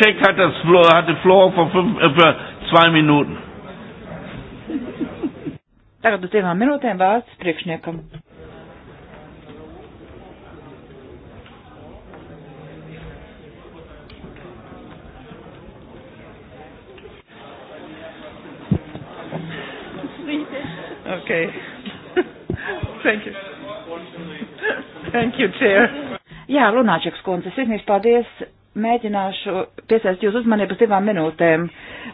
Check hat das Floor, hatte Floor vor fünf, äh, für zwei Minuten. Tagad uz divām minūtēm vārds priekšniekam. Okay. Thank you. Thank you, Chair. Jā, Lunāčeks kundze, sirsnīgs paldies. Mēģināšu piesaist jūsu uzmanību divām minūtēm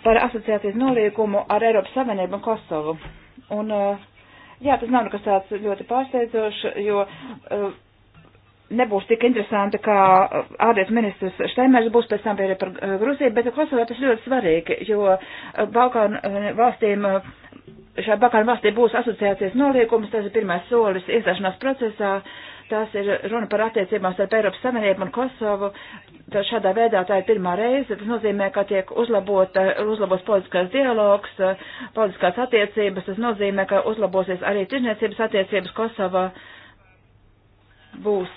par asociācijas nolīgumu ar Eiropas Savienību un Kosovu. Un, eh, jā, tas nav nekas tāds ļoti pārsteidzošs, jo eh, nebūs tik interesanti, kā eh, ārlietu ministrs Šteimērs būs pēc tam arī par Gruziju, bet Kosovā tas ļoti svarīgi, jo Balkānu valstīm, šai Balkānu valstī būs asociācijas noliekums, tas ir pirmais solis iestāšanās procesā, Tas ir runa par attiecībām starp Eiropas Savienību un Kosovu. Tad šādā veidā tā ir pirmā reize. Tas nozīmē, ka tiek uzlabot, uzlabos politiskais dialogs, politiskās attiecības. Tas nozīmē, ka uzlabosies arī tirzniecības attiecības Kosovā. Būs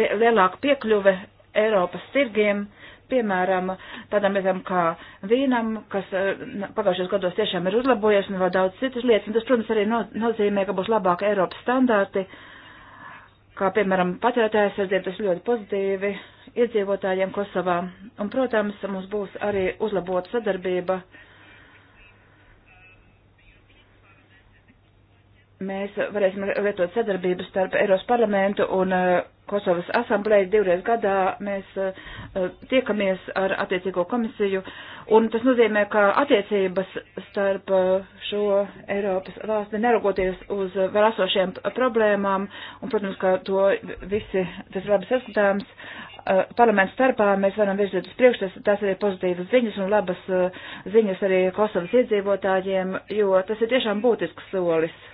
lielāka piekļuve Eiropas tirgiem, piemēram, tādam lietam kā vīnam, kas eh, pagājušajos gados tiešām ir uzlabojies un vēl daudz citas lietas. Un tas, protams, arī nozīmē, ka būs labāka Eiropas standārti. Uh, kā piemēram patērētājas aizdiet, tas ļoti pozitīvi iedzīvotājiem Kosovā. Un, protams, mums būs arī uzlabota sadarbība. Mēs varēsim lietot sadarbību starp Eiros parlamentu un uh, Kosovas asamblēja divreiz gadā mēs eh, tiekamies ar attiecīgo komisiju, un tas nozīmē, ka attiecības starp eh, šo Eiropas valsti, neraugoties uz vēl esošiem problēmām, un, protams, ka to visi, tas ir labi saskatāms, eh, parlamentu starpā mēs varam virzīt uz priekšu, tas, tas arī pozitīvas ziņas un labas ziņas arī Kosovas iedzīvotājiem, jo tas ir tiešām būtisks solis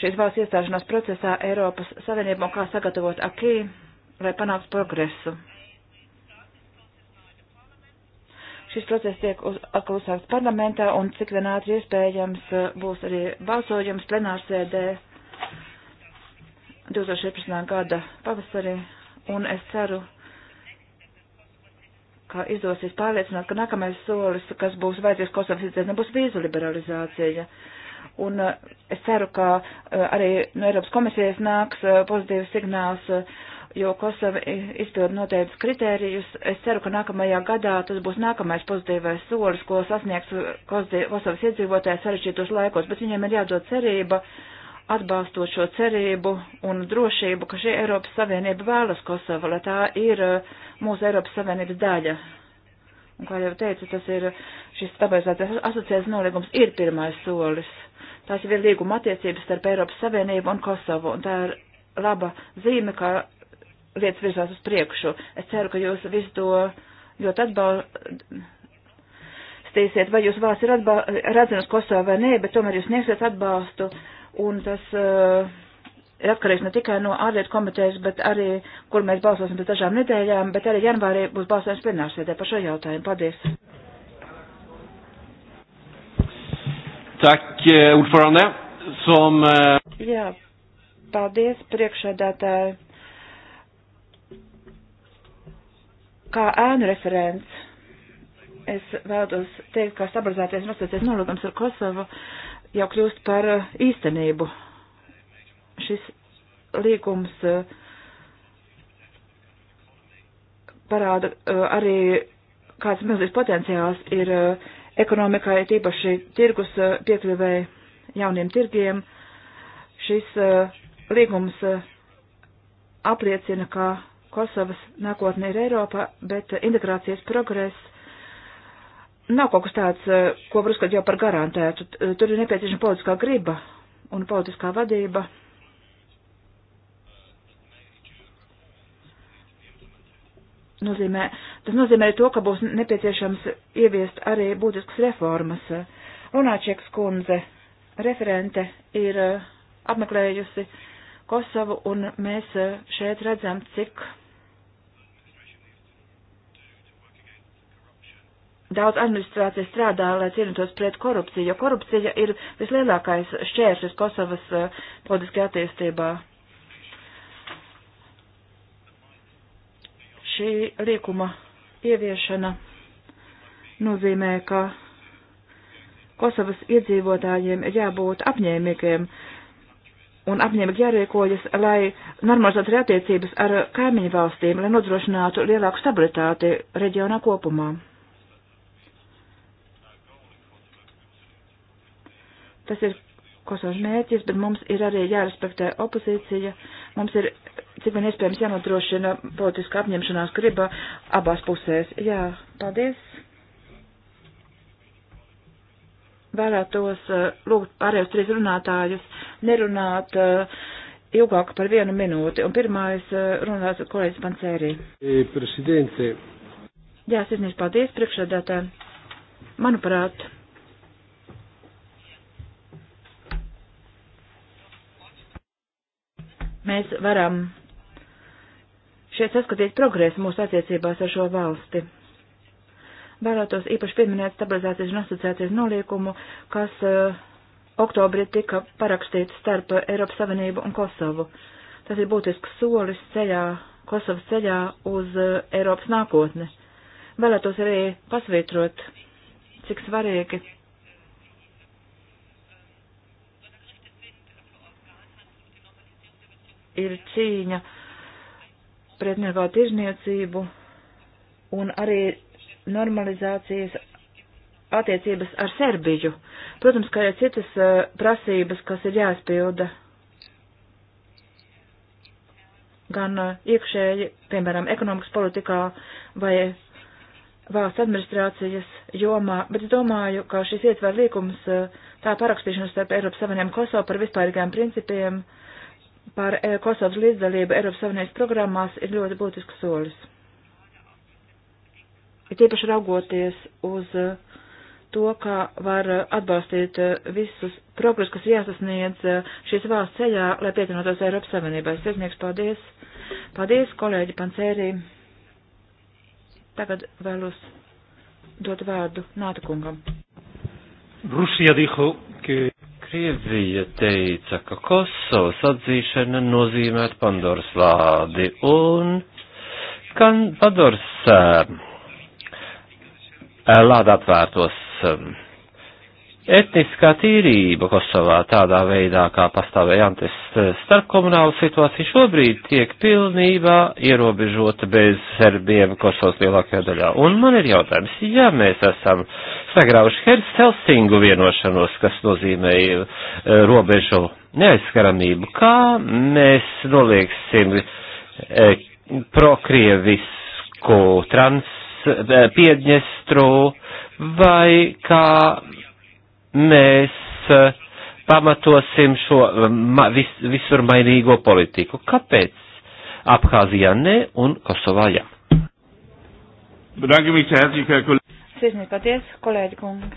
šīs valsts iestāšanās procesā Eiropas Savienībā un kā sagatavot akī, lai panāktu progresu. Šis process tiek uz, atkal uzsākts parlamentā un cik vien ātri iespējams eh, būs arī balsojums plenārsēdē 2017. gada pavasarī. Un es ceru, ka izdosies pārliecināt, ka nākamais solis, kas būs vajadzīgs Kosovas izdēļ, nebūs vīzu liberalizācija. Uh, Un eh, es ceru, ka eh, arī no Eiropas komisijas nāks eh, pozitīvs signāls, jo Kosova izpilda noteikts kritērijus. Es ceru, ka nākamajā gadā tas būs nākamais pozitīvais solis, ko sasniegs Kosovas iedzīvotājs sarežģītos laikos, bet viņiem ir jādod cerība atbalstot šo cerību un drošību, ka šī Eiropas Savienība vēlas Kosovu, lai tā ir mūsu Eiropas Savienības daļa. Un, kā jau teicu, tas ir šis stabilizētais asociēts nolīgums ir pirmais solis. Tās jau ir līguma attiecības starp Eiropas Savienību un Kosovu, un tā ir laba zīme, ka lietas virzās uz priekšu. Es ceru, ka jūs visu to ļoti atbalstīsiet, vai jūs valsts ir redzams Kosovā vai nē, bet tomēr jūs sniegsiet atbalstu, un tas uh, ir atkarīgs ne tikai no ārlietu komitejas, bet arī, kur mēs balsosim pēc dažām nedēļām, bet arī janvārī būs balsojums plenārsēdē par šo jautājumu. Paldies! Tack, eh, ordförande. Som... Eh, Jā, paldies, priekšēdētāji. Kā ēnu referents, es vēlos teikt, ka stabilizēties un atstāties nolūkums ar Kosovu jau kļūst par eh, īstenību. Šis līgums parāda arī, kāds milzīgs potenciāls ir uh, ekonomikai, tīpaši tirgus eh, piekļuvēja jauniem tirgiem. Šis eh, līgums eh, apliecina, ka Kosovas nākotne ir Eiropa, bet integrācijas progress nav kaut kas tāds, ko var uzskatīt jau par garantētu. Tur ir nepieciešama politiskā griba un politiskā vadība nozīmē, tas nozīmē to, ka būs nepieciešams ieviest arī būtiskas reformas. Runāčieks kundze, referente, ir eh, apmeklējusi Kosovu, un mēs eh, šeit redzam, cik daudz administrācija strādā, lai cīnītos pret korupciju, jo korupcija ir vislielākais šķēršļis Kosovas eh, politiskajā attīstībā. šī likuma ieviešana nozīmē, ka Kosovas iedzīvotājiem ir jābūt apņēmīgiem un apņēmīgi jārīkojas, lai normalizētu attiecības ar kaimiņu valstīm, lai nodrošinātu lielāku stabilitāti reģionā kopumā. Tas ir Kosovas mērķis, bet mums ir arī jārespektē opozīcija, Mums ir, cik vien iespējams, jānodrošina politiska apņemšanās griba abās pusēs. Jā, paldies. Vēlētos eh, lūgt pārējos trīs runātājus nerunāt eh, ilgāk par vienu minūti. Un pirmais eh, runās kolēģis Pancēri. E, presidente. Jā, sirsnīgs paldies priekšsēdētājiem. Manuprāt, mēs varam šeit saskatīt progresu mūsu attiecībās ar šo valsti. Vēlētos īpaši pieminēt stabilizācijas un asociācijas noliekumu, kas uh, oktobrī tika parakstīts starp Eiropas Savienību un Kosovu. Tas ir būtisks solis ceļā, Kosovas ceļā uz uh, Eiropas nākotni. Vēlētos arī pasvītrot, cik svarīgi ir cīņa pret nelegālu tirzniecību un arī normalizācijas attiecības ar Serbiju. Protams, kā arī citas eh, prasības, kas ir jāizpilda gan eh, iekšēji, piemēram, ekonomikas politikā vai valsts administrācijas jomā, bet es domāju, ka šis ietver līkums eh, tā parakstīšanas starp Eiropas Savieniem Kosovu par vispārīgiem principiem uh, par eh, Kosovas līdzdalību Eiropas Savienības programmās ir ļoti būtisks solis. Ir tiepaši raugoties uz eh, to, kā var eh, atbalstīt visus progresus, kas jāsasniedz šīs valsts ceļā, lai pievienotos Eiropas Savienībai. Sirsnieks, paldies! Paldies, kolēģi Pancērī! Tagad vēlos dot vārdu Nāta kungam. Rusija dijo, ka. Krievija teica, ka Kosovas atzīšana nozīmētu Pandoras lādi un kan Pandoras eh, eh, lāda atvērtos eh, etniskā tīrība Kosovā tādā veidā, kā pastāvēja antes starpkomunāla situācija, šobrīd tiek pilnībā ierobežota bez serbiem Kosovas lielākajā daļā. Un man ir jautājums, ja mēs esam uh, sagrauši Helsingu vienošanos, kas nozīmēja e, robežu neaizskaramību. Kā mēs nolieksim e, prokrievisku trans, e, piedņestru vai kā mēs pamatosim šo vis, visur mainīgo politiku. Kāpēc Abhāzijā ne un Kosovā jā? Ja? Sirsnīgi paldies, kolēģi kungi.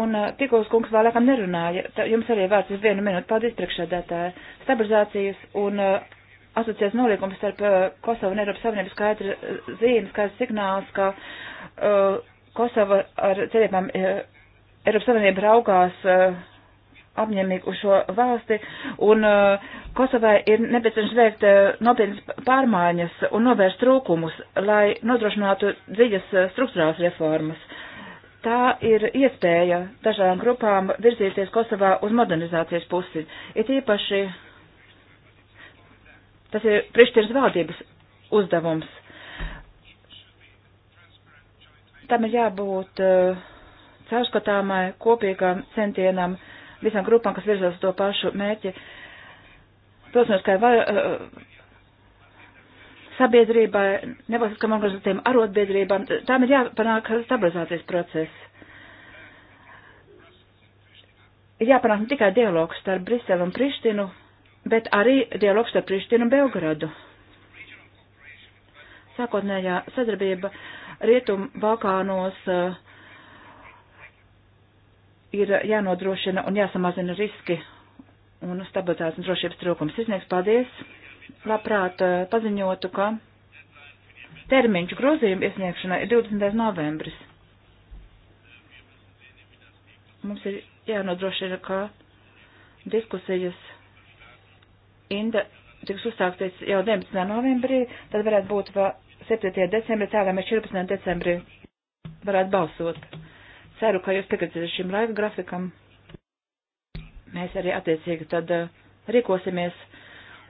Un eh, tikos kungs vēl laikam nerunāja, tā, jums arī vārds uz vienu minūti, paldies priekšsēdētāji. Stabilizācijas un eh, asociācijas nolīgums starp eh, Kosovu un Eiropas Savienību skaidri zīme, skaidrs signāls, ka uh, Kosova ar cerībām uh, Eiropas Savienība raugās uh, apņēmīgi uz šo valsti, un uh, Kosovai ir nepieciešams veikt uh, nopietnas pārmaiņas un novērst trūkumus, lai nodrošinātu dziļas uh, struktūrās reformas. Tā ir iespēja dažādām grupām virzīties Kosovā uz modernizācijas pusi. It īpaši tas ir Prištinas valdības uzdevums. Tam ir jābūt uh, caurskatāmai kopīgam centienam uh, visām grupām, kas virzās to pašu mērķi. Protams, kā var, uh, eh, sabiedrībai, nevalstiskām organizācijām, arotbiedrībām, tām ir jāpanāk stabilizācijas process. Ir jāpanāk ne tikai dialogs starp Briselu un Prištinu, bet arī dialogs starp Prištinu un Belgradu. Sākotnējā sadarbība Rietum Balkānos uh, ir jānodrošina un jāsamazina riski un stabilitātes un drošības trūkums. Izniegs, paldies! Labprāt eh, paziņotu, ka termiņš grozījuma iesniegšanai ir 20. novembris. Mums ir jānodrošina, ka diskusijas Inda tiks uzsāktas jau 19. novembrī, tad varētu būt 7. decembrī, tā lai mēs 14. decembrī varētu balsot ceru, ka jūs piekrītat šim laika grafikam. Mēs arī attiecīgi tad eh, rīkosimies.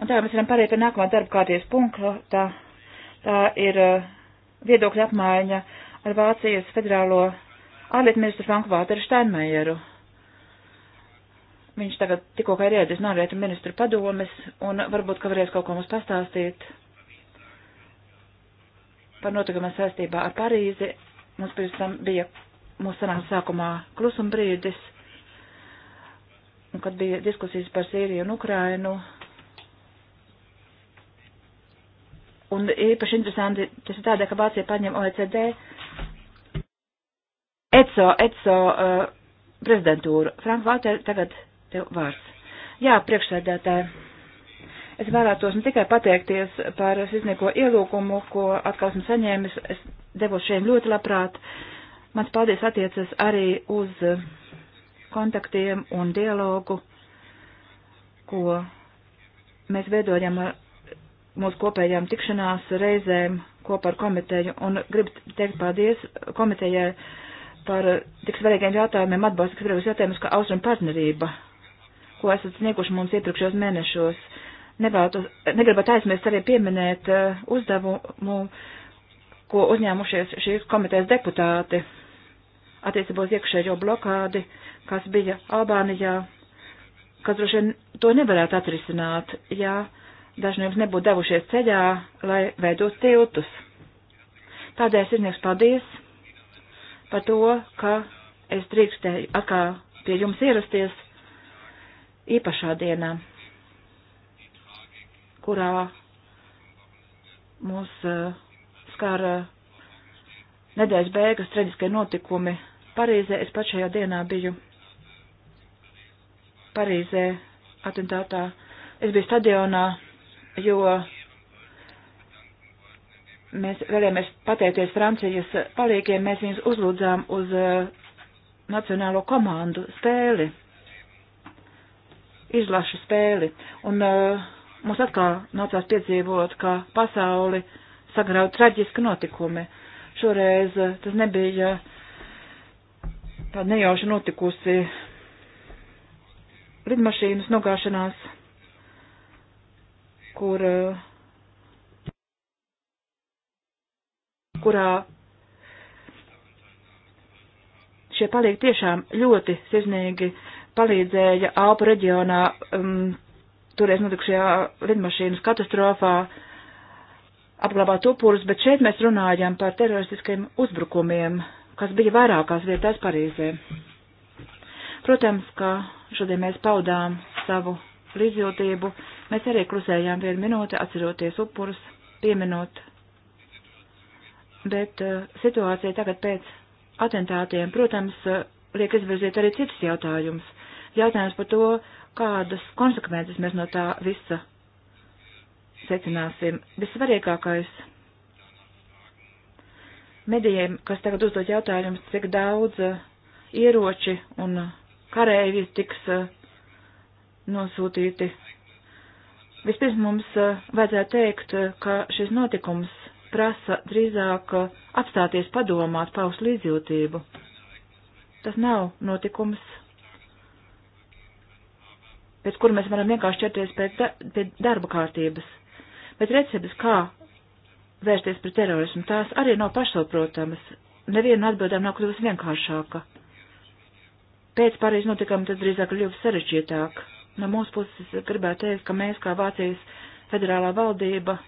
Un tā mēs varam pārēt pie nākamā darba kārties punkta. Tā, tā ir eh, viedokļa apmaiņa ar Vācijas federālo ārlietu ministru Franku Vāteru Steinmeieru. Viņš tagad tikko kā ir ieradies no ārlietu ministru padomes un varbūt, ka varēs kaut ko mums pastāstīt par notikumiem saistībā ar Parīzi. Mums pirms tam bija mūsu sanāks sākumā klusumbrīdis, un kad bija diskusijas par Sīriju un Ukrainu. Un īpaši interesanti tas ir tādēļ, ka Vācija paņem OECD ECO, ECO uh, prezidentūru. Frank Vālter, tagad tev vārds. Jā, priekšsēdētāji. Es vēlētos ne tikai pateikties par sīsnieko ielūkumu, ko atkal esmu saņēmis, es devos šiem ļoti labprāt. Uh, Mans paldies attiecas arī uz eh, kontaktiem un dialogu, ko mēs veidojam ar eh, mūsu kopējām tikšanās reizēm kopā ar komiteju. Un gribu teikt paldies komitejai par eh, tik svarīgiem jautājumiem atbalstu, kas ir jautājumus, kā austrum partnerība, ko esat snieguši mums iepriekšējos mēnešos. Nevēlētos, negribat aizmirst arī pieminēt uzdevumu, ko uzņēmušies šīs komitejas deputāti attiecībā uz iekšējo blokādi, kas bija Albānijā, kas droši vien to nevarētu atrisināt, ja daži no jums nebūtu devušies ceļā, lai veidot tiltus. Tādēļ sirdnieks paldies par to, ka es drīkstēju atkal pie jums ierasties īpašā dienā, kurā mūs uh, eh, skar uh, nedēļas beigas traģiskie notikumi Parīzē es pat šajā dienā biju. Parīzē atentātā. Es biju stadionā, jo mēs vēlējāmies pateikties Francijas palīgiem, mēs viņus uzlūdzām uz uh, nacionālo komandu spēli, izlašu spēli. Un uh, mums atkal nācās piedzīvot, ka pasauli sagrauj traģiski notikumi. Šoreiz uh, tas nebija. Uh, tā nejauši notikusi lidmašīnas nogāšanās, kur, eh, kurā šie palīgi tiešām ļoti sirsnīgi palīdzēja Alpu reģionā um, toreiz notikušajā lidmašīnas katastrofā apglabāt upurus, bet šeit mēs runājam par teroristiskiem uzbrukumiem kas bija vairākās vietās Parīzē. Protams, ka šodien mēs paudām savu līdzjūtību, mēs arī klusējām vienu minūti, atceroties upurus, pieminot. Bet uh, situācija tagad pēc atentātiem, protams, uh, liek izvirzīt arī citus jautājumus. Jautājums par to, kādas konsekvences mēs no tā visa secināsim. Vissvarīgākais medijiem, kas tagad uzdod jautājumus, cik daudz eh, ieroči un eh, karēvi tiks eh, nosūtīti. Vispirms mums vajadzētu teikt, ka šis notikums prasa drīzāk apstāties padomāt, paust līdzjūtību. Tas nav notikums, pēc kura mēs varam vienkārši ķerties pie, da pie darba kārtības. Bet receptes, kā vērsties pret terorismu, tās arī nav pašsaprotamas. Neviena atbildēm nav kļuvusi vienkāršāka. Pēc Parīzes notikām tas drīzāk kļuvis sarežģītāk. No mūsu puses gribētu teikt, ka mēs, kā Vācijas federālā valdība,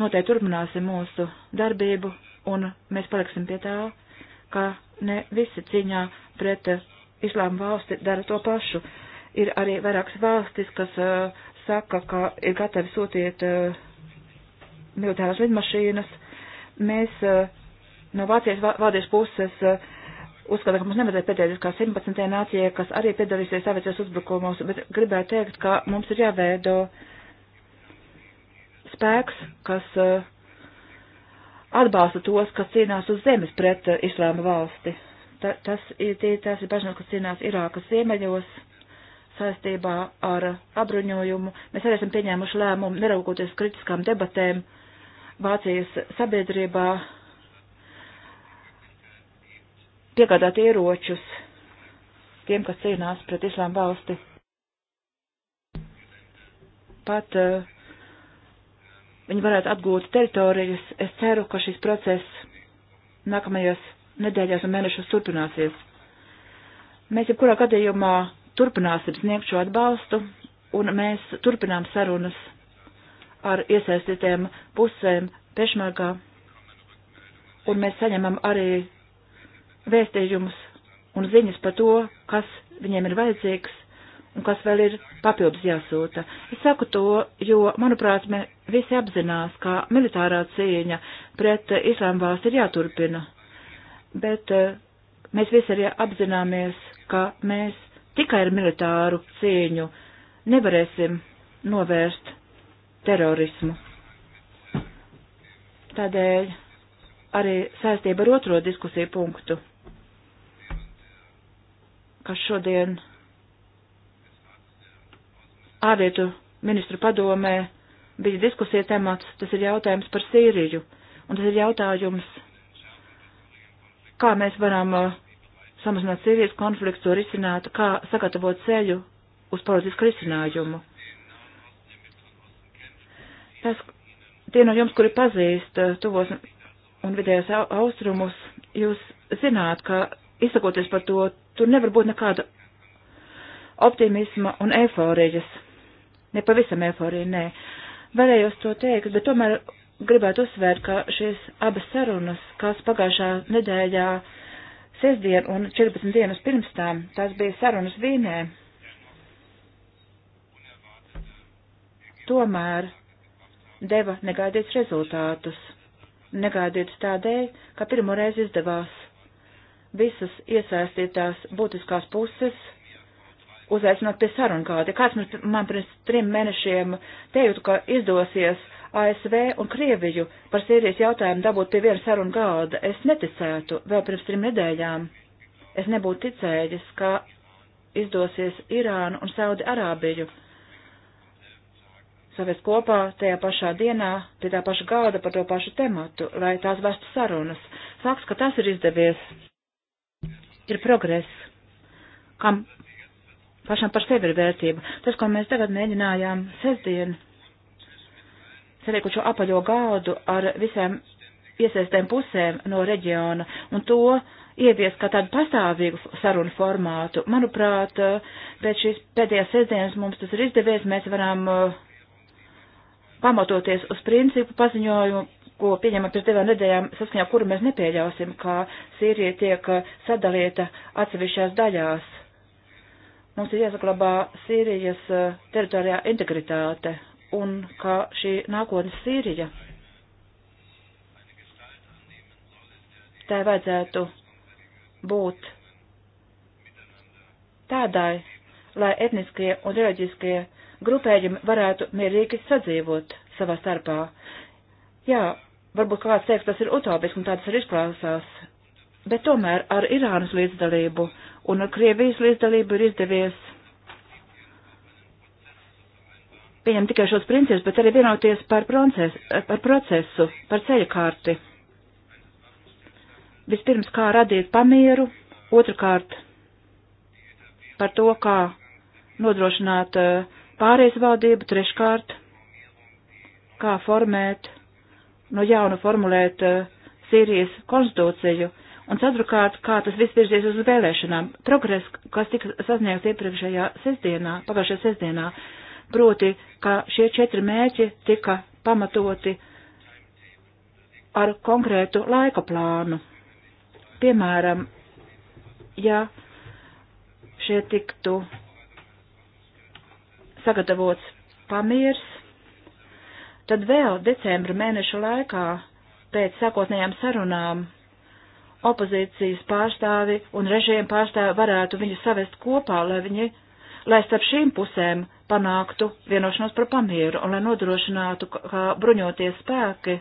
noteikti turpināsim mūsu darbību un mēs paliksim pie tā, ka ne visi cīņā pret eh, islāma valsti dara to pašu. Ir arī vairākas valstis, kas uh, saka, ka ir gatavi sūtīt uh, militārās lidmašīnas. Mēs eh, no Vācijas valdības puses eh, uzskatām, ka mums nevajadzētu pieteikties kā 17. nācijai, kas arī piedalīsies aviācijas uzbrukumos, bet gribētu teikt, ka mums ir jāveido spēks, kas eh, atbalsta tos, kas cīnās uz zemes pret islāma valsti. Ta, tas ir tie, tās ir bažņas, kas cīnās Irākas ziemeļos saistībā ar apbruņojumu. Mēs arī esam pieņēmuši lēmumu, neraugoties kritiskām debatēm, uh, Vācijas sabiedrībā piegādāt ieročus tiem, kas cīnās pret islām valsti. Pat uh, viņi varētu atgūt teritorijas. Es ceru, ka šis process nākamajās nedēļās un mēnešos turpināsies. Mēs jebkurā gadījumā turpināsim sniegt šo atbalstu, un mēs turpinām sarunas ar iesaistītēm pusēm pešmērgā, un mēs saņemam arī vēstījumus un ziņas par to, kas viņiem ir vajadzīgs un kas vēl ir papildus jāsūta. Es saku to, jo, manuprāt, mēs visi apzinās, ka militārā cīņa pret eh, islāma valsts ir jāturpina, bet eh, mēs visi arī apzināmies, ka mēs tikai ar militāru cīņu nevarēsim novērst terorismu. Tādēļ arī saistība ar otro diskusiju punktu, kas šodien ārlietu ministru padomē bija diskusija temats, tas ir jautājums par Sīriju, un tas ir jautājums, kā mēs varam uh, samazināt Sīrijas konfliktu, risināt, kā sagatavot ceļu uz politisku risinājumu tas, tie no jums, kuri pazīst eh, tuvos un vidējos austrumus, jūs zināt, ka izsakoties par to, tur nevar būt nekāda optimisma un eiforijas. Ne pavisam eiforija, nē. Varējos to teikt, bet tomēr gribētu uzsvērt, ka šīs abas sarunas, kas pagājušā nedēļā sestdien un 14 dienas pirms tām, tās bija sarunas Vīnē. Tomēr deva negaidīts rezultātus. Negaidīts tādēļ, ka pirmoreiz izdevās visas iesaistītās būtiskās puses uzaicināt pie sarunu kādi. Kāds man pirms trim mēnešiem teiktu, ka izdosies ASV un Krieviju par Sīrijas jautājumu dabūt pie viena sarunu gāda, es neticētu vēl pirms trim nedēļām. Es nebūtu ticējis, ka izdosies Irānu un Saudi Arābiju savest kopā tajā pašā dienā, pie tā paša gada par to pašu tematu, lai tās vestu sarunas. Sāks, ka tas ir izdevies. Ir progress, kam pašam par sevi ir vērtība. Tas, ko mēs tagad mēģinājām sestdien, sarīkušo apaļo gaudu ar visām iesaistēm pusēm no reģiona un to ievies kā tādu pastāvīgu sarunu formātu. Manuprāt, pēc šīs pēdējās sestdienas mums tas ir izdevies, mēs varam uh, pamatoties uz principu paziņojumu, ko pieņemam pēc divām nedēļām, saskaņā kuru mēs nepieļausim, ka Sīrija tiek uh, sadalīta atsevišķās daļās. Mums ir jāsaklabā Sīrijas uh, teritorijā integritāte un ka šī nākotnes Sīrija tai vajadzētu būt tādai, lai etniskie un reliģiskie grupējumi varētu mierīgi sadzīvot savā starpā. Jā, varbūt kāds teiks, tas ir utopiski un tāds arī izklausās, bet tomēr ar Irānas līdzdalību un ar Krievijas līdzdalību ir izdevies pieņemt tikai šos principus, bet arī vienoties par procesu, par, procesu, par ceļu kārti. Vispirms, kā radīt pamieru, otrkārt, par to, kā nodrošināt uh, pārējais valdību, treškārt, kā formēt, no jauna formulēt uh, Sīrijas konstitūciju, un ceturkārt, kā tas viss virzies uz vēlēšanām. Progress, kas tika sasniegts iepriekšējā sestdienā, pagājušajā sestdienā, proti, ka šie četri mēķi tika pamatoti ar konkrētu laika plānu. Piemēram, ja šie tiktu sagatavots pamiers, tad vēl decembra mēneša laikā pēc sākotnējām sarunām opozīcijas pārstāvi un režīmu pārstāvi varētu viņu savest kopā, lai viņi, lai starp šīm pusēm panāktu vienošanos par pamieru un lai nodrošinātu, ka bruņoties spēki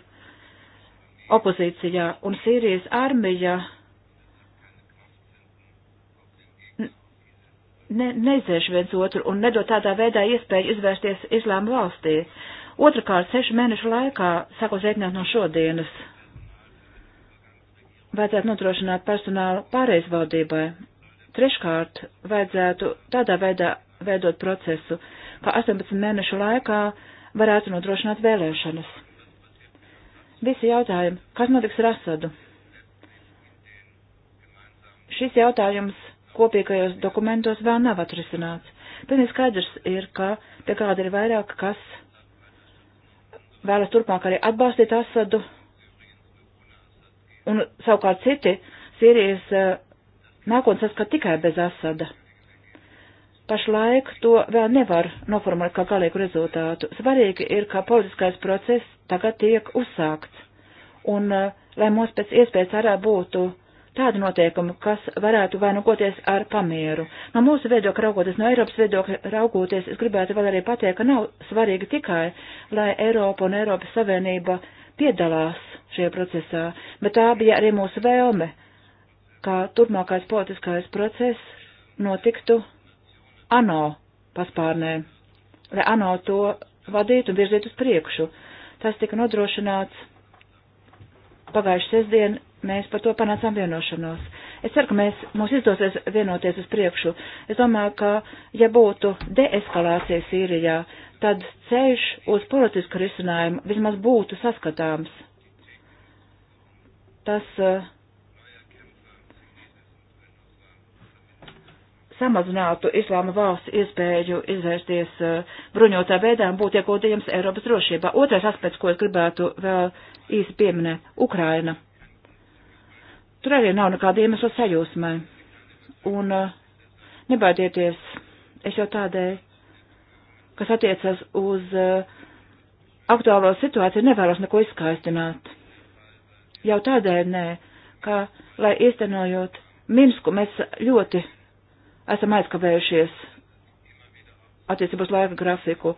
opozīcijā un Sīrijas armija ne, neizdzēš viens otru un nedod tādā veidā iespēju izvērsties islāma valstī. Otrakārt, sešu mēnešu laikā, sākot reiķināt no šodienas, vajadzētu nodrošināt personālu pārējais valdībai. Treškārt, vajadzētu tādā veidā veidot procesu, ka 18 mēnešu laikā varētu nodrošināt vēlēšanas. Visi jautājumi, kas notiks ar Asadu? Šis jautājums kopīgajos dokumentos vēl nav atrisināts. Pilnīgi skaidrs ir, ka te kāda ir vairāk, kas vēlas turpmāk arī atbalstīt Asadu, un savukārt citi Sīrijas eh, nākotnes saskat tikai bez Asada. Pašlaik to vēl nevar noformulēt kā galīgu rezultātu. Svarīgi ir, ka politiskais process tagad tiek uzsākts, un eh, lai mums pēc iespējas arā būtu uh, tādu noteikumu, kas varētu vai nu goties ar pamieru. No mūsu viedokļa raugoties, no Eiropas viedokļa raugoties, es gribētu vēl arī pateikt, ka nav svarīgi tikai, lai Eiropa un Eiropas Savienība piedalās šajā procesā, bet tā bija arī mūsu vēlme, kā turpmākais politiskais process notiktu ANO paspārnē, lai ANO to vadītu un virzītu uz priekšu. Tas tika nodrošināts pagājušajā sestdien mēs par to panācām vienošanos. Es ceru, ka mēs, mums izdosies vienoties uz priekšu. Es domāju, ka, ja būtu deeskalācija Sīrijā, tad ceļš uz politisku risinājumu vismaz būtu saskatāms. Tas uh, samazinātu islāma valsts iespēju izvērsties uh, bruņotā veidā un būt iekūtījums Eiropas drošībā. Otrais aspekts, ko es gribētu vēl īsi pieminēt - Ukraina Tur arī nav nekāda iemesla sajūsmai. Un eh, nebaidieties, es jau tādēļ, kas attiecas uz eh, aktuālo situāciju, nevēlos neko izskaistināt. Jau tādēļ nē, ka, lai īstenojot Minsku, mēs ļoti esam aizkavējušies attiecībā uz laika grafiku.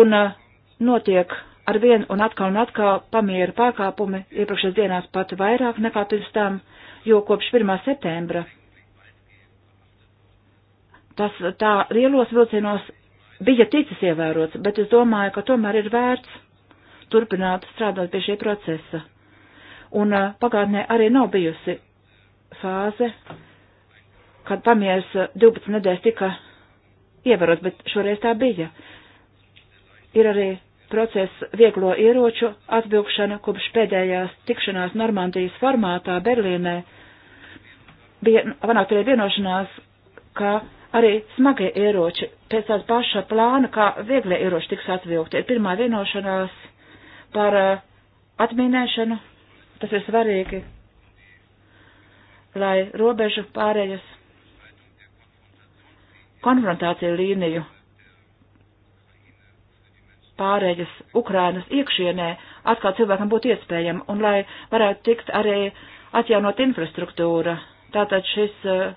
Un eh, notiek ar vienu un atkal un atkal pamieru pārkāpumi iepriekšējās dienās pat vairāk nekā pirms tam, jo kopš 1. septembra tas tā lielos vilcienos bija ticis ievērots, bet es domāju, ka tomēr ir vērts turpināt strādāt pie šī procesa. Un uh, pagātnē arī nav bijusi fāze, kad pamieris 12 eh, nedēļas tika ievērots, bet šoreiz tā bija. Ir arī process vieglo ieroču atvilkšana kopš pēdējās tikšanās Normandijas formātā Berlīnē bija panākt arī vienošanās, ka arī smagie ieroči pēc tās paša plāna, kā vieglie ieroči tiks atvilkti. Ir pirmā vienošanās par uh, atmīnēšanu, tas ir svarīgi, lai robežu pārējas konfrontāciju līniju pārējas Ukrainas iekšienē atkal cilvēkam būtu iespējama un lai varētu tikt arī atjaunot infrastruktūra. Tātad šis, eh,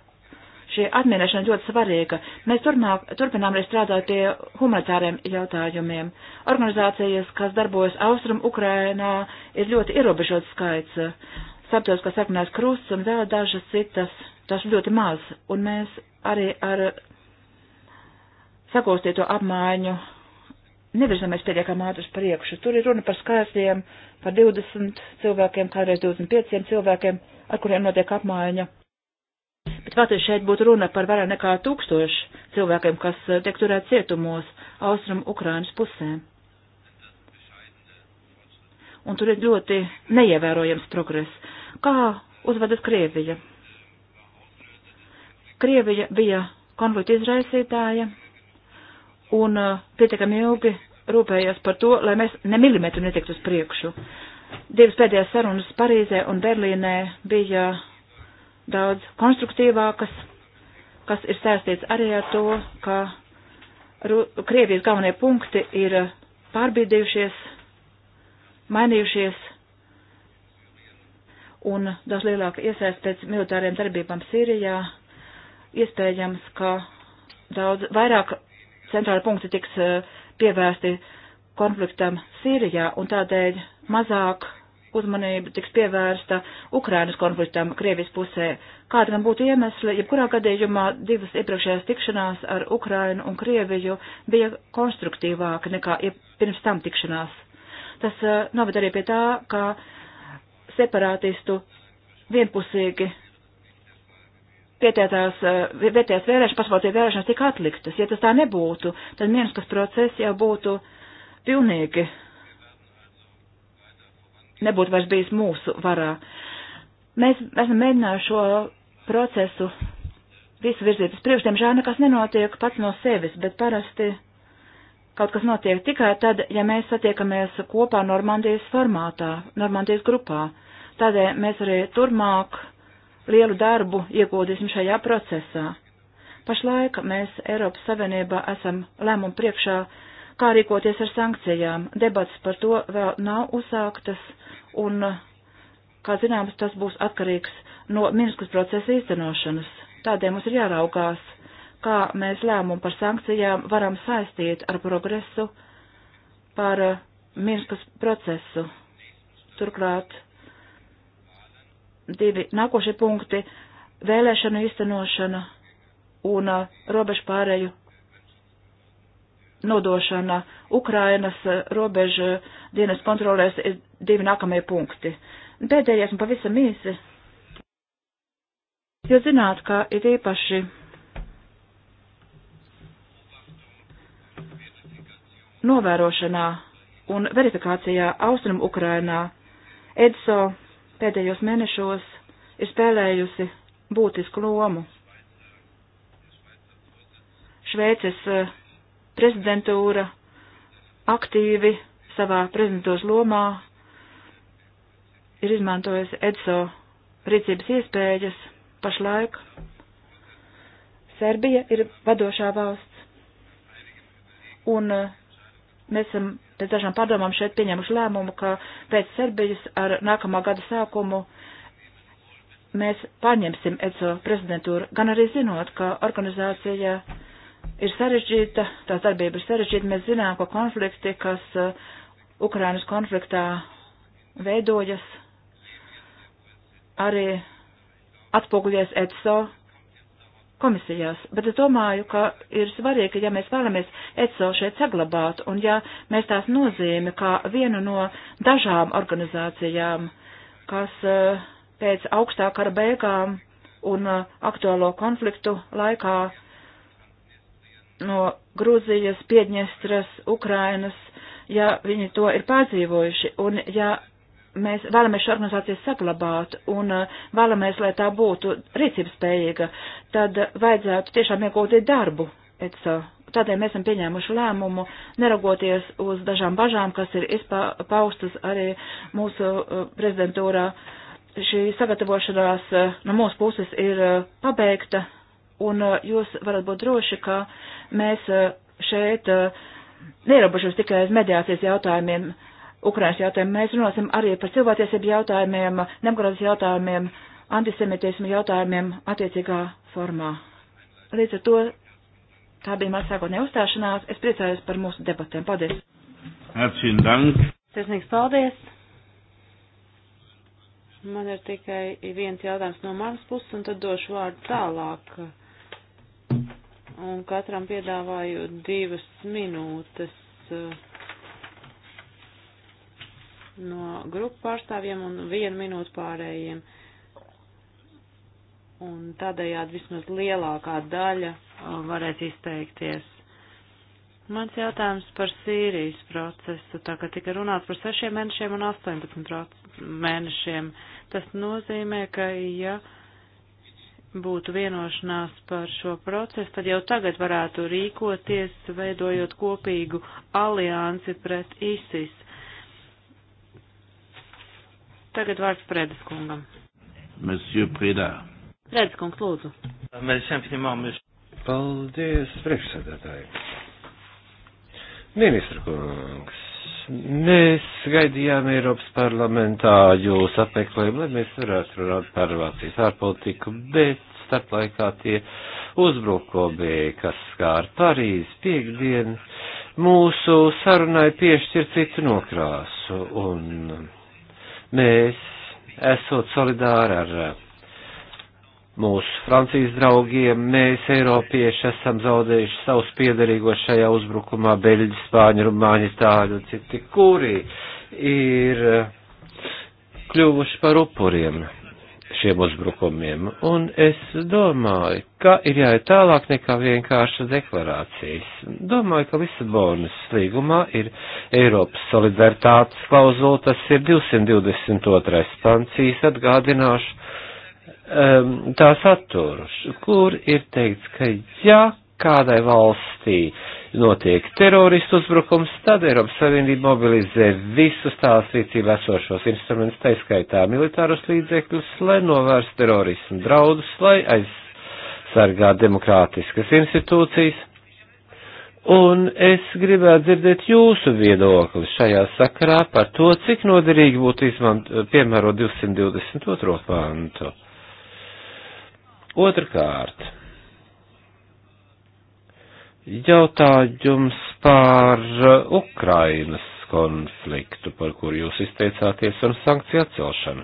šī atmienēšana ļoti svarīga. Mēs turmāk, turpinām arī strādāt pie humanitāriem jautājumiem. Organizācijas, kas darbojas Austrum Ukrainā, ir ļoti ierobežots skaits. Saptos, ka sarkanās krusts un vēl dažas citas, tas ļoti maz. Un mēs arī ar sakostīto apmaiņu nevirzamies pietiekamā ātri uz priekšu. Tur ir runa par skaitļiem, par 20 cilvēkiem, kādreiz 25 cilvēkiem, ar kuriem notiek apmaiņa. Bet faktiski šeit būtu runa par vairāk nekā tūkstošu cilvēkiem, kas eh, tiek turēt cietumos austrum Ukrainas pusē. Un tur ir ļoti neievērojams progress. Kā uzvedas Krievija? Krievija bija konflikta izraisītāja un uh, pietiekami ilgi rūpējās par to, lai mēs ne milimetru netiktu uz priekšu. Divas pēdējās sarunas Parīzē un Berlīnē bija daudz konstruktīvākas, kas ir saistīts arī ar to, ka Krievijas galvenie punkti ir pārbīdījušies, mainījušies un daudz lielāka iesaist pēc militāriem darbībām Sīrijā. Iespējams, ka daudz vairāk centrāla punkta tiks eh, pievērsti konfliktam Sīrijā un tādēļ mazāk uzmanība tiks pievērsta Ukrainas konfliktam Krievijas pusē. Kāda gan būtu iemesli, jebkurā gadījumā divas iepriekšējās tikšanās ar Ukrainu un Krieviju bija konstruktīvāka nekā pirms tam tikšanās. Tas eh, noved arī pie tā, ka separātistu vienpusīgi pietiecās, vietējās eh, vēlēšanas, pašvaldību vēlēšanas tika atliktas. Ja tas tā nebūtu, tad Minskas process jau būtu pilnīgi nebūtu vairs bijis mūsu varā. Mēs esam mēģinājuši šo procesu visu virzīt uz priekšu, diemžēl nekas nenotiek pats no sevis, bet parasti kaut kas notiek tikai tad, ja mēs satiekamies kopā Normandijas formātā, Normandijas grupā. Tādēļ mēs arī turmāk lielu darbu ieguldīsim šajā procesā. Pašlaik mēs Eiropas Savienībā esam lēmumu priekšā, kā rīkoties ar sankcijām. Debats par to vēl nav uzsāktas, un, kā zināms, tas būs atkarīgs no Minskas procesa īstenošanas. Tādēļ mums ir jāraugās, kā mēs lēmumu par sankcijām varam saistīt ar progresu par Minskas procesu. Turklāt divi nākošie punkti - vēlēšanu īstenošana un uh, robežu pārēju nodošana Ukrainas uh, robežu dienas kontrolēs ir divi nākamie punkti. Pēdējais un pavisam īsi. Jūs zināt, ka ir īpaši novērošanā un verifikācijā Austrum Ukrainā EDSO pēdējos mēnešos ir spēlējusi būtisku lomu. Šveices eh, prezidentūra aktīvi savā prezidentūras lomā ir izmantojusi EDSO rīcības iespējas pašlaik. Serbija ir vadošā valsts, un eh, mēs esam pēc dažām pārdomām šeit pieņemuši lēmumu, ka pēc Serbijas ar nākamā gada sākumu mēs pārņemsim ECO prezidentūru, gan arī zinot, ka organizācija ir sarežģīta, tās darbība ir sarežģīta, mēs zinām, ka konflikti, kas uh, Ukrainas konfliktā veidojas, arī atspoguļies ECO komisijās, bet es domāju, ka ir svarīgi, ja mēs vēlamies ECO šeit saglabāt un ja mēs tās nozīmi kā vienu no dažām organizācijām, kas eh, pēc augstā kara beigām un eh, aktuālo konfliktu laikā no Grūzijas, Piedņestras, Ukrainas, ja viņi to ir pārdzīvojuši un ja mēs vēlamies šo organizāciju saglabāt un uh, vēlamies, lai tā būtu rīcības spējīga, tad uh, vajadzētu tiešām iegūtīt darbu. ETSA. Tādēļ mēs esam pieņēmuši lēmumu, neragoties uz dažām bažām, kas ir paustas arī mūsu uh, prezidentūrā. Šī sagatavošanās no mūsu puses ir pabeigta, un jūs varat būt droši, ka mēs šeit neierobežos tikai uz mediācijas jautājumiem. Ukrainas jautājumu. Mēs runāsim arī par cilvēktiesību jautājumiem, demokrātas jautājumiem, antisemitismu jautājumiem attiecīgā formā. Līdz ar to tā bija mana sākotnē uzstāšanās. Es priecājos par mūsu debatēm. Paldies! Herzlichen Dank! Sirsnīgs paldies! Man ir tikai viens jautājums no manas puses, un tad došu vārdu tālāk. Un katram piedāvāju divas minūtes. Uh, no grupu pārstāvjiem un vienu minūtu pārējiem. Un tādējādi vismaz lielākā daļa uh, varēs izteikties. Mans jautājums par Sīrijas procesu, tā kā tika runāts par 6 mēnešiem un 18 mēnešiem. Tas nozīmē, ka ja būtu vienošanās par šo procesu, tad jau tagad varētu rīkoties, veidojot kopīgu aliansi pret ISIS. Tagad vārds Prēdas kungam. Monsieur Prēdā. Prēdas kungs, lūdzu. Paldies, priekšsēdētāji. Ministra kungs, mēs gaidījām Eiropas parlamentā jūs apmeklējumu, lai mēs varētu runāt par Vācijas ārpolitiku, bet starp laikā tie uzbrukumi, kas skār Parīzi piekdien, mūsu sarunai piešķir citu nokrāsu. Un Mēs, esot solidāri ar eh, mūsu Francijas draugiem, mēs, Eiropieši, esam zaudējuši savus piedarīgos šajā uzbrukumā, Beļģi, Spāņi, Rumāņi, Itāļi un citi, kuri ir eh, kļuvuši par upuriem šiem uzbrukumiem, un es domāju, ka ir jāiet tālāk nekā vienkārša deklarācijas. Domāju, ka Lisabonas līgumā ir Eiropas solidaritātes klauzula, tas ir 222. stancijas atgādināšu um, tā saturu, kur ir teikts, ka ja kādai valstī uh, notiek teroristu uzbrukums, tad Eiropas Savienība mobilizē visus tās rīcībā esošos instrumentus, taiskaitā militārus līdzekļus, lai novērstu terorismu draudus, lai aizsargā demokrātiskas institūcijas. Un es gribētu dzirdēt jūsu viedokli šajā sakarā par to, cik noderīgi būtu izmantot, piemērot 222. pantu. Otrkārt. Jautājums par uh, Ukrainas konfliktu, par kuru jūs izteicāties, un sankciju atcelšanu.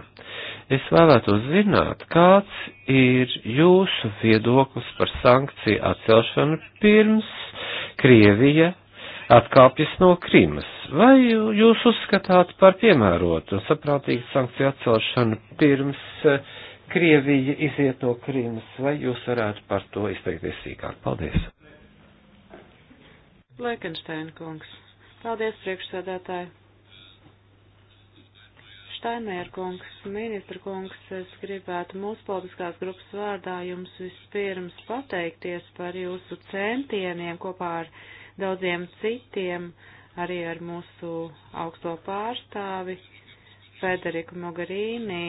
Es vēlētos zināt, kāds ir jūsu viedoklis par sankciju atcelšanu pirms Krievija atkāpjas no Krimas. Vai jūs uzskatāt par piemērotu un saprātīgu sankciju atcelšanu pirms uh, Krievija iziet no Krimas, vai jūs varētu par to izteikties sīkāk? Paldies! Leikensteina kungs. Paldies, priekšsēdētāji. Štainēra kungs, ministra kungs, es gribētu mūsu politiskās grupas vārdā jums vispirms pateikties par jūsu centieniem kopā ar daudziem citiem, arī ar mūsu augsto pārstāvi Federiku Mogarīnī,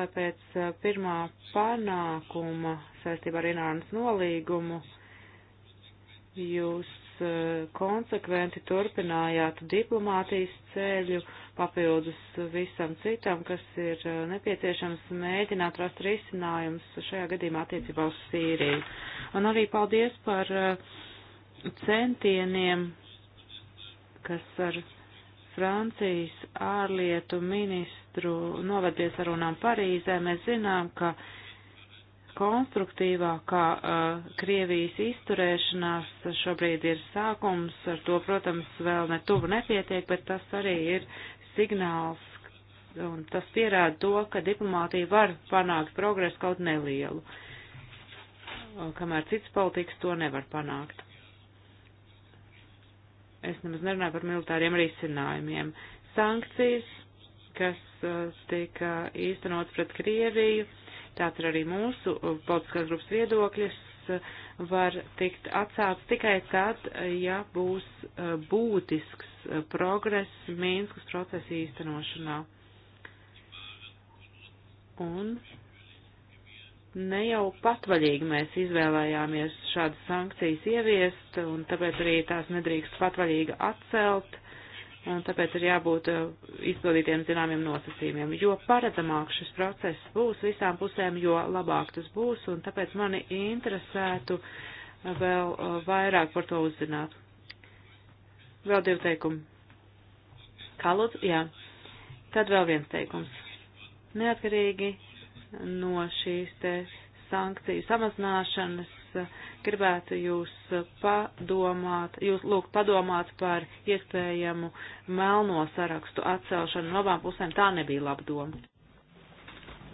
lai pēc eh, pirmā panākuma saistībā ar Irānas nolīgumu jūs eh, konsekventi turpinājāt diplomātijas ceļu, papildus visam citam, kas ir eh, nepieciešams mēģināt rast risinājums šajā gadījumā attiecībā uz Sīriju. Un arī paldies par eh, centieniem, kas ar Francijas ārlietu ministru noved pie sarunām Parīzē. Mēs zinām, ka uh, konstruktīvākā uh, Krievijas izturēšanās šobrīd ir sākums, ar to, protams, vēl ne tuvu nepietiek, bet tas arī ir signāls, un tas pierāda to, ka diplomātija var panākt progresu kaut nelielu, uh, kamēr cits politikas to nevar panākt. Es nemaz nerunāju par militāriem risinājumiem. Sankcijas, kas uh, tika īstenots pret Krieviju, tāds ir arī mūsu uh, politiskās grupas viedokļas, uh, var tikt atcelts tikai tad, uh, ja būs būtisks progress Mīnskas procesa īstenošanā. Un ne jau patvaļīgi mēs izvēlējāmies šādas sankcijas ieviest, un tāpēc arī tās nedrīkst patvaļīgi atcelt un tāpēc ir jābūt eh, izpildītiem zināmiem nosacījumiem. Jo paredzamāk šis process būs visām pusēm, jo labāk tas būs, un tāpēc mani interesētu eh, vēl eh, vairāk par to uzzināt. Vēl divi teikumi. Kā lūdzu? Jā. Tad vēl viens teikums. Neatkarīgi no šīs te sankciju samazināšanas gribētu jūs uh, padomāt, jūs lūgt padomāt par iespējamu melno sarakstu atcelšanu no abām pusēm. Tā nebija laba doma.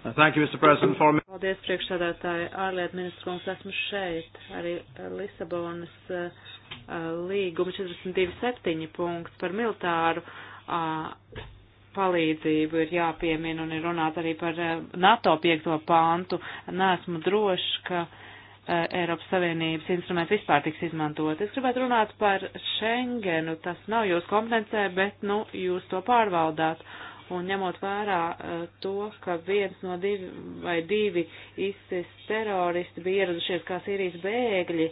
Thank you, Mr. President, for me. Paldies, priekšsādātāji, ārlietu ministrs kungs, esmu šeit. Arī uh, Lisabonas uh, uh līguma 42.7. punkts par militāru uh, palīdzību ir jāpiemina un ir runāts arī par NATO 5. pāntu. Nesmu drošs, ka uh, Eh, Eiropas Savienības instruments vispār tiks izmantot. Es gribētu runāt par Schengenu. Tas nav jūs kompetencē, bet, nu, jūs to pārvaldāt. Un ņemot vērā eh, to, ka viens no divi vai divi ISIS teroristi bija ieradušies kā Sīrijas bēgļi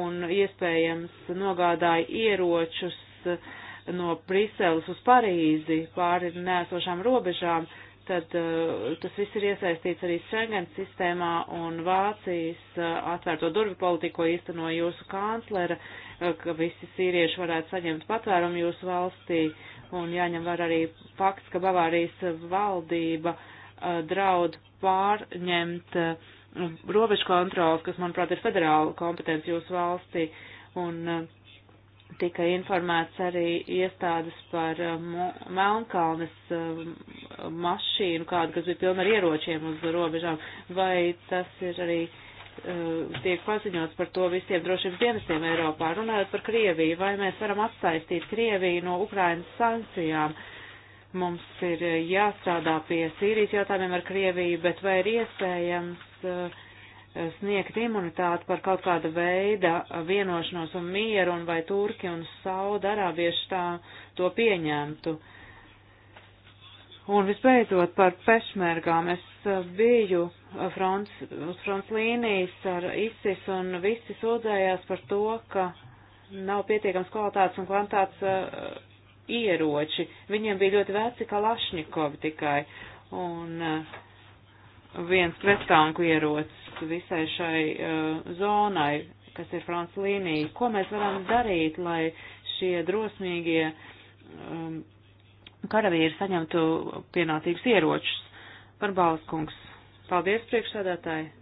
un iespējams nogādāja ieročus eh, no Briseles uz Parīzi pāri nesošām robežām, uh, tad eh, tas viss ir iesaistīts arī Schengen sistēmā un Vācijas eh, atvērto durvju politiku, ko īsteno jūsu kanclera, eh, ka visi sīrieši varētu saņemt patvērumu jūsu valstī. Un jāņem var arī fakts, ka Bavārijas valdība draud pārņemt robežu kontroli, kas, manuprāt, ir federāla kompetence jūsu valstī. Un uh, tika informēts arī iestādes par uh, Melnkalnes uh, mašīnu, kādu, kas bija pilna ar ieročiem uz robežām, vai tas ir arī uh, tiek paziņots par to visiem drošības dienestiem Eiropā, runājot par Krieviju, vai mēs varam atsaistīt Krieviju no Ukrainas sankcijām. Mums ir jāstrādā pie Sīrijas jautājumiem ar Krieviju, bet vai ir iespējams uh, sniegt imunitāti par kaut kāda veida vienošanos un mieru, un vai Turki un Saudarābieši tā to pieņemtu. Un visbeidzot par pešmērgām. Es eh, biju eh, fronts, uz fronts līnijas ar ISIS un visi sūdzējās par to, ka nav pietiekams kvalitātes un kvantāts uh, ieroči. Viņiem bija ļoti veci kalašņikovi tikai. Un uh, viens prettanku ierocis visai šai uh, zonai, kas ir Frans līnija. Ko mēs varam darīt, lai šie drosmīgie um, karavīri saņemtu pienācīgus ieročus? Par balskungs. Paldies, priekšsēdētāji.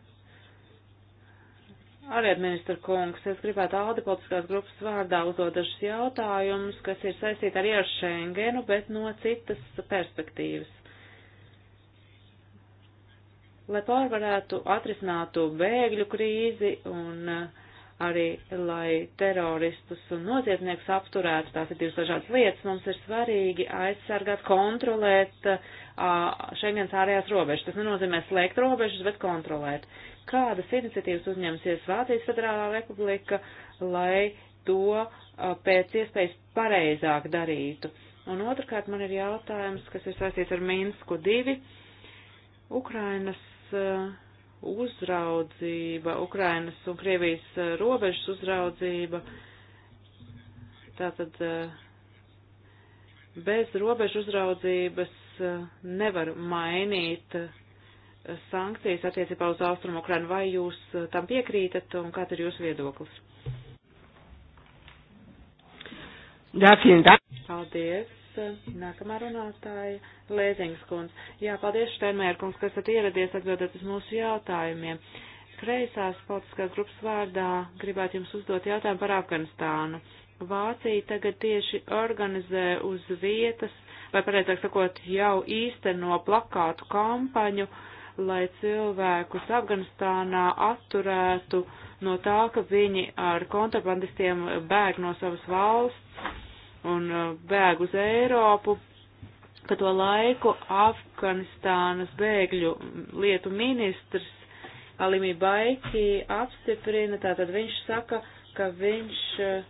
Arī ministra kungs, es gribētu Aldi politiskās grupas vārdā uzdot dažus jautājumus, kas ir saistīti ar ierošu Schengenu, bet no citas perspektīvas lai pārvarētu atrisinātu bēgļu krīzi un eh, arī, lai teroristus un noziedzniekus apturētu, tās ir divas dažādas lietas, mums ir svarīgi aizsargāt, kontrolēt eh, Schengens ārējās robežas. Tas nenozīmē slēgt robežas, bet kontrolēt. Kādas iniciatīvas uzņemsies Vācijas Federālā Republika, lai to a, pēc iespējas pareizāk darītu? Un otrkārt man ir jautājums, kas ir saistīts ar Minsku divi. Ukrainas Uh, uzraudzība, Ukrainas un Krievijas uh, robežas uzraudzība, tātad uh, bez robežu uzraudzības nevar mainīt sankcijas attiecībā uz Austrumu Ukrainu. Vai jūs tam piekrītat un kāds ir jūsu viedoklis? Paldies! Nākamā runātāja - Lēziņas kundze. Jā, paldies, Štenmēr kungs, kas esat ieradies atbildēt uz mūsu jautājumiem. Kreisās politiskās grupas vārdā gribētu jums uzdot jautājumu par Afganistānu. Vācija tagad tieši organizē uz vietas, vai pareizāk sakot, jau īsteno plakātu kampaņu, lai cilvēkus Afganistānā atturētu no tā, ka viņi ar kontrabandistiem bēg no savas valsts un uh, bēg uz Eiropu. Pa to laiku Afganistānas bēgļu lietu ministrs Alimī Baiki apstiprina, tātad viņš saka, ka viņš uh,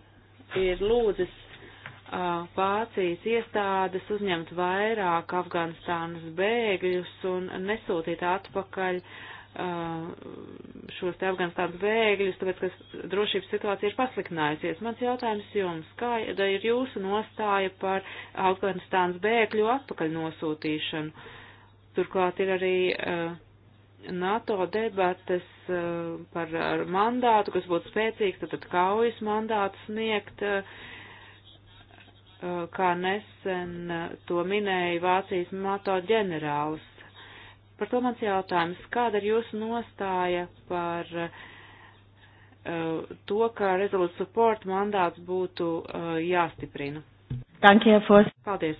ir lūdzis uh, Vācijas iestādes uzņemt vairāk Afganistānas bēgļus un nesūtīt atpakaļ uh, Uh, šos te Afganistānas bēgļus, tāpēc, ka drošības situācija ir pasliknājusies. Mans jautājums jums, kāda ir jūsu nostāja par Afganistānas bēgļu atpakaļ nosūtīšanu? Turklāt ir arī uh, NATO debates uh, par mandātu, kas būtu spēcīgs, tad, tad kaujas mandātu sniegt, uh, uh kā nesen uh, to minēja Vācijas NATO ģenerālis Par to mans jautājums. Kāda ir jūsu nostāja par uh, to, ka Resolute Support mandāts būtu uh, jāstiprina? Dankie, Fos. Paldies.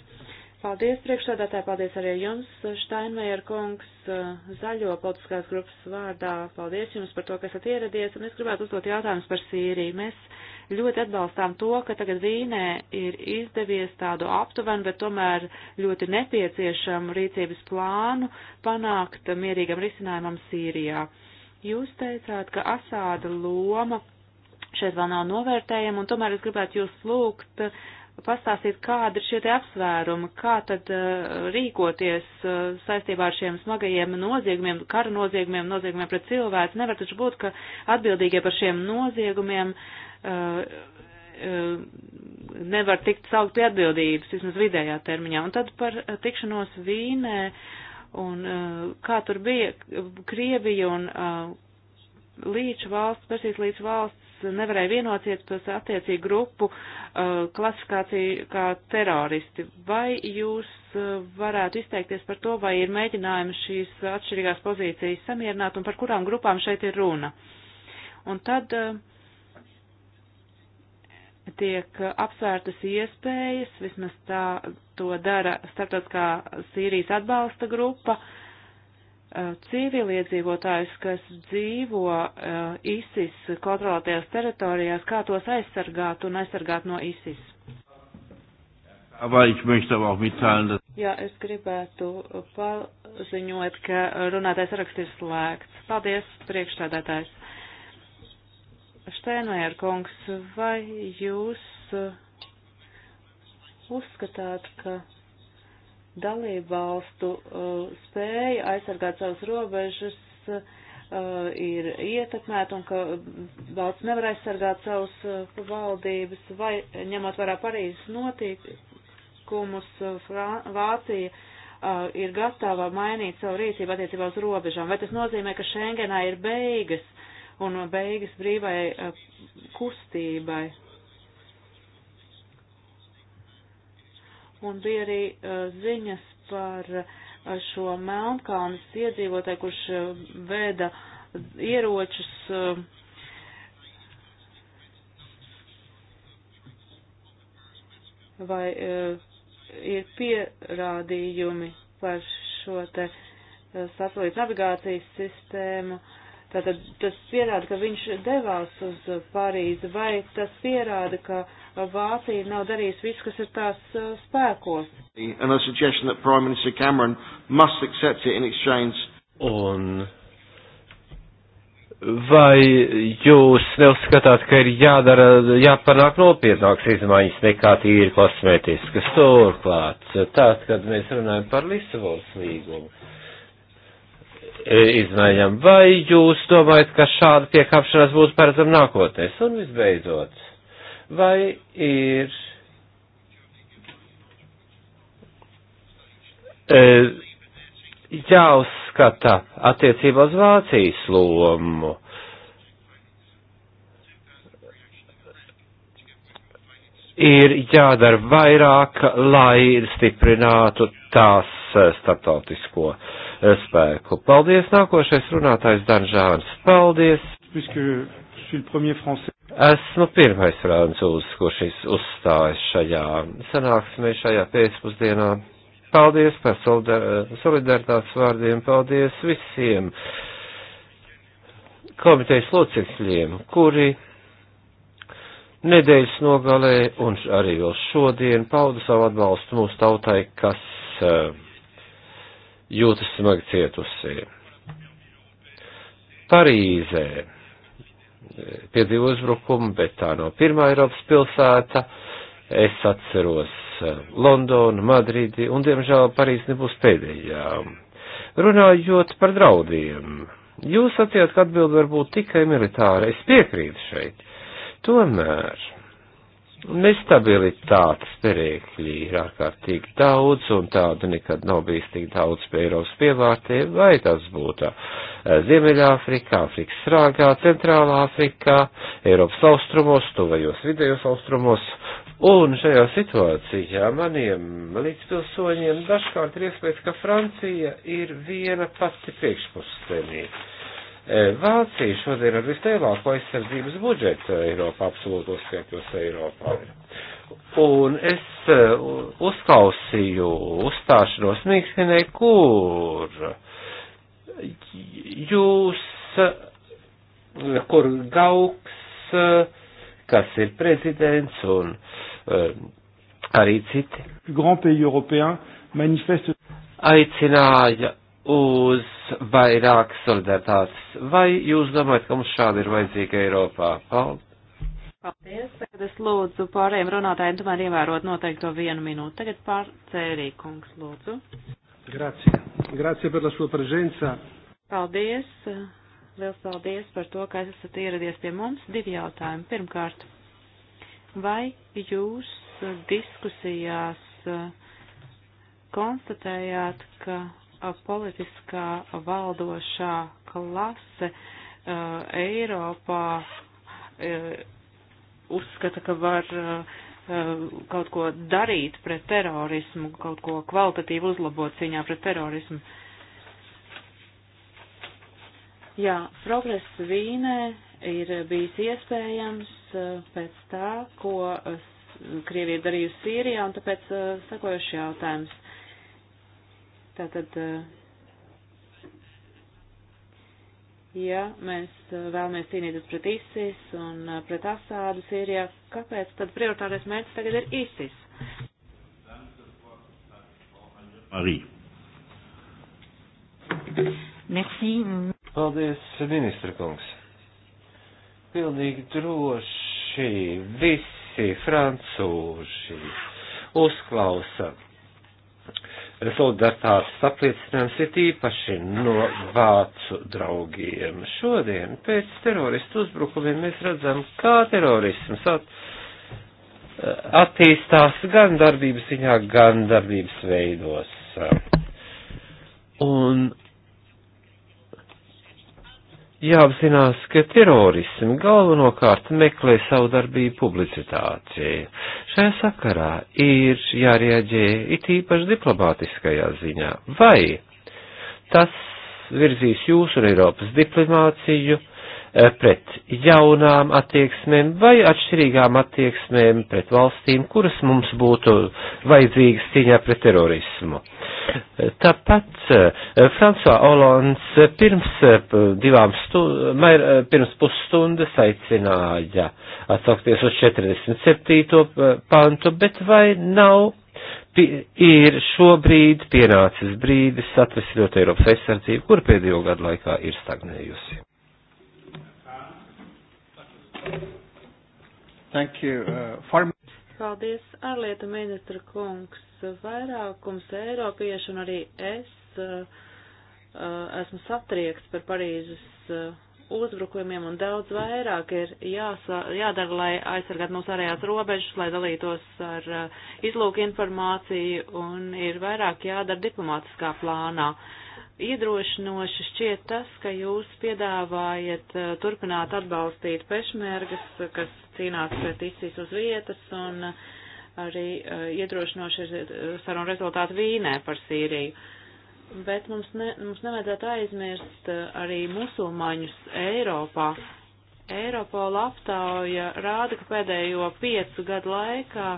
Paldies, priekšsādātāji, paldies arī jums, Štainmejer kungs, eh, zaļo politiskās grupas vārdā. Paldies jums par to, ka esat ieradies, un es gribētu uzdot jautājumus par Sīriju. Mēs Ļoti atbalstām to, ka tagad Vīnē ir izdevies tādu aptuvenu, bet tomēr ļoti nepieciešamu rīcības plānu panākt mierīgam risinājumam Sīrijā. Jūs teicāt, ka Asāda loma šeit vēl nav novērtējama, un tomēr es gribētu jūs lūgt pastāstīt, kāda ir šie te apsvērumi, kā tad uh, rīkoties uh, saistībā ar šiem smagajiem noziegumiem, kara noziegumiem, noziegumiem pret cilvēku. Nevar taču būt, ka atbildīgie par šiem noziegumiem uh, Uh, uh, nevar tikt saukt pie atbildības, vismaz vidējā termiņā. Un tad par uh, tikšanos Vīnē un kā tur bija Krievija un līča valsts, Persijas līča valsts nevarēja vienoties par attiecīgu grupu klasifikāciju kā teroristi. Vai jūs varētu izteikties par to, vai ir mēģinājums šīs atšķirīgās pozīcijas samierināt un par kurām grupām šeit ir runa? Un tad uh, tiek apsvērtas iespējas, vismaz tā to dara starptautiskā Sīrijas atbalsta grupa, uh, civiliedzīvotājus, kas dzīvo uh, ISIS kontrolētajās teritorijās, kā tos aizsargāt un aizsargāt no ISIS. Jā, es gribētu paziņot, ka runātais raksts ir slēgts. Paldies, priekšstādātājs. Štēnēr kungs, vai jūs uh, uzskatāt, ka dalībvalstu uh, spēja aizsargāt savas robežas uh, ir ietekmēta un ka valsts nevar aizsargāt savas valdības, vai ņemot vērā Parīzes notikumus, Vācija ir gatava mainīt savu rīcību attiecībā uz robežām, vai tas nozīmē, ka Schengenā ir beigas? un beigas brīvai eh, kustībai. Un bija arī eh, ziņas par eh, šo Melnkalnes iedzīvotāju, kurš veda ieročus vai ir pierādījumi par šo te satelīta navigācijas sistēmu. Uh, Tātad tas pierāda, ka viņš devās uz Parīzi, vai tas pierāda, ka Vācija nav darījusi visu, kas ir tās uh, spēkos. Un vai jūs neuzskatāt, ka ir jādara, jāpanāk nopietnāks izmaiņas nekā tīri kosmētiskas turklāt, tad, kad mēs runājam par Lisabonas līgumu? E, izmaiņām. Vai jūs domājat, ka šāda piekāpšanās būs paredzama nākotnēs? Un visbeidzot, vai ir. E, jāuzskata attiecībā uz Vācijas lomu. Ir jādara vairāk, lai stiprinātu tās Eh, starptautisko eh, spēku. Paldies, nākošais runātājs Danžāns. Paldies! Esmu pirmais francūzs, kurš uzstājas šajā sanāksmē, šajā pēcpusdienā. Paldies par solidaritātes vārdiem, paldies visiem komitejas locekļiem, kuri nedēļas nogalē un arī vēl šodien pauda savu atbalstu mūsu tautai, kas uh, jūtas smagi cietusi. Parīzē piedzīvo uzbrukumu, bet tā nav no pirmā Eiropas pilsēta. Es atceros eh, Londonu, Madridi un, diemžēl, Parīze nebūs pēdējā. Runājot par draudiem, jūs sacījāt, ka atbildi var būt tikai militāra. Es piekrītu šeit. Tomēr Nestabilitātes perēkļi ir ārkārtīgi daudz, un tādu nekad nav bijis tik daudz pie Eiropas pievārtē, vai tas būtu eh, Ziemeļāfrikā, Afrikas rāgā, Centrālā Afrikā, Eiropas austrumos, tuvajos vidējos austrumos, un šajā situācijā maniem līdzpilsoņiem dažkārt ir iespējas, ka Francija ir viena pati priekšpuscenība E, Vācija šodien ar vislielāko aizsardzības budžetu Eiropā, absolūtos skaitļos Eiropā. Un es e, uzklausīju uzstāšanos Mīkstenē, kur jūs, e, kur Gauks, kas ir prezidents un arī citi. Grand pays européen manifeste. Aicināja uz vairāk solidaritātes. Vai jūs domājat, ka mums šādi ir vajadzīga Eiropā? Paldies! Paldies. Tagad es lūdzu pārējiem runātājiem tomēr ievērot noteikto vienu minūti. Tagad pār Cērī kungs lūdzu. Grazie. Grazie par la sua prezenza. Paldies. Liels paldies par to, ka esat ieradies pie mums. Divi jautājumi. Pirmkārt, vai jūs diskusijās eh, konstatējāt, ka politiskā valdošā klase uh, Eiropā uh, uzskata, ka var uh, uh kaut ko darīt pret terorismu, kaut ko kvalitatīvi uzlabot cīņā pret terorismu. Jā, progress Vīnē ir bijis iespējams uh, pēc tā, ko uh, Krievija darījusi Sīrijā, un tāpēc sakojuši jautājums. Tātad, eh, ja mēs eh, vēlamies cīnīties pret ISIS un eh, pret Asādu Sīrijā, kāpēc tad prioritārais mērķis tagad ir ISIS? Marija. Merci. Paldies, ministra kungs. Pilnīgi droši visi francūži uzklausa solidaritātes apliecinājums ir īpaši no vācu draugiem. Šodien pēc teroristu uzbrukumiem mēs redzam, kā terorisms at, attīstās gan darbības ziņā, gan darbības veidos. Un jāapzinās, ka terorismi galvenokārt meklē savu darbību publicitācijai. Šajā sakarā ir jārieģē it īpaši diplomātiskajā ziņā. Vai tas virzīs jūsu un Eiropas diplomāciju Eh, pret jaunām attieksmēm vai atšķirīgām attieksmēm pret valstīm, kuras mums būtu vajadzīgas cīņā pret terorismu. Eh, tāpat eh, Fransua Olons pirms divām stundām, pirms pusstundas aicināja atsaukties uz 47. pantu, bet vai nav ir šobrīd pienācis brīdis atvesļot Eiropas aizsardzību, kur pēdējo gadu laikā ir stagnējusi. Thank you. Uh, farm... Paldies, ārlietu ministra kungs. Vairākums Eiropiešu un arī es uh, uh, esmu satriekts par Parīzes uh, uzbrukumiem un daudz vairāk ir jāsa, jādara, lai aizsargātu mūsu ārējās robežas, lai dalītos ar uh, izlūku informāciju un ir vairāk jādara diplomātiskā plānā. Uh, iedrošinoši šķiet tas, ka jūs piedāvājat uh, turpināt atbalstīt pešmērgas, uh, kas cīnās pret izcīs uz vietas, un uh, arī iedrošinoši ir sarunu rezultāti Vīnē par Sīriju. Bet mums, ne, mums nevajadzētu aizmirst arī musulmaņus Eiropā. Eiropola aptauja rāda, ka pēdējo piecu gadu laikā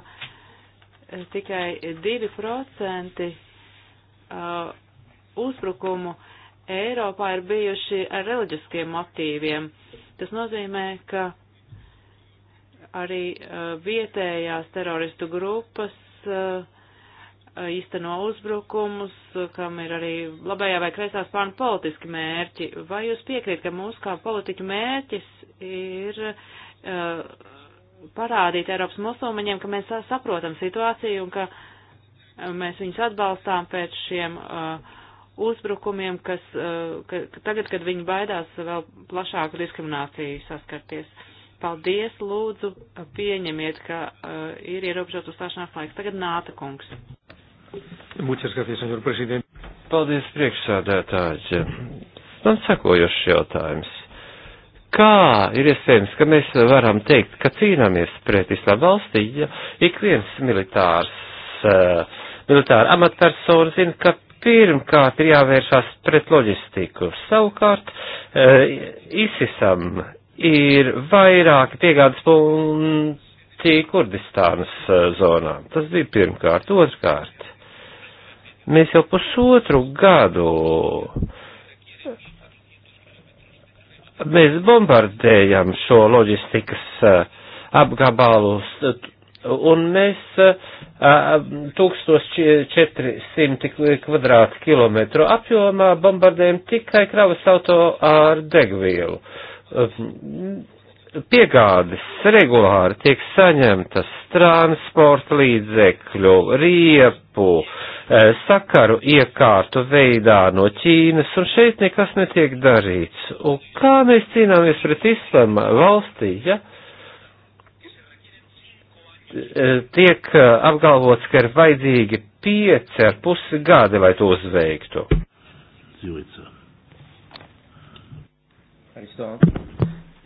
tikai 2% uzbrukumu Eiropā ir bijuši ar reliģiskiem motīviem. Tas nozīmē, ka arī uh, vietējās teroristu grupas uh, īsteno uzbrukumus, kam ir arī labējā vai kreisā spārna politiski mērķi. Vai jūs piekrīt, ka mūsu kā politiķu mērķis ir uh, parādīt Eiropas musulmaņiem, ka mēs saprotam situāciju un ka uh, mēs viņus atbalstām pēc šiem uh, uzbrukumiem, kas eh, ka, tagad, kad viņi baidās vēl plašāku diskrimināciju saskarties. Paldies, lūdzu, pieņemiet, ka uh, ir ierobežots uzstāšanās laiks. Tagad nāta kungs. Muchas gracias, señor presidente. Paldies, priekšsādētāji. Man sakojošs jautājums. Kā ir iespējams, ka mēs varam teikt, ka cīnāmies pret islāma valstī, ja ik viens militārs, uh, militāra amatpersona zina, ka pirmkārt ir jāvēršās pret loģistiku. Savukārt, eh, ISISam ir vairāki piegādes punkti Kurdistānas eh, zonā. Tas bija pirmkārt. Otrkārt, mēs jau pusotru gadu eh, mēs bombardējam šo loģistikas apgabalus Un mēs 1400 kvadrātkilometru apjomā bombardējam tikai kravas auto ar degvielu. Piegādes regulāri tiek saņemtas transporta līdzekļu, riepu, sakaru iekārtu veidā no Ķīnas, un šeit nekas netiek darīts. Un kā mēs cīnāmies pret islama valstī, ja? Eh, tiek eh, apgalvots, ka ir vajadzīgi pieci ar pusi gadi, lai to uzveiktu. Zīvica.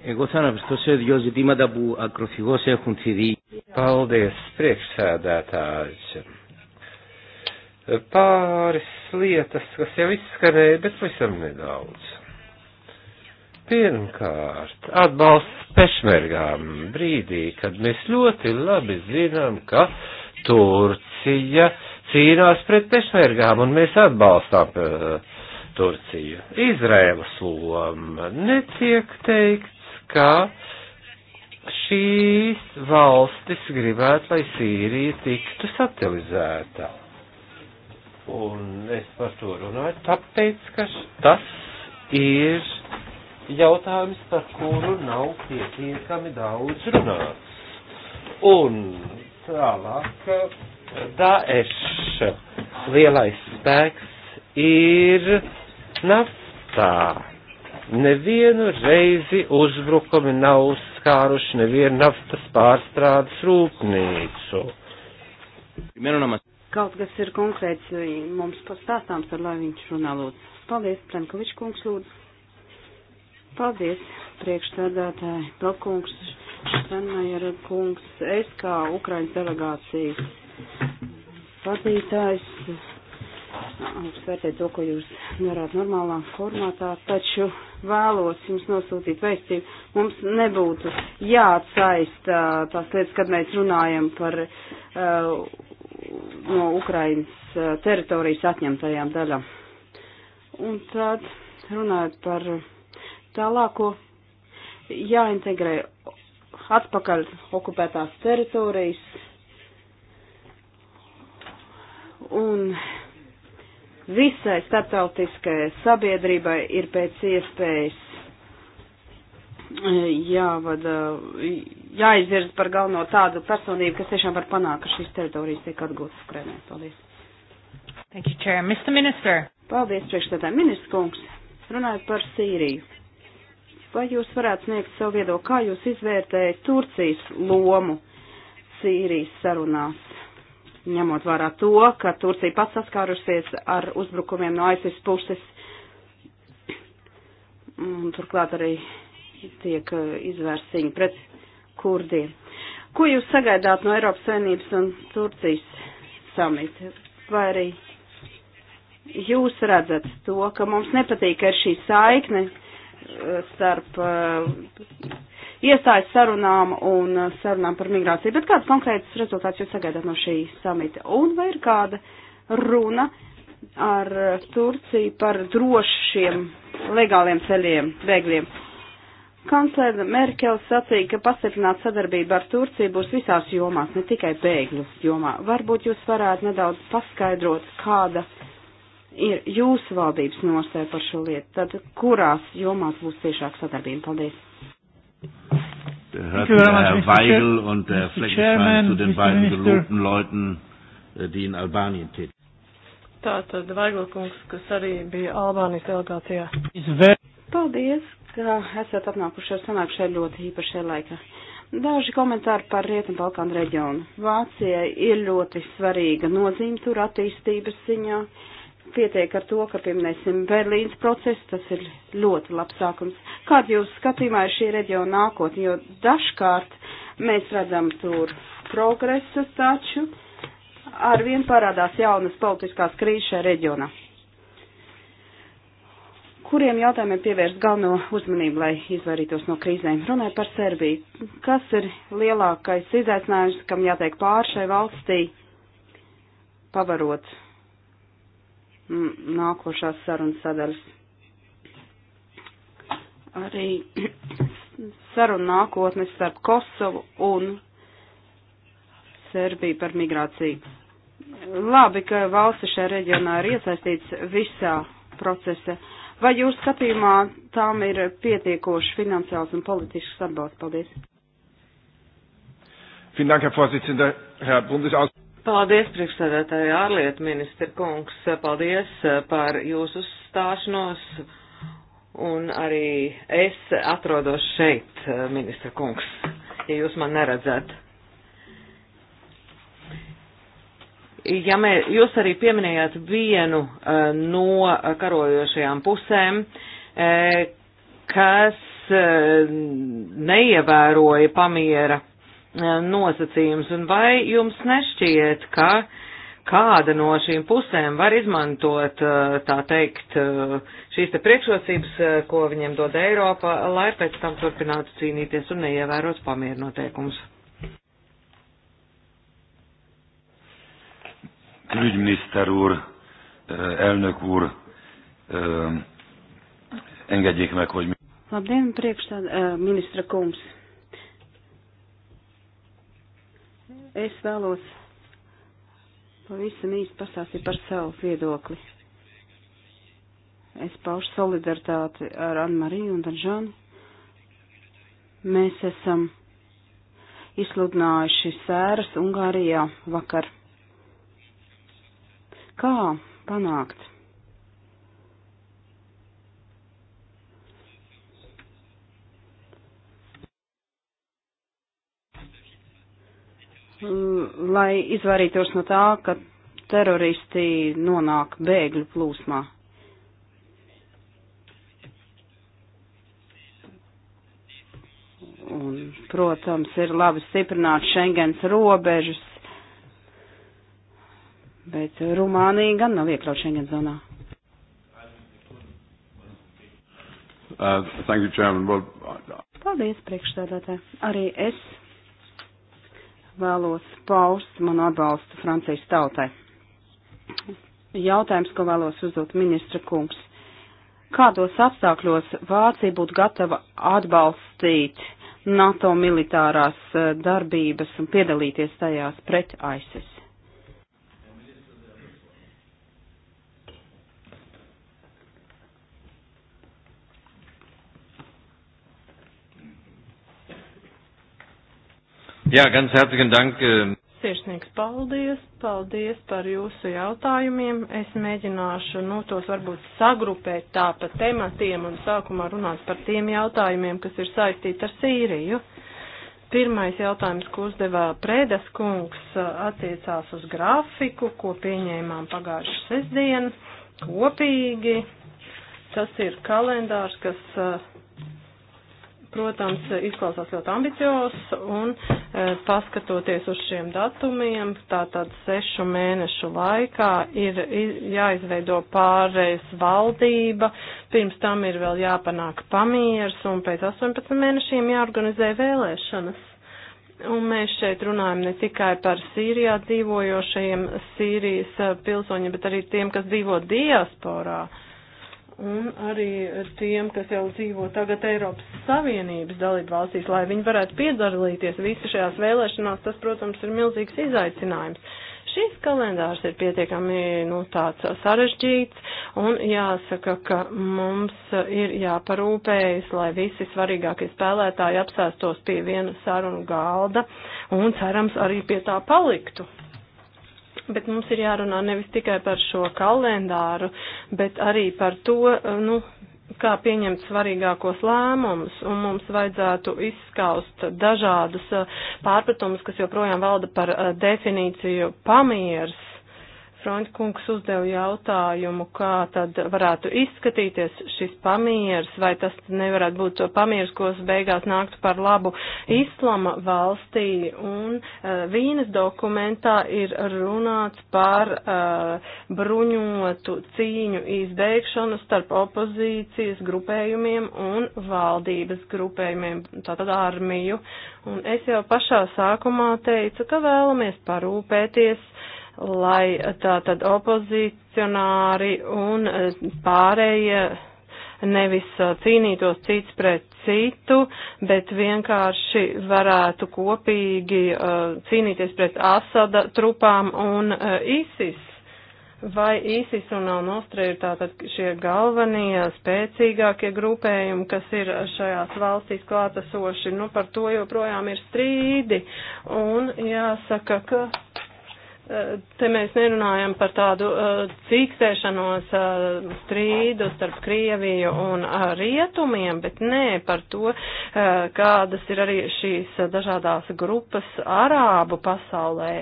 Εγώ θα αναφερθώ σε δύο ζητήματα που ακροθυγώς έχουν θηδεί. Paldies, priekšsēdētājs. Pāris lietas, kas jau izskanēja, bet pavisam nedaudz. Pirmkārt, atbalsts pešmergām brīdī, kad mēs ļoti labi zinām, ka Turcija cīnās pret pešmergām un mēs atbalstām uh, Turciju. Izrēlas loma netiek teikts, ka šīs valstis gribētu, lai Sīrija tiktu satelizēta. Un es par to runāju, tāpēc, ka tas ir jautājums, par kuru nav pietiekami daudz runāts. Un tālāk, Daesh lielais spēks ir naftā. Nevienu reizi uzbrukumi nav skāruši nevienu naftas pārstrādes rūpnīcu. Kaut kas ir konkrēts mums pastāstāms, ar lai viņš runā lūdzu. Paldies, Plenkovičs kungs lūdzu. Paldies, priekšstādātāji, prokungs, Štenmajera kungs, es kā Ukraiņas delegācijas vadītājs, vērtēju to, ko jūs darāt normālā formātā, taču vēlos jums nosūtīt vēstību. Mums nebūtu jāatsaista tās lietas, kad mēs runājam par uh, no Ukraiņas uh, teritorijas atņemtajām daļām. Un tad runājot par tālāko jāintegrē atpakaļ okupētās teritorijas un visai starptautiskajai sabiedrībai ir pēc iespējas e, jāvada, jāizvirz par galveno tādu personību, kas tiešām var panākt, ka šīs teritorijas tiek atgūtas Ukrainai. Paldies. Thank you, Chair. Mr. Minister. Paldies, priekšstādā ministrs kungs. Runājot par Sīriju. Vai jūs varētu sniegt savu viedokli, kā jūs izvērtējat Turcijas lomu Sīrijas sarunās, ņemot vērā to, ka Turcija pats saskārusies ar uzbrukumiem no ASIS puses, un turklāt arī tiek uh, izvērsiņi pret kurdiem. Ko jūs sagaidāt no Eiropas Savienības un Turcijas samita? Vai arī jūs redzat to, ka mums nepatīk ar šī saikne? starp eh, iestājas sarunām un eh, sarunām par migrāciju, bet kāds konkrēts rezultāts jūs sagaidat no šī samita? Un vai ir kāda runa ar eh, Turciju par drošiem legāliem ceļiem bēgļiem? Kanclere Merkel sacīja, ka pastiprināt sadarbību ar Turciju būs visās jomās, ne tikai bēgļu jomā. Varbūt jūs varētu nedaudz paskaidrot, kāda ir jūsu valdības nostāja par šo lietu? Tad kurās jomās būs ciešāka sadarbība? Paldies! Hört Herr Weigel und Herr äh, Fleckenstein zu den beiden gelobten Leuten, äh, die in Albanien tätig sind. Tātad Vaiglkungs, kas arī bija Albānijas delegācijā. Paldies, ka esat atnākuši ar sanāku šeit ļoti īpašajā laikā. Daži komentāri par Rietumu Balkānu reģionu. Vācijai ir ļoti svarīga nozīme tur attīstības ziņā. Uh, pietiek ar to, ka pieminēsim Berlīnas procesu, tas ir ļoti labs sākums. Kāda jūs skatījumā ir šī reģiona nākotne, jo dažkārt mēs redzam tur progresu, taču arvien parādās jaunas politiskās krīzes šajā reģionā. Kuriem jautājumiem pievērst galveno uzmanību, lai izvairītos no krīzēm? Runāju par Serbiju. Kas ir lielākais izaicinājums, kam jātiek pāri šai valstī, pavarot nākošās sarunas sadaļas. Arī saruna nākotnes starp Kosovu un Serbiju par migrāciju. Labi, ka valsti šajā reģionā ir iesaistīts visā procesa. Vai jūs skatījumā tām ir pietiekoši finansiāls un politisks atbalsts? Paldies! Vielen Dank, Herr Vorsitzender, Herr Bundesaus. Paldies, priekšsēdētāji ārlietu ministra kungs. Paldies eh, par jūsu uzstāšanos. Un arī es atrodos šeit, eh, ministra kungs, ja jūs man neredzat. Ja mē, jūs arī pieminējāt vienu uh, no karojošajām pusēm, uh, kas neievēroja pamiera Eh, nosacījums, un vai jums nešķiet, ka kāda no šīm pusēm var izmantot, eh, tā teikt, eh, šīs te priekšrocības, ko viņiem dod Eiropa, lai pēc tam turpinātu cīnīties un neievērot pamieru noteikumus? Külügyminiszter úr, elnök úr, engedjék meg, hogy... Labdien, priekšstādā, ministra kungs. Es vēlos pavisam īsti pastāstīt par savu viedokli. Es paušu solidaritāti ar Anmariju un Danžanu. Mēs esam izsludinājuši sēras Ungārijā vakar. Kā panākt Mm, lai izvairītos no tā, ka teroristi nonāk bēgļu plūsmā. Un, protams, ir labi stiprināt Schengens robežas, bet Rumānija gan nav iekļaut Schengen zonā. Uh, thank you, Chairman. Well, I... Paldies, priekšstādātāji. Arī es vēlos paust manu atbalstu Francijas tautai. Jautājums, ko vēlos uzdot ministra kungs. Kādos apstākļos Vācija būtu gatava atbalstīt NATO militārās eh, darbības un piedalīties tajās pret ISIS? Jā, gan sērtiņa dank. Eh. Sirsnīgs paldies, paldies par jūsu jautājumiem. Es mēģināšu, nu, tos varbūt sagrupēt tā pa tematiem un sākumā runāt par tiem jautājumiem, kas ir saistīti ar Sīriju. Pirmais jautājums, ko uzdevā Prēdas kungs, eh, attiecās uz grafiku, ko pieņēmām pagājušu sestdienu kopīgi. Tas ir kalendārs, kas eh, protams, izklausās ļoti ambiciozs un e, paskatoties uz šiem datumiem, tātad sešu mēnešu laikā ir jāizveido pārējais valdība, pirms tam ir vēl jāpanāk pamieris un pēc 18 mēnešiem jāorganizē vēlēšanas. Un mēs šeit runājam ne tikai par Sīrijā dzīvojošajiem Sīrijas e, pilsoņiem, bet arī tiem, kas dzīvo diasporā. Uh, un arī tiem, kas jau dzīvo tagad Eiropas Savienības dalību valstīs, lai viņi varētu piedalīties visi šajās vēlēšanās, tas, protams, ir milzīgs izaicinājums. Šis kalendārs ir pietiekami nu, tāds sarežģīts, un jāsaka, ka mums ir jāparūpējas, lai visi svarīgākie spēlētāji apsēstos pie viena sarunu galda, un cerams arī pie tā paliktu bet mums ir jārunā nevis tikai par šo kalendāru, bet arī par to, eh, nu, kā pieņemt svarīgākos lēmumus, un mums vajadzētu izskaust dažādus eh, pārpratumus, kas joprojām valda par eh, definīciju pamieris. Freund kungs uzdeva jautājumu, kā tad varētu izskatīties šis pamieris, vai tas nevarētu būt to pamieris, kas beigās nāktu par labu islama valstī. Un uh, Vīnes dokumentā ir runāts par uh, bruņotu cīņu izbeigšanu starp opozīcijas grupējumiem un valdības grupējumiem, tātad armiju. Un es jau pašā sākumā teicu, ka vēlamies parūpēties, lai tā tad opozicionāri un eh, pārējie nevis eh, cīnītos cits pret citu, bet vienkārši varētu kopīgi uh, cīnīties pret Asada trupām un uh, ISIS. Vai ISIS un Alnostra ir tātad šie galvenie, spēcīgākie grupējumi, kas ir šajās valstīs klātesoši? Nu, par to joprojām ir strīdi. Un jāsaka, ka te mēs nerunājam par tādu uh, cīkstēšanos uh, strīdu starp Krieviju un uh, Rietumiem, bet nē par to, uh, kādas ir arī šīs uh, dažādās grupas Arābu pasaulē.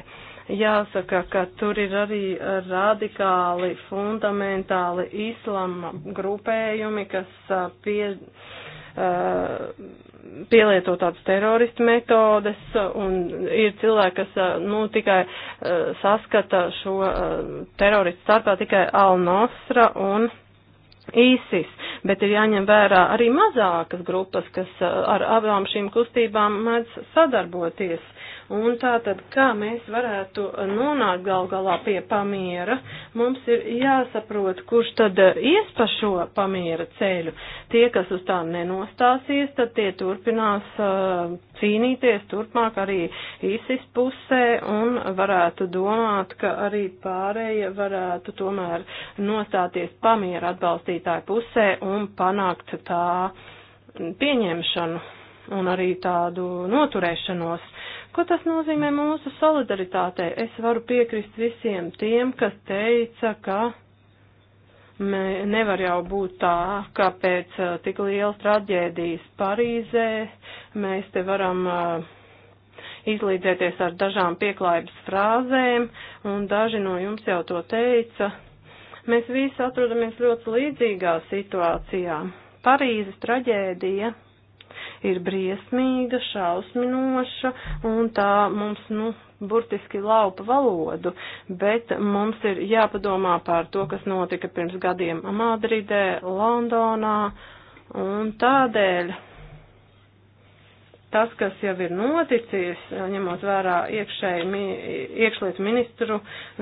Jāsaka, ka tur ir arī radikāli, fundamentāli islama grupējumi, kas uh, pie. Uh, pielieto tādas teroristu metodes, un ir cilvēki, kas nu, tikai saskata šo teroristu starpā tikai Al-Nosra un ISIS, bet ir jāņem vērā arī mazākas grupas, kas ar abām šīm kustībām mēdz sadarboties. Un tātad, kā mēs varētu nonākt gal galā pie pamiera, mums ir jāsaprot, kurš tad ies pa šo pamiera ceļu. Tie, kas uz tā nenostāsies, tad tie turpinās uh, cīnīties turpmāk arī īsis pusē un varētu domāt, ka arī pārējie varētu tomēr nostāties pamiera atbalstītāju pusē un panākt tā pieņemšanu un arī tādu noturēšanos. Ko tas nozīmē mūsu solidaritātei? Es varu piekrist visiem tiem, kas teica, ka nevar jau būt tā, ka pēc tik lielas traģēdijas Parīzē mēs te varam uh, izlīdzēties ar dažām pieklājības frāzēm, un daži no jums jau to teica. Mēs visi atrodamies ļoti līdzīgā situācijā. Parīzes traģēdija ir briesmīga, šausminoša un tā mums, nu, burtiski laupa valodu, bet mums ir jāpadomā par to, kas notika pirms gadiem Madridē, Londonā un tādēļ. Tas, kas jau ir noticis, ņemot vērā iekšēji, mi, iekšlietu ministru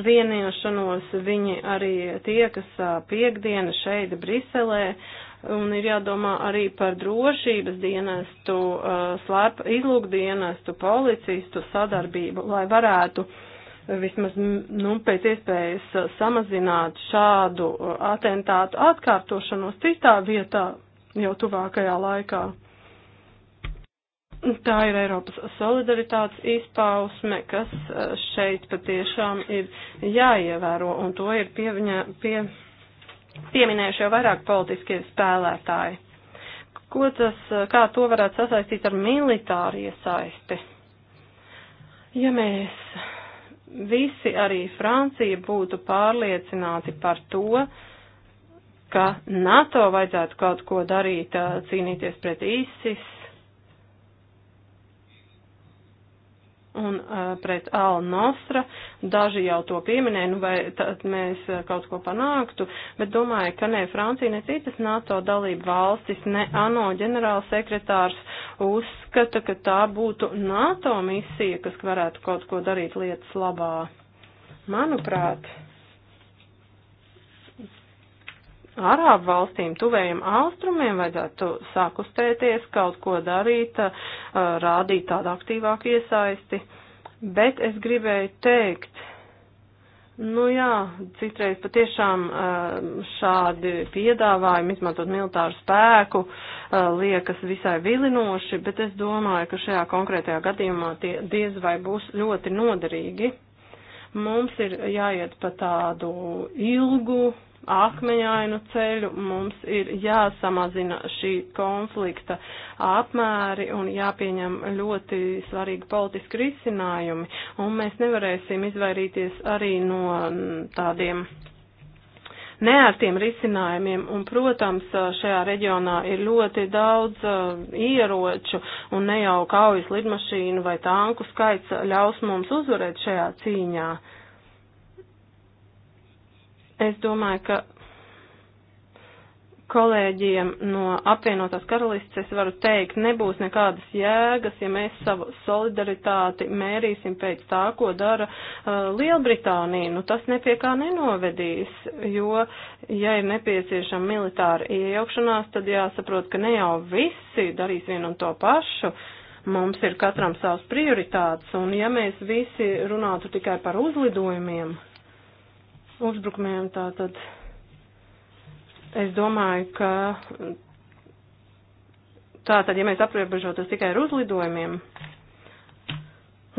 vienošanos, viņi arī tie, kas piekdiena šeit Briselē uh, un ir jādomā arī par drošības dienestu, uh, slēp, izlūkdienestu, policistu sadarbību, lai varētu uh, vismaz nu, pēc iespējas uh, samazināt šādu atentātu atkārtošanos citā vietā jau tuvākajā laikā. Tā ir Eiropas solidaritātes izpausme, kas šeit patiešām ir jāievēro, un to ir pieviņa, pie, pieminējuši jau vairāk politiskie spēlētāji. Ko tas, kā to varētu sasaistīt ar militāru iesaisti? Ja mēs visi, arī Francija, būtu pārliecināti par to, ka NATO vajadzētu kaut ko darīt, cīnīties pret ISIS, un uh, pret Al Nostra. Daži jau to pieminēja, nu vai tad mēs uh, kaut ko panāktu, bet domāju, ka ne Francija, ne citas NATO dalība valstis, ne ANO ģenerālsekretārs uzskata, ka tā būtu NATO misija, kas varētu kaut ko darīt lietas labā. Manuprāt. Mm -hmm Arābu valstīm, tuvējiem austrumiem vajadzētu sakustēties, kaut ko darīt, uh, rādīt tādu aktīvāku iesaisti. Bet es gribēju teikt, nu jā, citreiz patiešām uh, šādi piedāvājumi izmantot militāru spēku uh, liekas visai vilinoši, bet es domāju, ka šajā konkrētajā gadījumā tie diez vai būs ļoti noderīgi. Mums ir jāiet pa tādu ilgu akmeņainu ceļu, mums ir jāsamazina šī konflikta apmēri un jāpieņem ļoti svarīgi politiski risinājumi, un mēs nevarēsim izvairīties arī no tādiem neērtiem risinājumiem, un, protams, šajā reģionā ir ļoti daudz uh, ieroču, un ne jau kaujas lidmašīnu vai tanku skaits ļaus mums uzvarēt šajā cīņā. Uh, Es domāju, ka kolēģiem no apvienotās karalists es varu teikt, nebūs nekādas jēgas, ja mēs savu solidaritāti mērīsim pēc tā, ko dara uh, Lielbritānija. Nu, tas nepie kā nenovedīs, jo, ja ir nepieciešama militāra iejaukšanās, tad jāsaprot, ka ne jau visi darīs vienu un to pašu. Mums ir katram savs prioritāts, un ja mēs visi runātu tikai par uzlidojumiem, uzbrukumiem. Tātad es domāju, ka tātad, ja mēs aprobežotos tikai ar uzlidojumiem,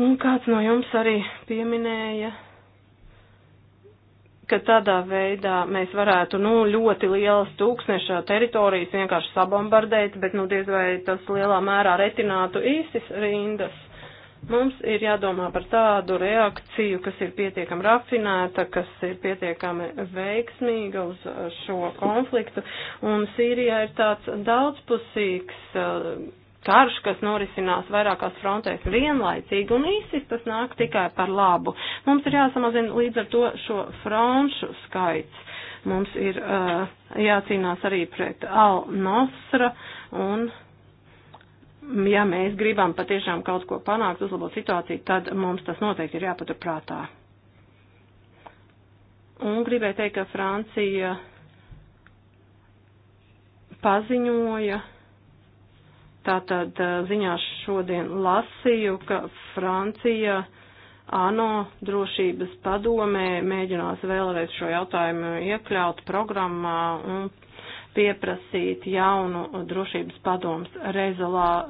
un kāds no jums arī pieminēja, ka tādā veidā mēs varētu, nu, ļoti lielas tūkstneša teritorijas vienkārši sabombardēt, bet, nu, diez vai tas lielā mērā retinātu īsis rindas. Mums ir jādomā par tādu reakciju, kas ir pietiekami rafinēta, kas ir pietiekami veiksmīga uz šo konfliktu. Un Sīrijā ir tāds daudzpusīgs eh, karš, kas norisinās vairākās frontēs vienlaicīgi, un īsis tas nāk tikai par labu. Mums ir jāsamazina līdz ar to šo franšu skaits. Mums ir uh, jācīnās arī pret Al-Nosra un. Uh, ja mēs gribam patiešām kaut ko panākt, uzlabot situāciju, tad mums tas noteikti ir jāpaturprātā. Un gribēju teikt, ka Francija paziņoja, tātad eh, ziņās šodien lasīju, ka Francija ANO drošības padomē mēģinās vēlreiz šo jautājumu iekļaut programmā un pieprasīt jaunu drošības padomus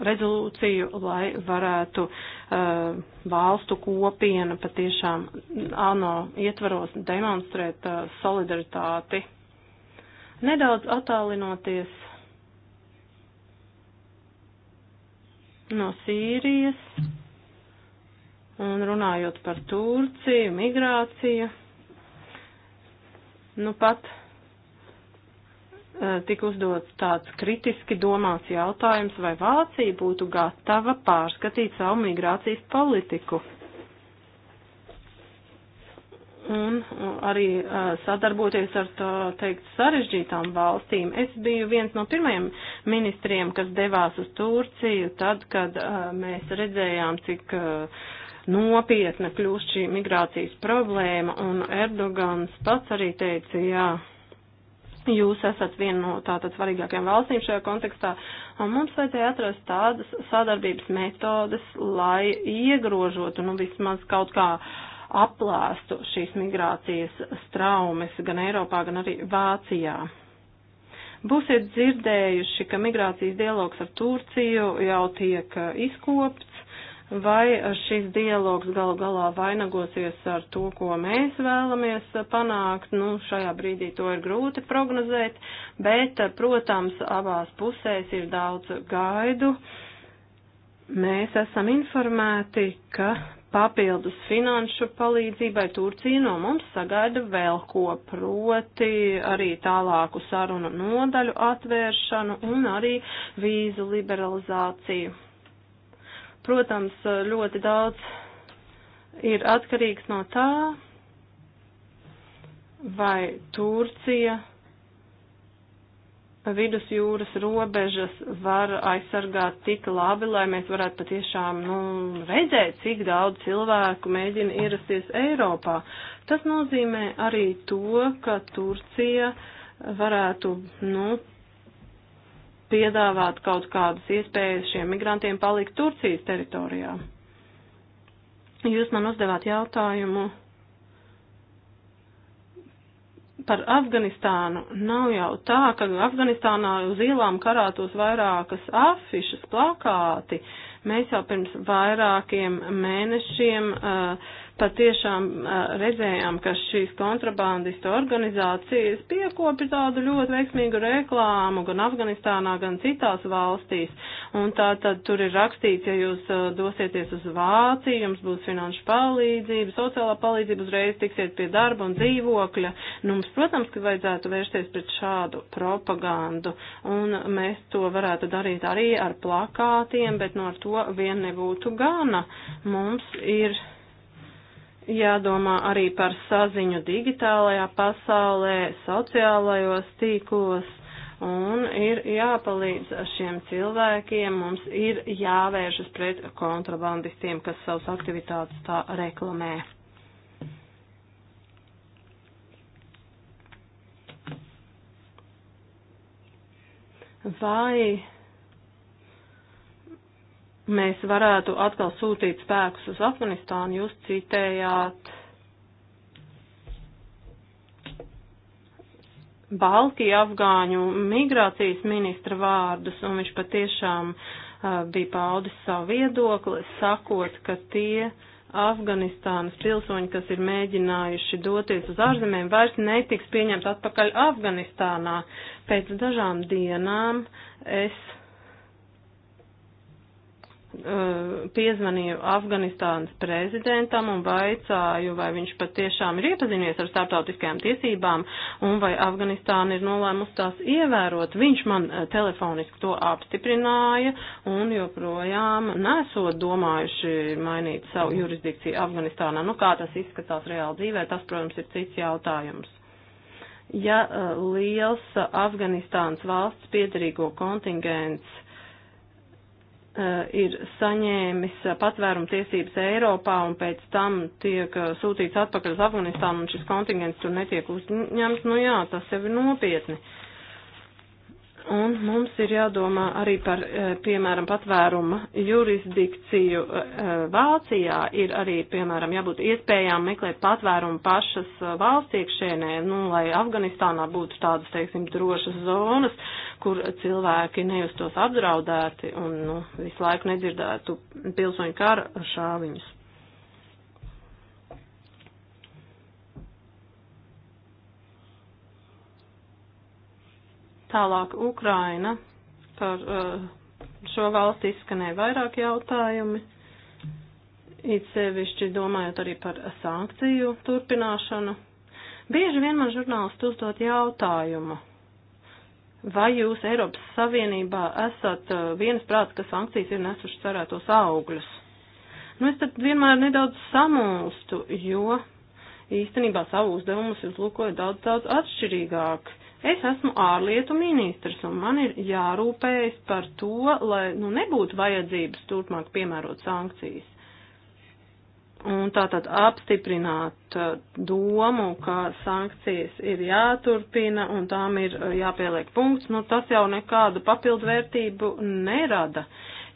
rezolūciju, lai varētu uh, valstu kopiena patiešām ANO ietvaros demonstrēt uh, solidaritāti. Nedaudz attālinoties no Sīrijas un runājot par Turciju, migrāciju, nu pat Eh, tika uzdots tāds kritiski domāts jautājums, vai Vācija būtu gatava pārskatīt savu migrācijas politiku. Un uh, arī uh, sadarboties ar tā teikt sarežģītām valstīm. Es biju viens no pirmajiem ministriem, kas devās uz Turciju tad, kad uh, mēs redzējām, cik nopietna kļūst šī migrācijas problēma, un Erdogans pats arī teica, jā, Jūs esat viena no tātad svarīgākajām valstīm šajā kontekstā, un mums vajadzēja atrast tādas sadarbības metodes, lai iegrožotu, nu, vismaz kaut kā aplāstu šīs migrācijas straumes gan Eiropā, gan arī Vācijā. Būsiet dzirdējuši, ka migrācijas dialogs ar Turciju jau tiek izkopts, vai šis dialogs galu galā vainagosies ar to, ko mēs vēlamies panākt. Nu, šajā brīdī to ir grūti prognozēt, bet, protams, abās pusēs ir daudz gaidu. Mēs esam informēti, ka papildus finanšu palīdzībai Turcija no mums sagaida vēl ko, proti arī tālāku sarunu nodaļu atvēršanu un arī vīzu liberalizāciju. Protams, ļoti daudz ir atkarīgs no tā, vai Turcija vidusjūras robežas var aizsargāt tik labi, lai mēs varētu patiešām nu, redzēt, cik daudz cilvēku mēģina ierasties Eiropā. Tas nozīmē arī to, ka Turcija varētu nu, piedāvāt kaut kādas iespējas šiem migrantiem palikt Turcijas teritorijā. Jūs man uzdevāt jautājumu par Afganistānu. Nav jau tā, ka Afganistānā uz ielām karātos vairākas afišas, plakāti. Mēs jau pirms vairākiem mēnešiem uh, patiešām redzējām, ka šīs kontrabandistu organizācijas piekopja tādu ļoti veiksmīgu reklāmu gan Afganistānā, gan citās valstīs. Un tā tad tur ir rakstīts, ja jūs dosieties uz Vāciju, jums būs finanšu palīdzība, sociālā palīdzība, uzreiz tiksiet pie darba un dzīvokļa. Nu, mums, protams, ka vajadzētu vērsties pret šādu propagandu. Un mēs to varētu darīt arī ar plakātiem, bet no ar to vien nebūtu gana. Mums ir Jādomā arī par saziņu digitālajā pasaulē, sociālajos tīklos, un ir jāpalīdz šiem cilvēkiem, mums ir jāvēršas pret kontrabandistiem, kas savus aktivitātes tā reklamē. Vai mēs varētu atkal sūtīt spēkus uz Afganistānu, jūs citējāt Baltiju afgāņu migrācijas ministra vārdus, un viņš patiešām uh, bija paudis savu viedokli, sakot, ka tie Afganistānas pilsoņi, kas ir mēģinājuši doties uz ārzemēm, vairs netiks pieņemt atpakaļ Afganistānā. Pēc dažām dienām es Eh, piezvanīju Afganistānas prezidentam un vaicāju, vai viņš patiešām ir iepazinies ar starptautiskajām tiesībām un vai Afganistāna ir nolēmusi tās ievērot. Viņš man eh, telefoniski to apstiprināja un joprojām nesot domājuši mainīt savu jurisdikciju Afganistānā. Nu, kā tas izskatās reāli dzīvē, tas, protams, ir cits jautājums ja eh, liels Afganistānas valsts piedarīgo kontingents Eh, ir saņēmis eh, patvērumu tiesības Eiropā un pēc tam tiek eh, sūtīts atpakaļ uz Afganistānu un šis kontingents tur netiek uzņemts, nu jā, tas jau ir nopietni. Un mums ir jādomā arī par, piemēram, patvēruma jurisdikciju Vācijā. Ir arī, piemēram, jābūt iespējām meklēt patvērumu pašas valsts iekšēnē, nu, lai Afganistānā būtu tādas, teiksim, drošas zonas, kur cilvēki nejustos apdraudēti un nu, visu laiku nedzirdētu pilsoņu kara šāviņus. Tālāk Ukraina. Par uh, šo valsti izskanēja vairāk jautājumi. It sevišķi domājot arī par sankciju turpināšanu. Bieži vien man žurnālisti uzdot jautājumu, Vai jūs Eiropas Savienībā esat uh, viensprāts, ka sankcijas ir nesušas cerētos augļus? Nu, es tad vienmēr nedaudz samulstu, jo īstenībā savu uzdevumus uzlūkoju daudz, daudz atšķirīgāk. Es esmu ārlietu ministrs, un man ir jārūpējas par to, lai nu, nebūtu vajadzības turpmāk piemērot sankcijas. Un tātad apstiprināt uh, domu, ka sankcijas ir jāturpina un tām ir uh, jāpieliek punkts, nu tas jau nekādu papildvērtību nerada.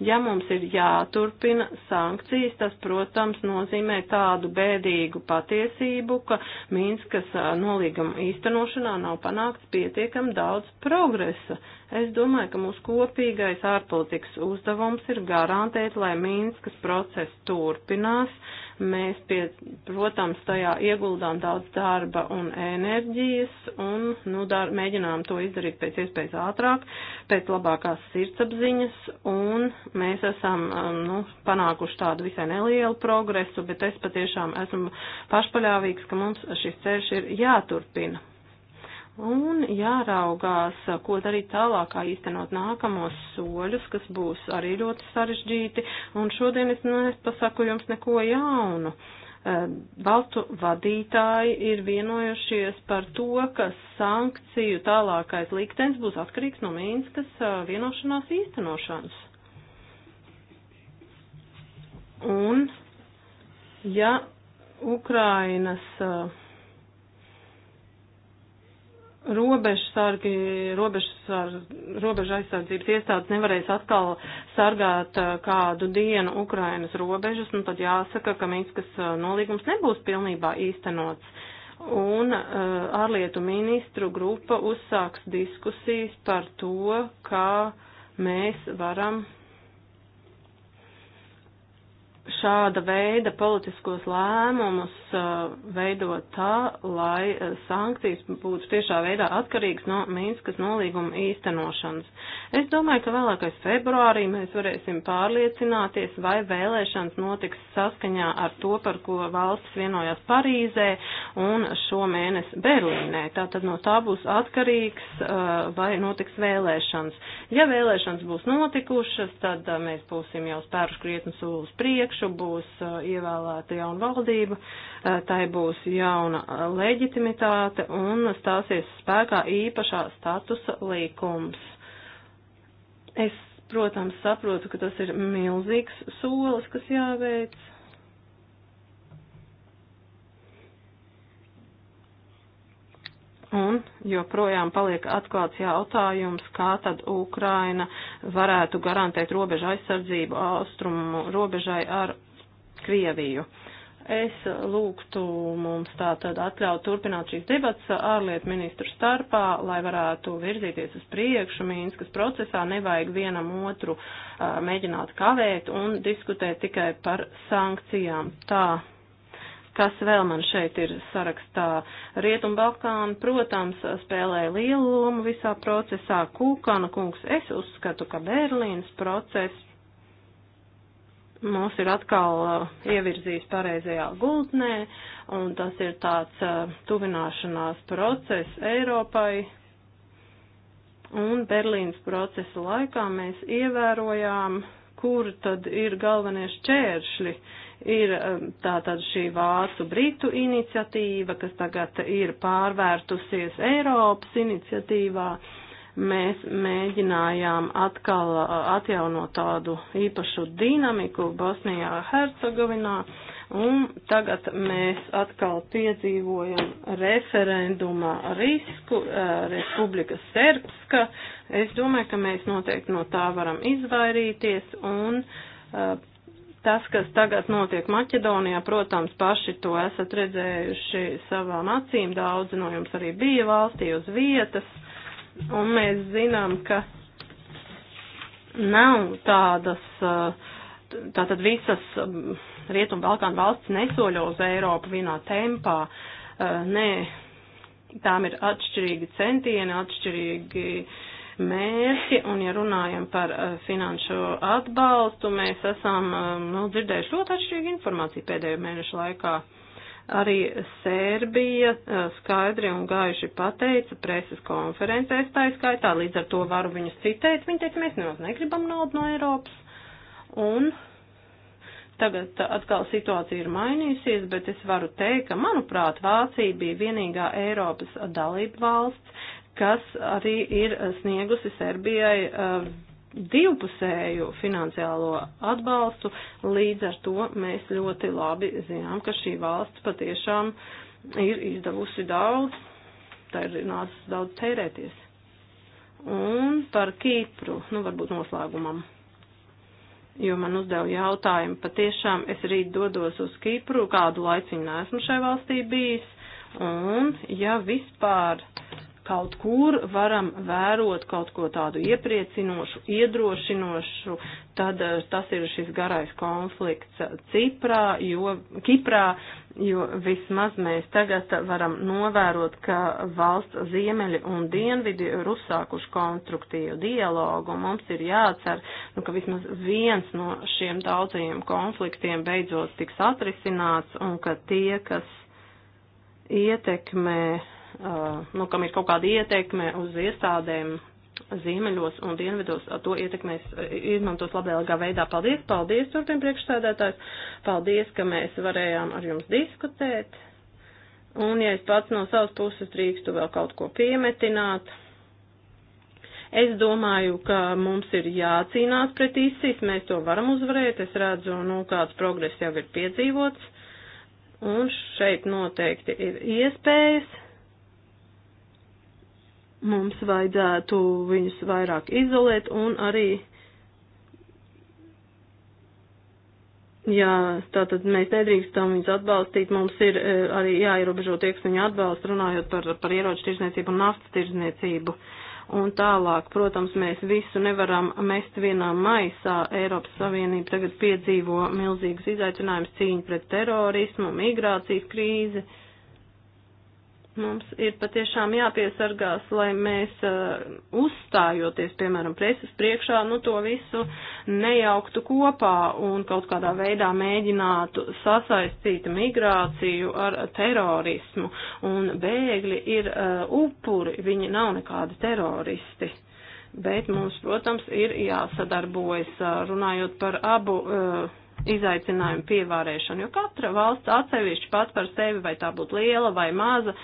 Ja mums ir jāturpina sankcijas, tas, protams, nozīmē tādu bēdīgu patiesību, ka Minskas uh, nolīguma īstenošanā nav panākts pietiekam daudz progresa. Es domāju, ka mūsu kopīgais ārpolitikas uzdevums ir garantēt, lai Minskas process turpinās, Mēs, pie, protams, tajā ieguldām daudz darba un enerģijas un nu, dar, mēģinām to izdarīt pēc iespējas ātrāk, pēc labākās sirdsapziņas un mēs esam um, nu, panākuši tādu visai nelielu progresu, bet es patiešām esmu pašpaļāvīgs, ka mums šis ceļš ir jāturpina. Un jāraugās, ko darīt tālāk, kā īstenot nākamos soļus, kas būs arī ļoti sarežģīti. Un šodien es nepasaku jums neko jaunu. Baltu e, vadītāji ir vienojušies par to, ka sankciju tālākais liktenis būs atkarīgs no Mīnskas e, vienošanās īstenošanas. Un, ja Ukrainas uh, robežsargi, robežu aizsardzības iestādes nevarēs atkal sargāt eh, kādu dienu Ukrainas robežas, nu tad jāsaka, ka Minskas eh, nolīgums nebūs pilnībā īstenots. Un uh, ārlietu ministru grupa uzsāks diskusijas par to, kā mēs varam šāda veida politiskos lēmumus Uh, veidot tā, lai uh, sankcijas būtu tiešā veidā atkarīgas no Mīnskas nolīguma īstenošanas. Es domāju, ka vēlākais februārī mēs varēsim pārliecināties, vai vēlēšanas notiks saskaņā ar to, par ko valsts vienojās Parīzē un šo mēnesi Berlīnē. Tātad no tā būs atkarīgs, uh, vai notiks vēlēšanas. Ja vēlēšanas būs notikušas, tad mēs būsim jau spēruši krietni soli uz priekšu, būs ievēlēta jauna valdība. Eh, tai būs jauna leģitimitāte un stāsies spēkā īpašā statusa līkums. Es, protams, saprotu, ka tas ir milzīgs solis, kas jāveic. Un joprojām paliek atklāts jautājums, kā tad Ukraina varētu garantēt robežu aizsardzību austrumu robežai ar Krieviju. Uh, Es lūgtu mums tātad atļaut turpināt šīs debats ārlietu ministru starpā, lai varētu virzīties uz priekšu Mīnskas procesā, nevajag vienam otru uh, mēģināt kavēt un diskutēt tikai par sankcijām. Tā, kas vēl man šeit ir sarakstā, Rietumbalkāna, protams, spēlē lielu lomu visā procesā, Kūkana kungs, es uzskatu, ka Berlīnas process mūs ir atkal uh, ievirzījis pareizajā gultnē, un tas ir tāds uh, tuvināšanās process Eiropai. Un Berlīnas procesa laikā mēs ievērojām, kur tad ir galvenie šķēršļi. Ir uh, tātad šī vācu britu iniciatīva, kas tagad ir pārvērtusies Eiropas iniciatīvā. Uh, mēs mēģinājām atkal uh, atjaunot tādu īpašu dinamiku Bosnijā, Hercegovinā, un tagad mēs atkal piedzīvojam referenduma risku uh, Republika Serbska. Es domāju, ka mēs noteikti no tā varam izvairīties un uh, tas, kas tagad notiek Maķedonijā, protams, paši to esat redzējuši savām acīm, daudzi no jums arī bija valstī uz vietas, Un mēs zinām, ka nav tādas, uh, tātad visas um, Rietumu Balkānu valsts nesoļo uz Eiropu vienā tempā. Uh, nē, tām ir atšķirīgi centieni, atšķirīgi mērķi, un ja runājam par uh, finanšu atbalstu, mēs esam um, nu, dzirdējuši ļoti atšķirīgu informāciju pēdējo mēnešu laikā. Uh, Arī Sērbija e, skaidri un gaiši pateica preses konferencēs tā skaitā, līdz ar to varu viņus citēt. Viņi teica, mēs nemaz negribam naudu no Eiropas. Un tagad atkal situācija ir mainījusies, bet es varu teikt, ka, manuprāt, Vācija bija vienīgā Eiropas dalība valsts, kas arī ir sniegusi Serbijai e, divpusēju finansiālo atbalstu, līdz ar to mēs ļoti labi zinām, ka šī valsts patiešām ir izdevusi daudz, tā ir nācis daudz tērēties. Un par Kīpru, nu varbūt noslēgumam, jo man uzdeva jautājumu, patiešām es rīt dodos uz Kīpru, kādu laiciņu neesmu šai valstī bijis, un ja vispār kaut kur varam vērot kaut ko tādu iepriecinošu, iedrošinošu, tad eh, tas ir šis garais konflikts Ciprā, jo, Kiprā, jo vismaz mēs tagad varam novērot, ka valsts ziemeļi un dienvidi ir uzsākuši konstruktīvu dialogu, un mums ir jācer, nu, ka vismaz viens no šiem daudzajiem konfliktiem beidzot tiks atrisināts, un ka tie, kas ietekmē Uh, nu, kam ir kaut kāda ietekme uz iestādēm ziemeļos un dienvidos, uh, to ietekmēs, uh, izmantos labvēlīgā veidā. Paldies, paldies, turpin priekšsēdētājs, paldies, ka mēs varējām ar jums diskutēt. Un, ja es pats no savas puses drīkstu vēl kaut ko piemetināt, es domāju, ka mums ir jācīnās pret ISIS, mēs to varam uzvarēt, es redzu, nu, kāds progress jau ir piedzīvots, un šeit noteikti ir iespējas Mums vajadzētu viņus vairāk izolēt un arī, jā, tātad mēs nedrīkstam viņus atbalstīt, mums ir e, arī jāierobežo tieksmiņu atbalstu, runājot par, par ieroču tirzniecību un naftas tirzniecību. Un tālāk, protams, mēs visu nevaram mest vienā maisā. Eiropas Savienība tagad piedzīvo milzīgas izaicinājumus cīņu pret terorismu, migrācijas krīzi. Uh, Mums ir patiešām jāpiesargās, lai mēs uh, uzstājoties, piemēram, preses priekšā, nu to visu nejauktu kopā un kaut kādā veidā mēģinātu sasaistīt migrāciju ar terorismu. Un bēgļi ir uh, upuri, viņi nav nekādi teroristi. Bet mums, protams, ir jāsadarbojas, uh, runājot par abu. Uh, izaicinājumu pievārēšanu, jo katra valsts atsevišķi pat par sevi, vai tā būtu liela vai maza,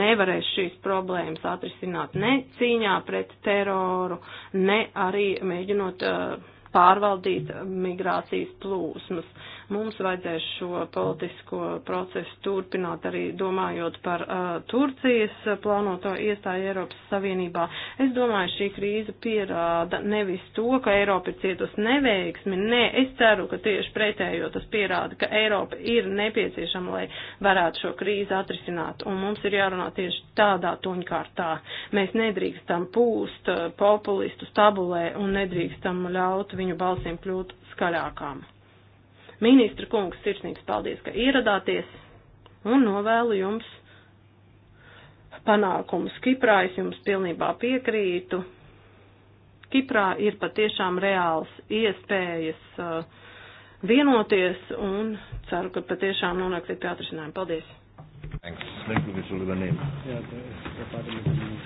nevarēs šīs problēmas atrisināt ne cīņā pret teroru, ne arī mēģinot uh, pārvaldīt migrācijas plūsmas. Uh, Mums vajadzēs šo politisko procesu turpināt arī domājot par uh, Turcijas plānoto iestāju Eiropas Savienībā. Es domāju, šī krīze pierāda nevis to, ka Eiropa ir cietusi neveiksmi. Nē, es ceru, ka tieši pretējo tas pierāda, ka Eiropa ir nepieciešama, lai varētu šo krīzi atrisināt. Un mums ir jārunā tieši tādā toņkārtā. Mēs nedrīkstam pūst uh, populistu stabulē un nedrīkstam ļaut viņu balsīm kļūt skaļākām. Ministra kungs, sirsnīgs paldies, ka ieradāties un novēlu jums panākumus Kiprā. Es jums pilnībā piekrītu. Kiprā ir patiešām reāls iespējas uh, vienoties un ceru, ka patiešām nonāksiet pie atrisinājuma. Paldies! Thanks. Thank you, Mr. Libanese. Yeah, the, the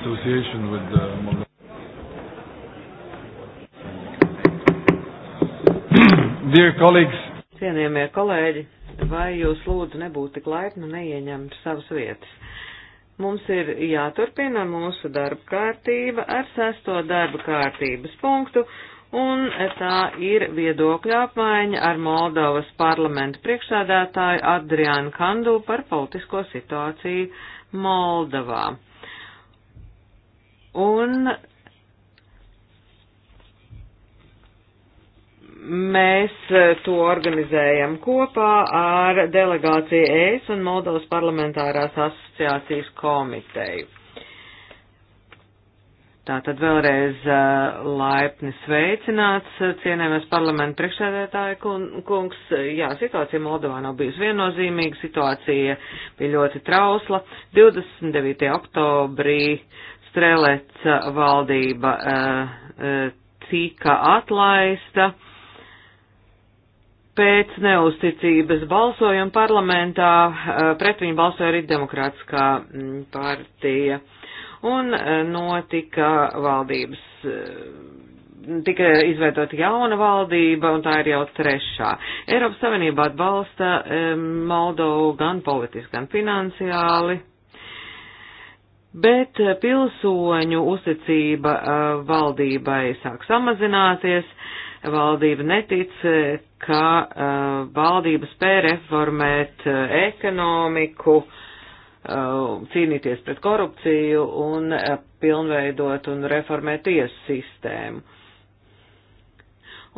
association with uh, Moldova. Dear colleagues, Cienījamie kolēģi, vai jūs lūdzu nebūtu tik laipni neieņemt savas vietas? Mums ir jāturpina mūsu darba kārtība ar sesto darba kārtības punktu, un tā ir viedokļa apmaiņa ar Moldovas parlamentu priekšsādātāju Adriānu Kandu par politisko situāciju Moldovā. Un mēs eh, to organizējam kopā ar delegāciju ES un Moldovas parlamentārās asociācijas komiteju. Tātad vēlreiz eh, laipni sveicināts, eh, cienējamies parlamentu priekšsēdētāju kungs. Jā, situācija Moldovā nav bijusi viennozīmīga, situācija bija ļoti trausla. 29. oktobrī Strelec valdība eh, eh, tika atlaista pēc neusticības balsojuma parlamentā, eh, pret viņu balsoja arī demokrātiskā mm, partija. Un notika valdības, tika izveidota jauna valdība, un tā ir jau trešā. Eiropas Savienība atbalsta Moldovu gan politiski, gan finansiāli bet eh, pilsoņu uzticība eh, valdībai sāk samazināties, valdība netic, eh, ka valdība spēja reformēt ekonomiku, cīnīties pret korupciju un pilnveidot un reformēt tiesu sistēmu.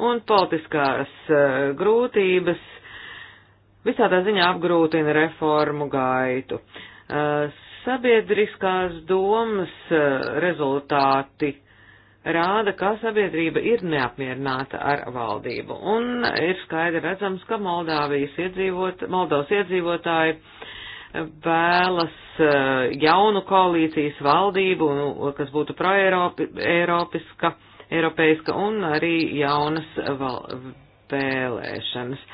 Un politiskās grūtības visādā ziņā apgrūtina reformu gaitu Sabiedriskās domas eh, rezultāti rāda, ka sabiedrība ir neapmierināta ar valdību, un ir skaidri redzams, ka Moldāvijas iedzīvot, Moldovas iedzīvotāji eh, vēlas eh, jaunu koalīcijas valdību, nu, kas būtu proeiropiska, eiropeiska, un arī jaunas val, vēlēšanas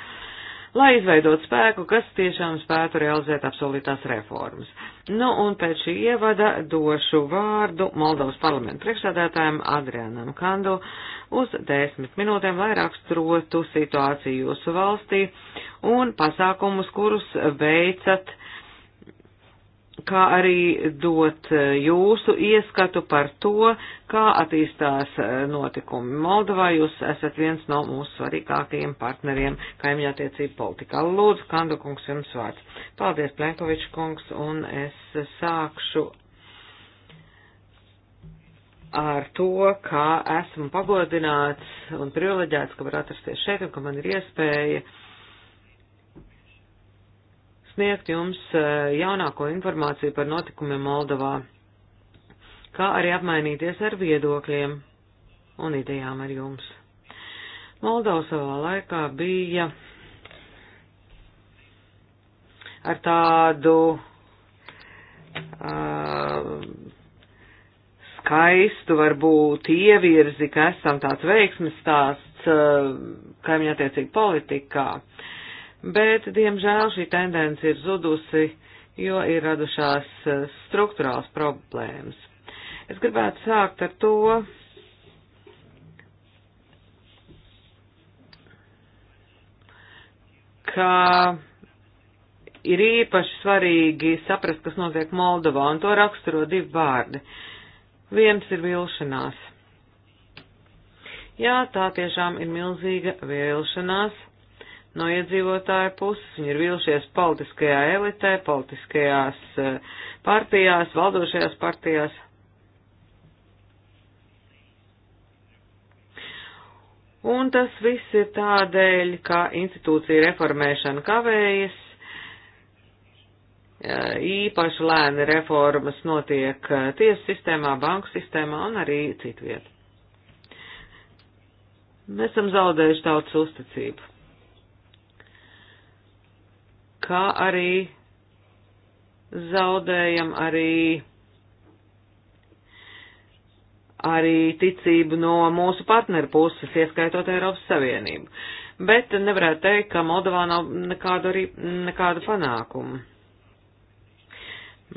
lai izveidot spēku, kas tiešām spētu realizēt apsolītās reformas. Nu, un pēc šī ievada došu vārdu Moldovas parlamentu priekšsādātājiem Adrianam Kandu uz desmit minūtēm, lai raksturotu situāciju jūsu valstī un pasākumus, kurus veicat kā arī dot eh, jūsu ieskatu par to, kā attīstās eh, notikumi Moldovā. Jūs esat viens no mūsu svarīgākajiem partneriem kaimiņattiecību politikā. Lūdzu, Kandu kungs, jums vārds. Paldies, Plenkovičs kungs, un es sākšu ar to, ka esmu pagodināts un privileģēts, ka var atrasties šeit un ka man ir iespēja uh, sniegt jums eh, jaunāko informāciju par notikumiem Moldovā, kā arī apmainīties ar viedokļiem un idejām ar jums. Moldova savā laikā bija ar tādu uh, skaistu, varbūt ievirzi, ka esam tāds veiksmes stāsts uh, kaimiņattiecību politikā. Uh, bet, diemžēl, šī tendence ir zudusi, jo ir radušās eh, struktūrāls problēmas. Es gribētu sākt ar to, ka ir īpaši svarīgi saprast, kas notiek Moldovā, un to raksturo divi vārdi. Viens ir vilšanās. Jā, tā tiešām ir milzīga vilšanās no iedzīvotāja puses. Viņi ir vilšies politiskajā elitē, politiskajās eh, partijās, valdošajās partijās. Un tas viss ir tādēļ, ka institūcija reformēšana kavējas, eh, īpaši lēni reformas notiek eh, tiesu sistēmā, banku sistēmā un arī citviet. Mēs esam zaudējuši tautas uzticību kā arī zaudējam arī, arī ticību no mūsu partneru puses, ieskaitot Eiropas Savienību. Bet nevarētu teikt, ka Moldovā nav nekādu, arī, nekādu panākumu.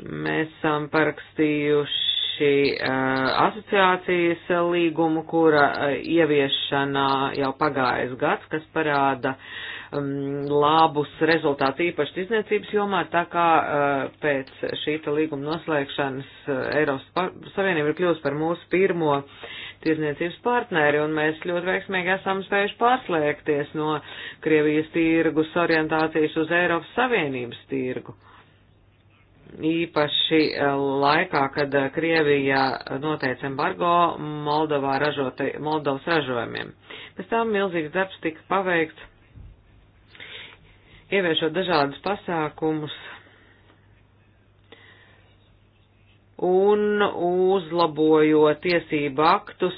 Mēs esam parakstījuši uh, asociācijas līgumu, kura uh, ieviešanā jau pagājis gads, kas parāda uh, um, labus rezultātus īpaši tirdzniecības jomā, tā kā uh, pēc šīta līguma noslēgšanas uh, Eiropas Savienība ir kļūst par mūsu pirmo tirdzniecības partneri, un mēs ļoti veiksmīgi esam spējuši pārslēgties no Krievijas tirgus orientācijas uz Eiropas Savienības tirgu. Īpaši uh, laikā, kad uh, Krievija noteica embargo Moldovā ražotai, Moldovas ražojumiem. Pēc tam milzīgs darbs tika paveikts ieviešot dažādus pasākumus un uzlabojot tiesību aktus,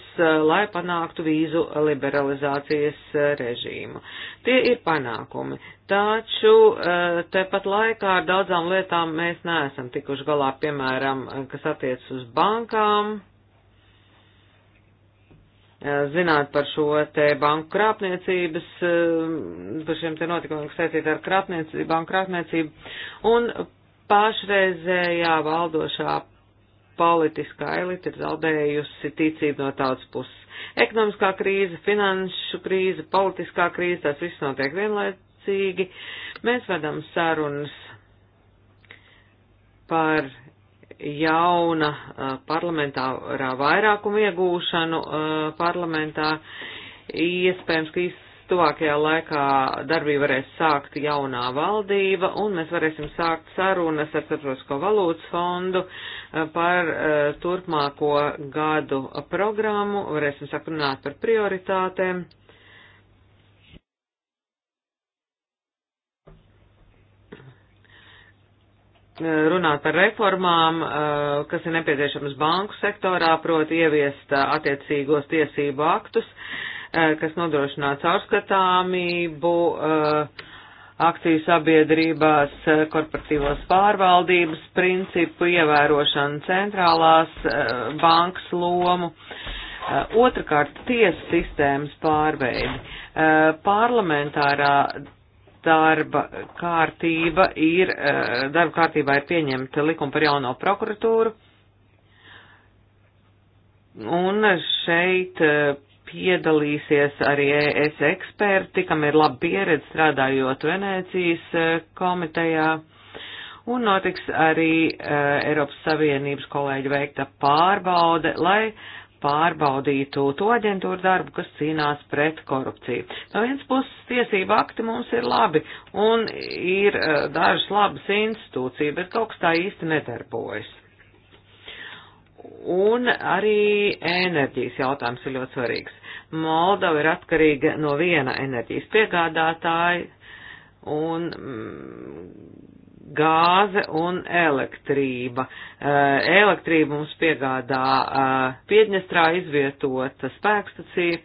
lai panāktu vīzu liberalizācijas režīmu. Tie ir panākumi. Taču eh, tepat laikā ar daudzām lietām mēs neesam tikuši galā, piemēram, kas attiec uz bankām Eh, zināt par šo te banku krāpniecības, eh, par šiem te notikumiem, kas saistīti ar krāpniecību, banku krāpniecību, un pašreizējā valdošā politiskā elita ir zaudējusi ticību no tautas puses. Ekonomiskā krīze, finanšu krīze, politiskā krīze, tas viss notiek vienlaicīgi. Mēs vedam sarunas par jauna uh, parlamentārā vairākuma iegūšanu uh, parlamentā. Iespējams, ka tuvākajā laikā darbību varēs sākt jaunā valdība, un mēs varēsim sākt sarunas ar Starptautisko valūtas fondu uh, par turpmāko gadu programmu, varēsim sākt runāt par prioritātēm runāt par reformām, eh, kas ir nepieciešamas banku sektorā, proti ieviest eh, attiecīgos tiesību aktus, eh, kas nodrošinā caurskatāmību akciju sabiedrībās, korporatīvos pārvaldības principu ievērošanu, centrālās bankas lomu. Otrakārt, tiesu sistēmas pārveidi. Parlamentārā darba kārtība ir, eh, darba kārtībā ir pieņemta likuma par jauno prokuratūru. Un šeit eh, piedalīsies arī ES eksperti, kam ir laba pieredze strādājot Venēcijas eh, komitejā. Un notiks arī Eiropas Savienības kolēģi veikta pārbaude, lai uh, pārbaudītu to aģentūru darbu, kas cīnās pret korupciju. No vienas puses tiesība akti mums ir labi un ir eh, dažas labas institūcija, bet kaut kas tā īsti nedarbojas. Un arī enerģijas jautājums ir ļoti svarīgs. Moldova ir atkarīga no viena enerģijas piegādātāja, un mm, gāze un elektrība. Eh, elektrība mums piegādā eh, Piedņestrā izvietota spēkstacija,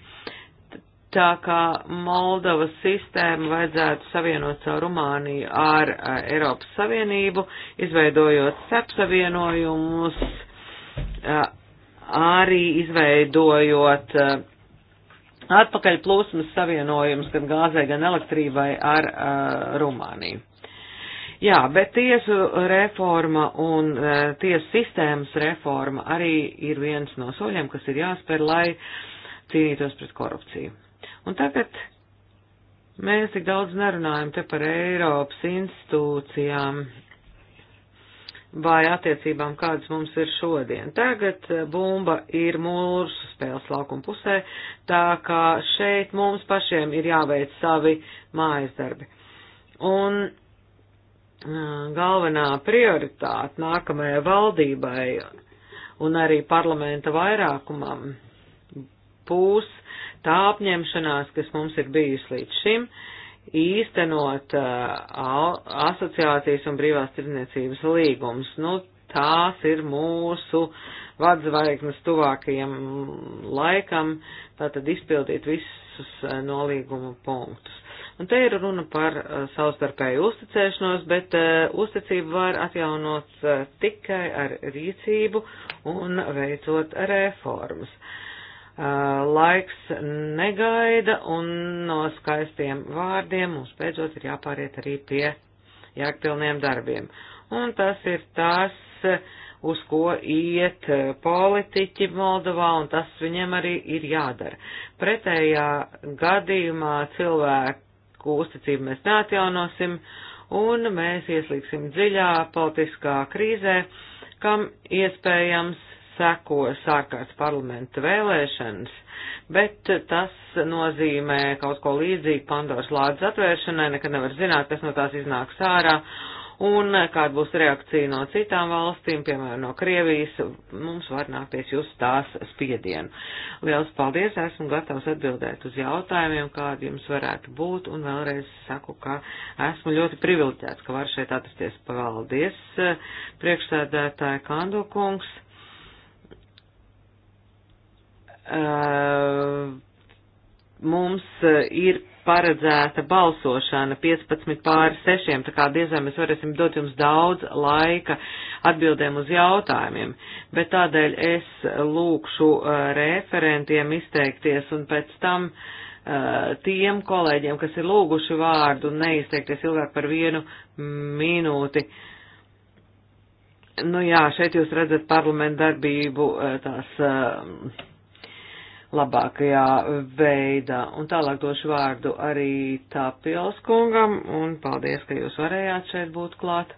tā kā Moldovas sistēmu vajadzētu savienot caur Rumāniju ar eh, Eiropas Savienību, izveidojot sepsavienojumus, arī izveidojot atpakaļplūsmas savienojumus gan gāzē, gan elektrībai ar Rumāniju. Jā, bet tiesu reforma un uh, tiesu sistēmas reforma arī ir viens no soļiem, kas ir jāspēr, lai cīnītos pret korupciju. Un tagad mēs tik daudz nerunājam te par Eiropas institūcijām vai attiecībām, kādas mums ir šodien. Tagad e, bumba ir mūsu spēles laukuma pusē, tā kā šeit mums pašiem ir jāveic savi mājas darbi. Un galvenā prioritāte nākamajai valdībai un arī parlamenta vairākumam būs tā apņemšanās, kas mums ir bijusi līdz šim, īstenot uh, asociācijas un brīvās tirdzniecības līgumus. Nu, tās ir mūsu vadzvaigznes tuvākajam laikam, tātad izpildīt visus uh, nolīguma punktus. Un te ir runa par uh, savstarpēju uzticēšanos, bet uh, uzticību var atjaunot uh, tikai ar rīcību un veicot reformas. Uh, laiks negaida un no skaistiem vārdiem mums beidzot ir jāpāriet arī pie jākpilniem darbiem. Un tas ir tas, uh, uz ko iet politiķi Moldovā, un tas viņiem arī ir jādara. Pretējā gadījumā cilvēki ko uzticību mēs neatjaunosim, un mēs ieslīgsim dziļā politiskā krīzē, kam iespējams seko sākās parlamenta vēlēšanas, bet tas nozīmē kaut ko līdzīgu Pandoras lādes atvēršanai, nekad nevar zināt, kas no tās iznāks ārā, un eh, kāda būs reakcija no citām valstīm, piemēram, no Krievijas, mums var nākties just tās spiedienu. Liels paldies, esmu gatavs atbildēt uz jautājumiem, kādi jums varētu būt, un vēlreiz saku, ka esmu ļoti privileģēts, ka var šeit atrasties. Paldies, eh, priekšsēdētāja Kandukungs. Uh, eh, mums ir paredzēta balsošana 15 pāri 6, tā kā diezvēl mēs varēsim dot jums daudz laika atbildēm uz jautājumiem, bet tādēļ es lūkšu uh, referentiem izteikties un pēc tam uh, tiem kolēģiem, kas ir lūguši vārdu, neizteikties ilgāk par vienu minūti. Nu jā, šeit jūs redzat parlamentu darbību, uh, tās labākajā veidā. Un tālāk došu vārdu arī Tāpils kungam, un paldies, ka jūs varējāt šeit būt klāt.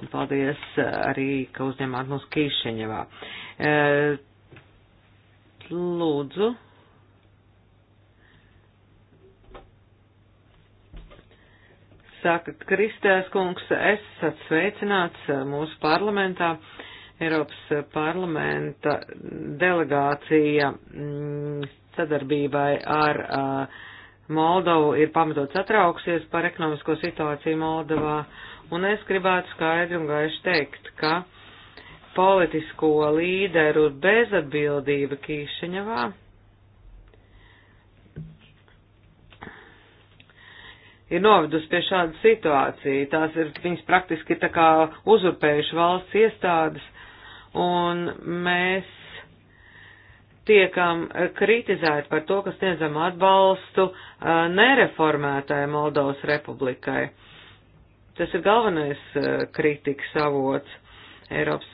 Un paldies arī, ka uzņemāt mūs Kīšeņevā. E, lūdzu. Saka, Kristēs kungs, esat sveicināts mūsu parlamentā. E, Eiropas eh, parlamenta delegācija mm, sadarbībai ar eh, Moldovu ir pamatot satrauksies par ekonomisko situāciju Moldovā, un es gribētu skaidri un gaiši teikt, ka politisko līderu bezatbildība Kīšiņavā ir novedusi pie šāda situācija. Tās ir, viņas praktiski ir tā kā uzurpējuši valsts iestādes, uh, un mēs tiekam kritizēti par to, ka sniedzam atbalstu nereformētai Moldovas republikai. Tas ir galvenais kritikas avots. Eiropas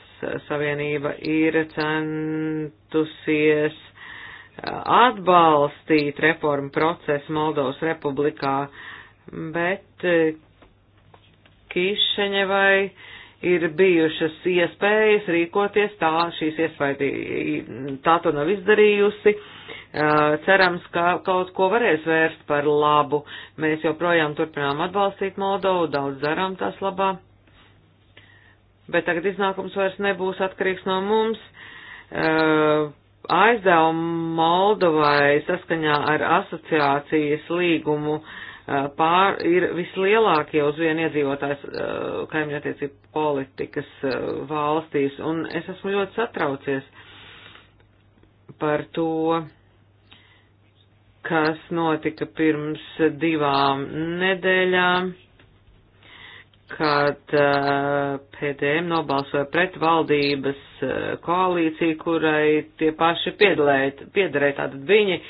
Savienība ir centusies atbalstīt reformu procesu Moldovas republikā, bet Kišeņevai vai ir bijušas iespējas rīkoties tā, šīs iespējas tā to nav izdarījusi. Uh, cerams, ka kaut ko varēs vērst par labu. Mēs joprojām turpinām atbalstīt Moldovu, daudz darām tās labā. Bet tagad iznākums vairs nebūs atkarīgs no mums. Uh, Aizdevumu Moldovai saskaņā ar asociācijas līgumu uh, Eh, pār, ir vislielākie uz vienu iedzīvotājs eh, kaimiņattiecību politikas eh, valstīs, un es esmu ļoti satraucies par to, kas notika pirms divām nedēļām, kad PDM nobalsoja pret valdības koalīciju, kurai tie paši piedalēja, piederēja, tātad viņi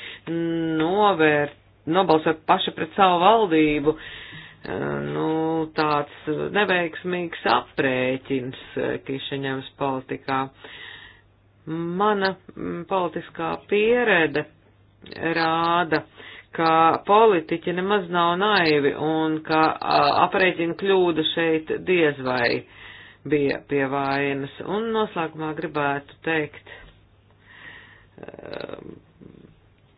novērt nobalsot paši pret savu valdību, eh, nu, tāds neveiksmīgs aprēķins eh, Kišaņevs politikā. Mana mm, politiskā pierede rāda, ka politiķi nemaz nav naivi un ka eh, aprēķina kļūda šeit diez vai bija pie vainas. Un noslēgumā gribētu teikt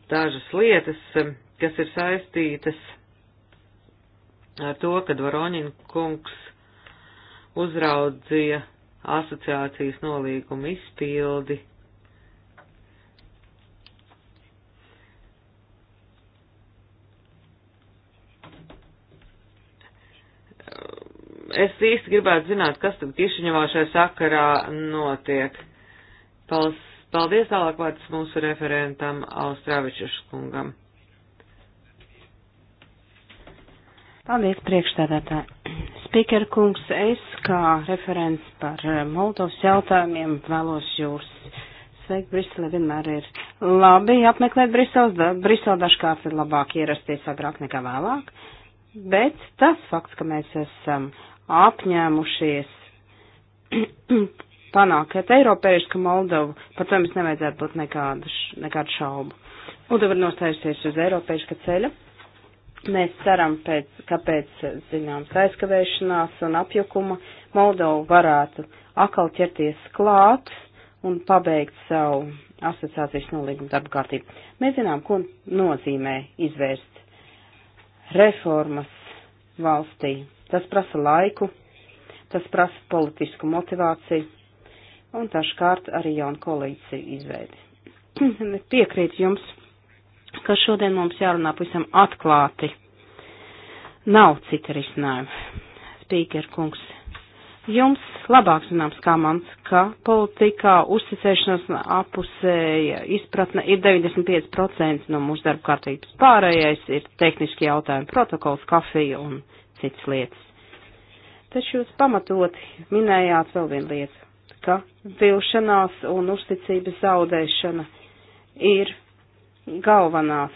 dažas lietas, kas ir saistītas ar to, ka Varoņina kungs uzraudzīja asociācijas nolīgumu izpildi. Es īsti gribētu zināt, kas tad Kišiņevā šajā sakarā notiek. Paldies tālāk vārds mūsu referentam Austrāvičuškungam. kungam. Paldies, priekšstādātāji. Spīker kungs, es kā referents par eh, Moldovas jautājumiem vēlos jūs sveikt. Brisele vienmēr ir labi apmeklēt Briseles, Brisele dažkārt ir labāk ierasties agrāk nekā vēlāk, bet tas fakts, ka mēs esam apņēmušies panākt Eiropiešu, ka Moldovu, par to mums nevajadzētu būt nekādu, nekādu šaubu. Udava ir nostājusies uz Eiropiešu ceļa Mēs ceram, pēc, ka pēc zināmas aizkavēšanās un apjukuma Moldova varētu atkal ķerties klāt un pabeigt savu asociācijas nolīgumu darbu kārtību. Mēs zinām, ko nozīmē izvērst reformas valstī. Tas prasa laiku, tas prasa politisku motivāciju un taškārt arī jaunu koalīciju izveidi. Piekrīt jums ka šodien mums jārunā pavisam atklāti. Nav cita risinājuma. Spīker kungs, jums labāk zināms kā mans, ka politikā uzticēšanās apusēja izpratne ir 95% no mūsu darba kārtības. Pārējais ir tehniski jautājumi, protokols, kafija un citas lietas. Taču jūs pamatoti minējāt vēl vienu lietu, ka vilšanās un uzticības zaudēšana ir galvenās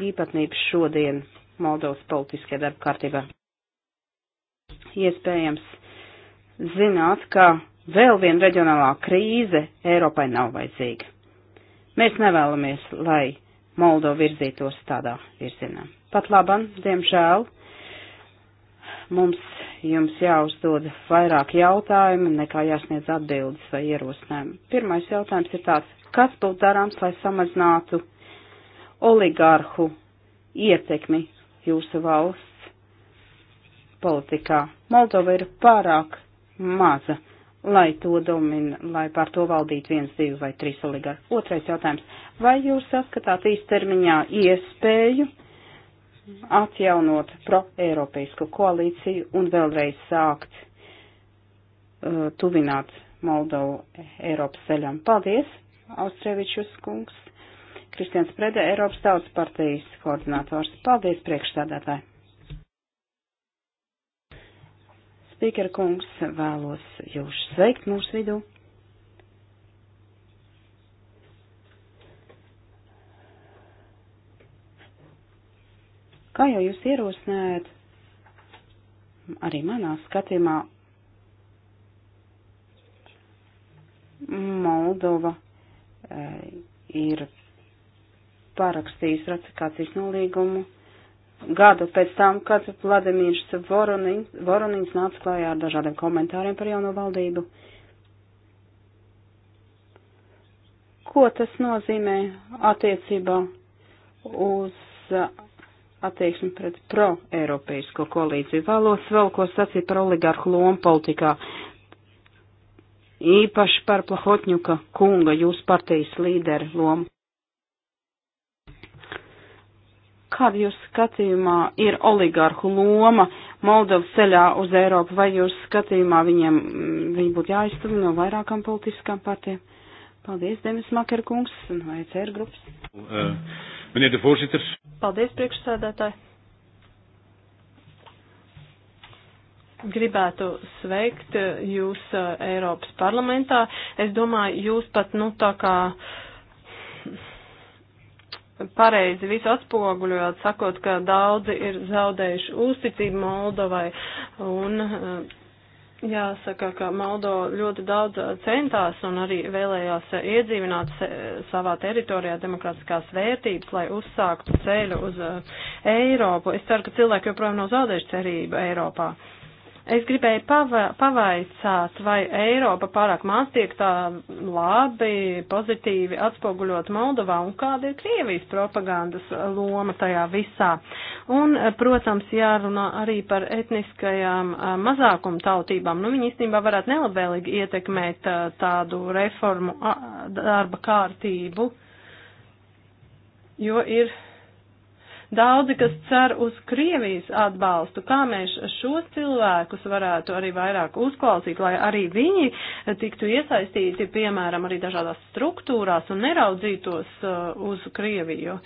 īpatnības šodien Moldovas politiskajā darba kārtībā. Iespējams zināt, ka vēl viena reģionālā krīze Eiropai nav vajadzīga. Mēs nevēlamies, lai Moldova virzītos tādā virzienā. Pat labam, diemžēl, mums jums jāuzdod vairāk jautājumu nekā jāsniedz atbildes vai ierosinājumi. Pirmais jautājums ir tāds, kas būtu darāms, lai samazinātu oligarhu ietekmi jūsu valsts politikā. Moldova ir pārāk maza, lai to domin, lai pār to valdītu viens, divi vai trīs oligarhi. Otrais jautājums. Vai jūs saskatāt īstermiņā iespēju atjaunot pro-eiropeisku koalīciju un vēlreiz sākt uh, tuvināt Moldovu Eiropas ceļam? Paldies, Austrievičus kungs! Kristians Prede, Eiropas Tautas partijas koordinators. Paldies, priekšstādātāji! Spīkera kungs, vēlos jūs sveikt mūsu vidū. Kā jau jūs ierosinājāt, arī manā skatījumā Moldova e, ir parakstījis ratifikācijas nolīgumu gadu pēc tam, kad Vladimirs Voronins, Voronins nāca klājā ar dažādiem komentāriem par jauno valdību. Ko tas nozīmē attiecībā uz attieksmi pret pro-eiropeisko koalīciju? Vēlos vēl ko sacīt par oligarhu lomu politikā. Īpaši par Plahotņuka kunga, jūsu partijas līderi lomu. Kāda jūs skatījumā ir oligarhu loma Moldovas ceļā uz Eiropu, vai jūs skatījumā viņiem mm, viņi būtu jāizstāv no vairākām politiskām partijām? Paldies, Demis Makerkungs no ECR grupas. Uh, Paldies, priekšsādātāji. gribētu sveikt jūs uh, Eiropas parlamentā. Es domāju, jūs pat, nu, tā kā pareizi visu atspoguļojot, sakot, ka daudzi ir zaudējuši uzticību Moldovai un eh, jāsaka, ka Moldo ļoti daudz eh, centās un arī vēlējās eh, iedzīvināt savā teritorijā demokrātiskās vērtības, lai uzsāktu ceļu uz Eiropu. Es ceru, ka cilvēki joprojām nav zaudējuši cerību Eiropā. Es gribēju pava, pavaicāt, vai Eiropa pārāk maz tiek tā labi, pozitīvi atspoguļot Moldovā un kāda ir Krievijas propagandas loma tajā visā. Un, protams, jārunā arī par etniskajām mazākumu tautībām. Nu, viņi īstenībā varētu nelabvēlīgi ietekmēt tādu reformu darba kārtību, jo ir Daudzi, kas cer uz Krievijas atbalstu, kā mēs šos cilvēkus varētu arī vairāk uzklausīt, lai arī viņi tiktu iesaistīti, piemēram, arī dažādās struktūrās un neraudzītos uh, uz Krieviju.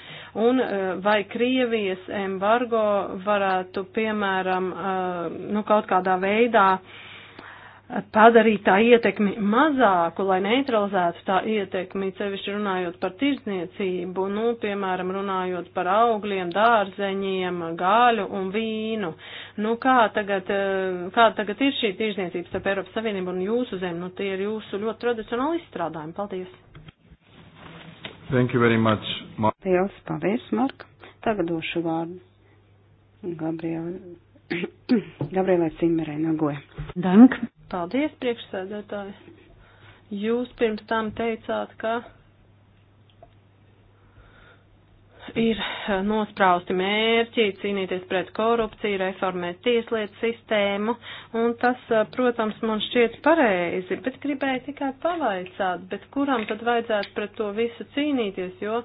Un uh, vai Krievijas embargo varētu, piemēram, uh, nu, kaut kādā veidā padarīt tā ietekmi mazāku, lai neutralizētu tā ietekmi, sevišķi runājot par tirdzniecību, nu, piemēram, runājot par augļiem, dārzeņiem, gāļu un vīnu. Nu, kā tagad, eh, kā tagad ir šī tirdzniecības starp Eiropas Savienību un jūsu zemi? Nu, tie ir jūsu ļoti tradicionāli izstrādājumi. Paldies! Thank you very much, Mark. Liels paldies, Mark. Tagad došu vārdu Gabrielai Gabriela Cimerei Nagoja. Dank. Paldies, priekšsēdētāji. Jūs pirms tam teicāt, ka ir nosprausti mērķi cīnīties pret korupciju, reformēt tieslietu sistēmu, un tas, eh, protams, man šķiet pareizi, bet gribēju tikai pavaicāt, bet kuram tad vajadzētu pret to visu cīnīties, jo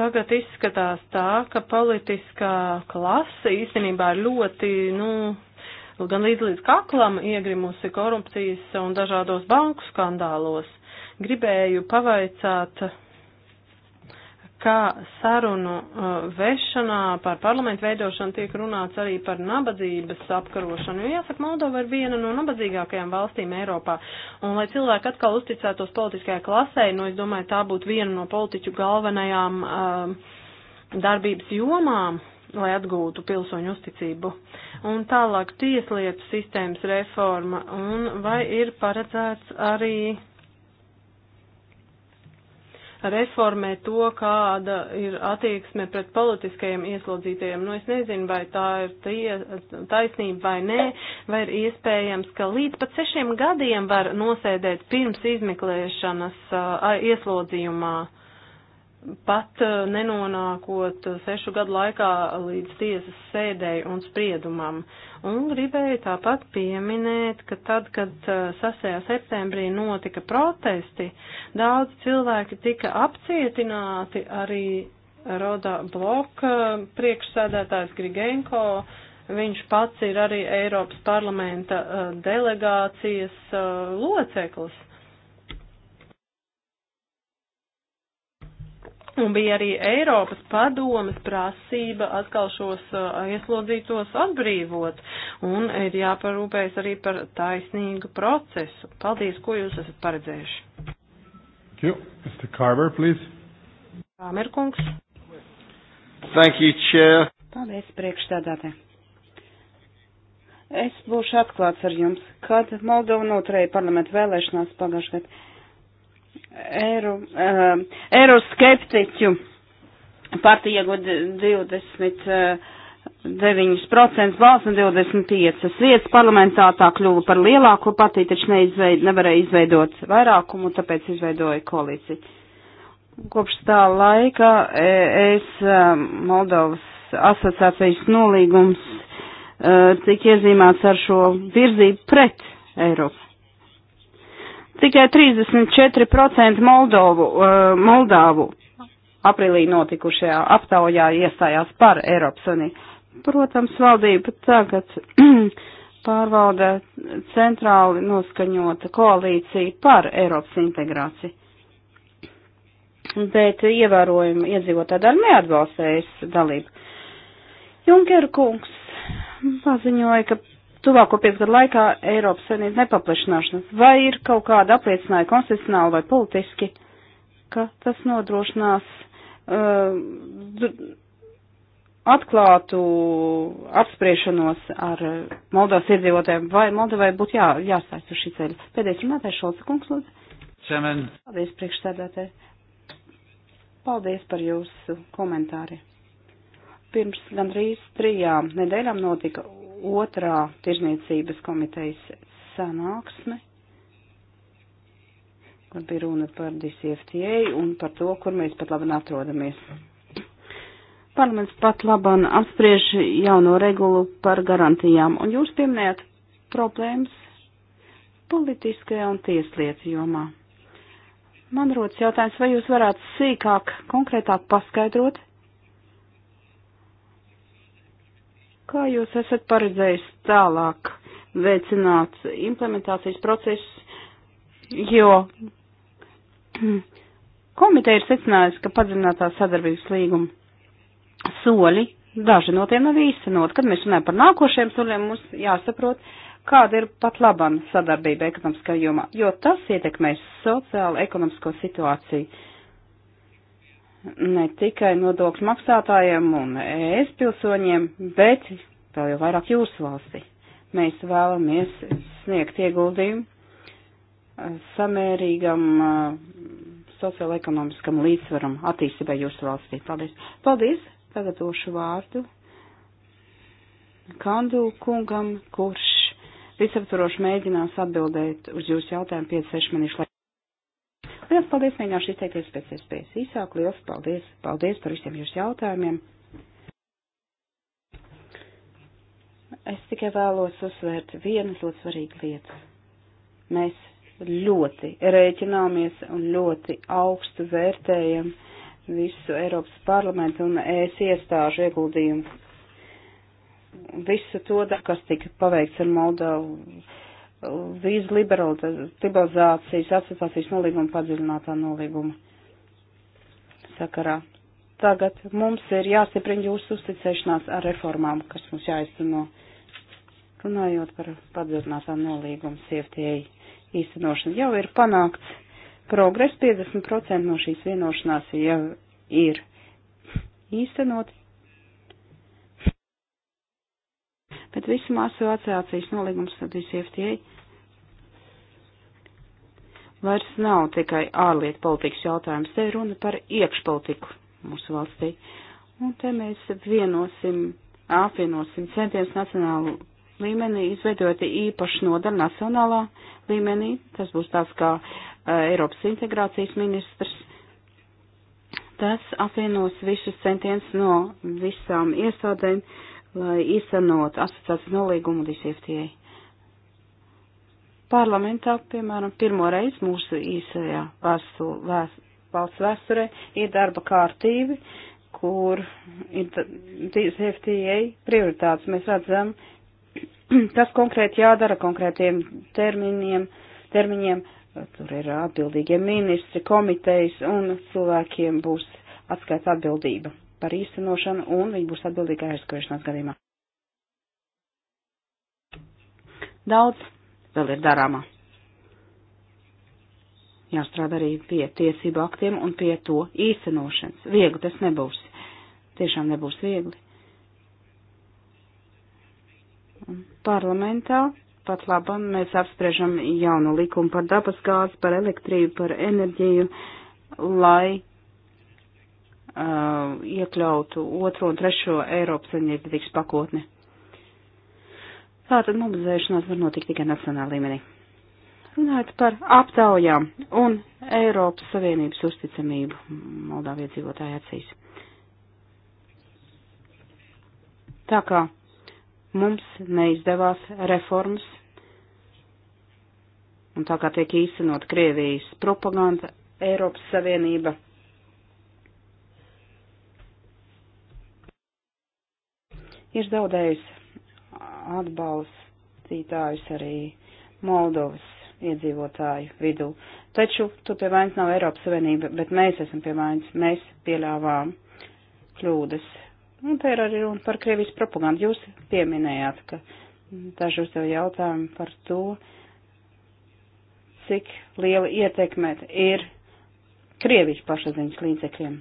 tagad izskatās tā, ka politiskā klase īstenībā ļoti, nu, gan līdz līdz kaklam iegrimusi korupcijas un dažādos banku skandālos. Gribēju pavaicāt, kā sarunu uh, vešanā par parlamentu veidošanu tiek runāts arī par nabadzības apkarošanu, jo jāsaka, Moldova ir viena no nabadzīgākajām valstīm Eiropā, un lai cilvēki atkal uzticētos politiskajai klasē, nu, es domāju, tā būtu viena no politiķu galvenajām uh, darbības jomām, lai atgūtu pilsoņu uzticību. Un tālāk tieslietu sistēmas reforma un vai ir paredzēts arī reformē to, kāda ir attieksme pret politiskajiem ieslodzītajiem. Nu, es nezinu, vai tā ir tie, taisnība vai nē, vai ir iespējams, ka līdz pat sešiem gadiem var nosēdēt pirms izmeklēšanas uh, ieslodzījumā. Uh, pat eh, nenonākot sešu gadu laikā līdz tiesas sēdēji un spriedumam. Un gribēju tāpat pieminēt, ka tad, kad 6. Eh, septembrī notika protesti, daudz cilvēki tika apcietināti, arī Roda Bloka eh, priekšsēdētājs Grigenko, viņš pats ir arī Eiropas parlamenta delegācijas loceklis. Un bija arī Eiropas padomas prasība atkal šos ieslodzītos atbrīvot. Un ir jāparūpējas arī par taisnīgu procesu. Paldies, ko jūs esat paredzējuši. Thank you. Mr. Carver, please. Kāmerkungs. Thank you, Chair. Paldies, priekšstādātē. Es būšu atklāts ar jums, kad Moldova noturēja parlamentu vēlēšanās pagājušajā gadā eiro, uh, eiroskeptiķu partija iegūda 29% uh, balsu un 25 vietas parlamentā tā kļuva par lielāko partiju, taču neizveid, nevarēja izveidot vairākumu, tāpēc izveidoja koalīciju. Kopš tā laika e, es e, Moldovas asociācijas nolīgums e, tik iezīmēts ar šo virzību pret Eiropu. Tikai 34% Moldovu, eh, Moldāvu aprīlī notikušajā aptaujā iestājās par Eiropas Savienību. Protams, valdība tagad pārvalda centrāli noskaņota koalīcija par Eiropas integrāciju. Bet ievērojumi iedzīvotāji daļa neatbalstējas dalību. Junker kungs paziņoja, ka tuvāko piecgadu laikā Eiropas Savienības nepaplašināšanas? Vai ir kaut kāda apliecinājuma konstitucionāli vai politiski, ka tas nodrošinās uh, atklātu apspriešanos ar Moldovas iedzīvotājiem, vai Moldovai būtu jā, jāsāst uz šī ceļa? Pēdējais runātājs Šolca kungs, lūdzu. Čemen. Paldies, priekšstādātāji. Paldies par jūsu komentāri. Pirms gandrīz trijām nedēļām notika otrā tirzniecības komitejas sanāksme, kur bija runa par DCFTA un par to, kur mēs pat labi atrodamies. Parlaments pat labam apspriež jauno regulu par garantijām, un jūs pieminējat problēmas politiskajā un tieslietu jomā. Man rodas jautājums, vai jūs varētu sīkāk, konkrētāk paskaidrot, Kā jūs esat paredzējis tālāk veicināt implementācijas procesus, jo komiteja ir secinājusi, ka padziļinātā sadarbības līguma soļi, daži no tiem nav īstenot. Kad mēs runājam par nākošajiem soļiem, mums jāsaprot, kāda ir pat labana sadarbība ekonomiskā jomā, jo tas ietekmēs sociālo ekonomisko situāciju ne tikai nodokļu maksātājiem un ES pilsoņiem, bet vēl jau vairāk jūsu valstī. Mēs vēlamies sniegt ieguldījumu eh, samērīgam eh, sociālo-ekonomiskam līdzsvaram attīstībai jūsu valstī. Paldies! Paldies! Tagad došu vārdu Kandu kungam, kurš visaptvaroši mēģinās atbildēt uz jūsu jautājumu 5-6 minūšu laikā. Liels paldies, mēģināšu izteikties pēc iespējas īsāk. Liels paldies, paldies par visiem jūsu jautājumiem. Es tikai vēlos uzsvērt vienas ļoti svarīgu lietu. Mēs ļoti rēķināmies un ļoti augstu vērtējam visu Eiropas parlamentu un ES iestāžu ieguldījumu. Visu to, kas tika paveikts ar Moldavu vīzu liberalizācijas asociācijas nolīguma padziļinātā nolīguma sakarā. Tagad mums ir jāstiprina jūsu uzticēšanās ar reformām, kas mums jāizteno. Runājot par padziļinātā nolīguma sievietēji īstenošanu, jau ir panākts progress, 50% no šīs vienošanās jau ir īstenot, bet visu masu asociācijas nolīgums, tad visi FTA vairs nav tikai ārlietu politikas jautājums, te runa par iekšpolitiku mūsu valstī. Un te mēs vienosim, apvienosim centienus nacionālu līmenī, izveidot īpašu nodaļu nacionālā līmenī, tas būs tāds kā uh, Eiropas integrācijas ministrs. Tas apvienos visus centienus no visām iestādēm, uh, lai īstenot asociācijas nolīgumu DCFTA. Parlamentā, piemēram, pirmo reizi mūsu īsajā vēstu, vēst, valsts vēsturē ir darba kārtība, kur ir DCFTA prioritātes. Mēs redzam, kas konkrēti jādara konkrētiem terminiem, termiņiem. Tur ir atbildīgie ministri, komitejas un cilvēkiem būs atskaita atbildība par īstenošanu, un viņi būs atbildīgi aizskriešanās gadījumā. Daudz vēl ir darāmā. Jāstrādā arī pie tiesību aktiem un pie to īstenošanas. Viegli tas nebūs. Tiešām nebūs viegli. Parlamentā pat labam mēs apspriežam jaunu likumu par dabasgāzi, par elektrību, par enerģiju, lai uh, iekļautu otro un trešo Eiropas enerģētikas pakotni. Tātad mobilizēšanās var notikt tikai nacionāla līmenī. Runājot par aptaujām un Eiropas Savienības uzticamību Moldāvijas dzīvotāju acīs. Tā kā mums neizdevās reformas, un tā kā tiek īstenot Krievijas propaganda, Eiropas Savienība ir zaudējis atbalstītājus arī Moldovas iedzīvotāju vidū. Taču tu pie vainas nav Eiropas Savienība, bet mēs esam pie vainas, mēs pieļāvām kļūdas. Un te ir arī runa par Krievijas propagandu. Jūs pieminējāt, ka daži uzdev jautājumu par to, cik liela ietekme ir Krievijas pašaziņas līdzekļiem.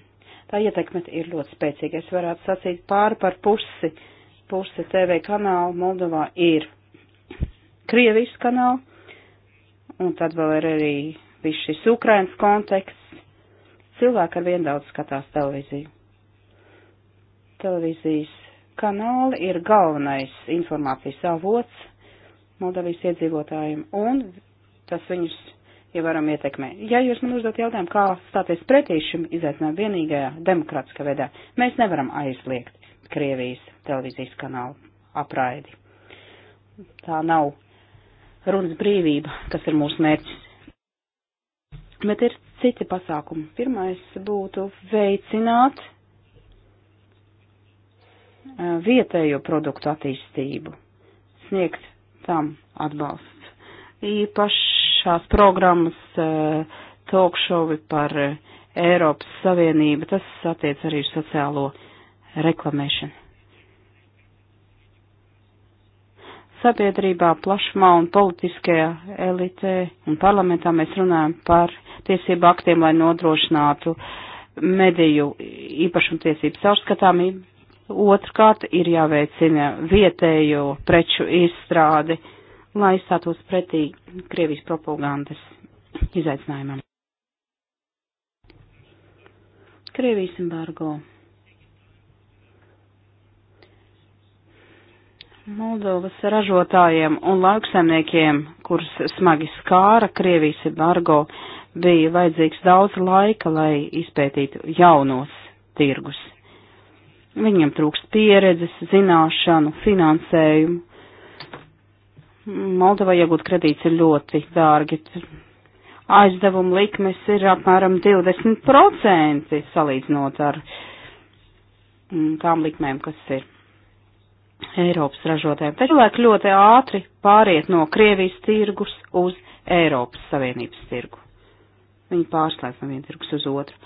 Tā ietekme ir ļoti spēcīga. Es varētu sacīt pāri par pusi pusi TV kanāla Moldovā ir Krievijas kanāla, un tad vēl ir arī viss šis Ukrainas konteksts. Cilvēki ar vien daudz skatās televīziju. Televīzijas kanāli ir galvenais informācijas avots Moldavijas iedzīvotājiem, un tas viņus ievērojami ja ietekmē. Ja jūs man uzdot jautājumu, kā stāties pretī šim izaicinājumu vienīgajā demokrātiskā veidā, mēs nevaram aizliegt. Krievijas televīzijas kanālu apraidi. Tā nav runas brīvība, kas ir mūsu mērķis. Bet ir citi pasākumi. Pirmais būtu veicināt eh, vietējo produktu attīstību, sniegt tam atbalsts. Īpašās programmas eh, tokšovi par eh, Eiropas Savienību, tas attiec arī uz sociālo reklamēšanu. Sabiedrībā plašumā un politiskajā elitē un parlamentā mēs runājam par tiesību aktiem, lai nodrošinātu mediju īpašumtiesības caurskatāmību. Otrkārt ir jāveicina vietējo preču izstrādi, lai stātos pretī Krievijas propagandas izaicinājumam. Krievijas embargo. Moldovas ražotājiem un lauksaimniekiem, kurus smagi skāra Krievijas embargo, bija vajadzīgs daudz laika, lai izpētītu jaunos tirgus. Viņiem trūkst pieredzes, zināšanu, finansējumu. Moldova iegūt kredīts ir ļoti dārgi. Aizdevuma likmes ir apmēram 20% salīdzinot ar mm, tām likmēm, kas ir Eiropas ražotājiem. Taču cilvēki ļoti ātri pāriet no Krievijas tirgus uz Eiropas Savienības tirgu. Viņi pārslēdz no viena tirgus uz otru.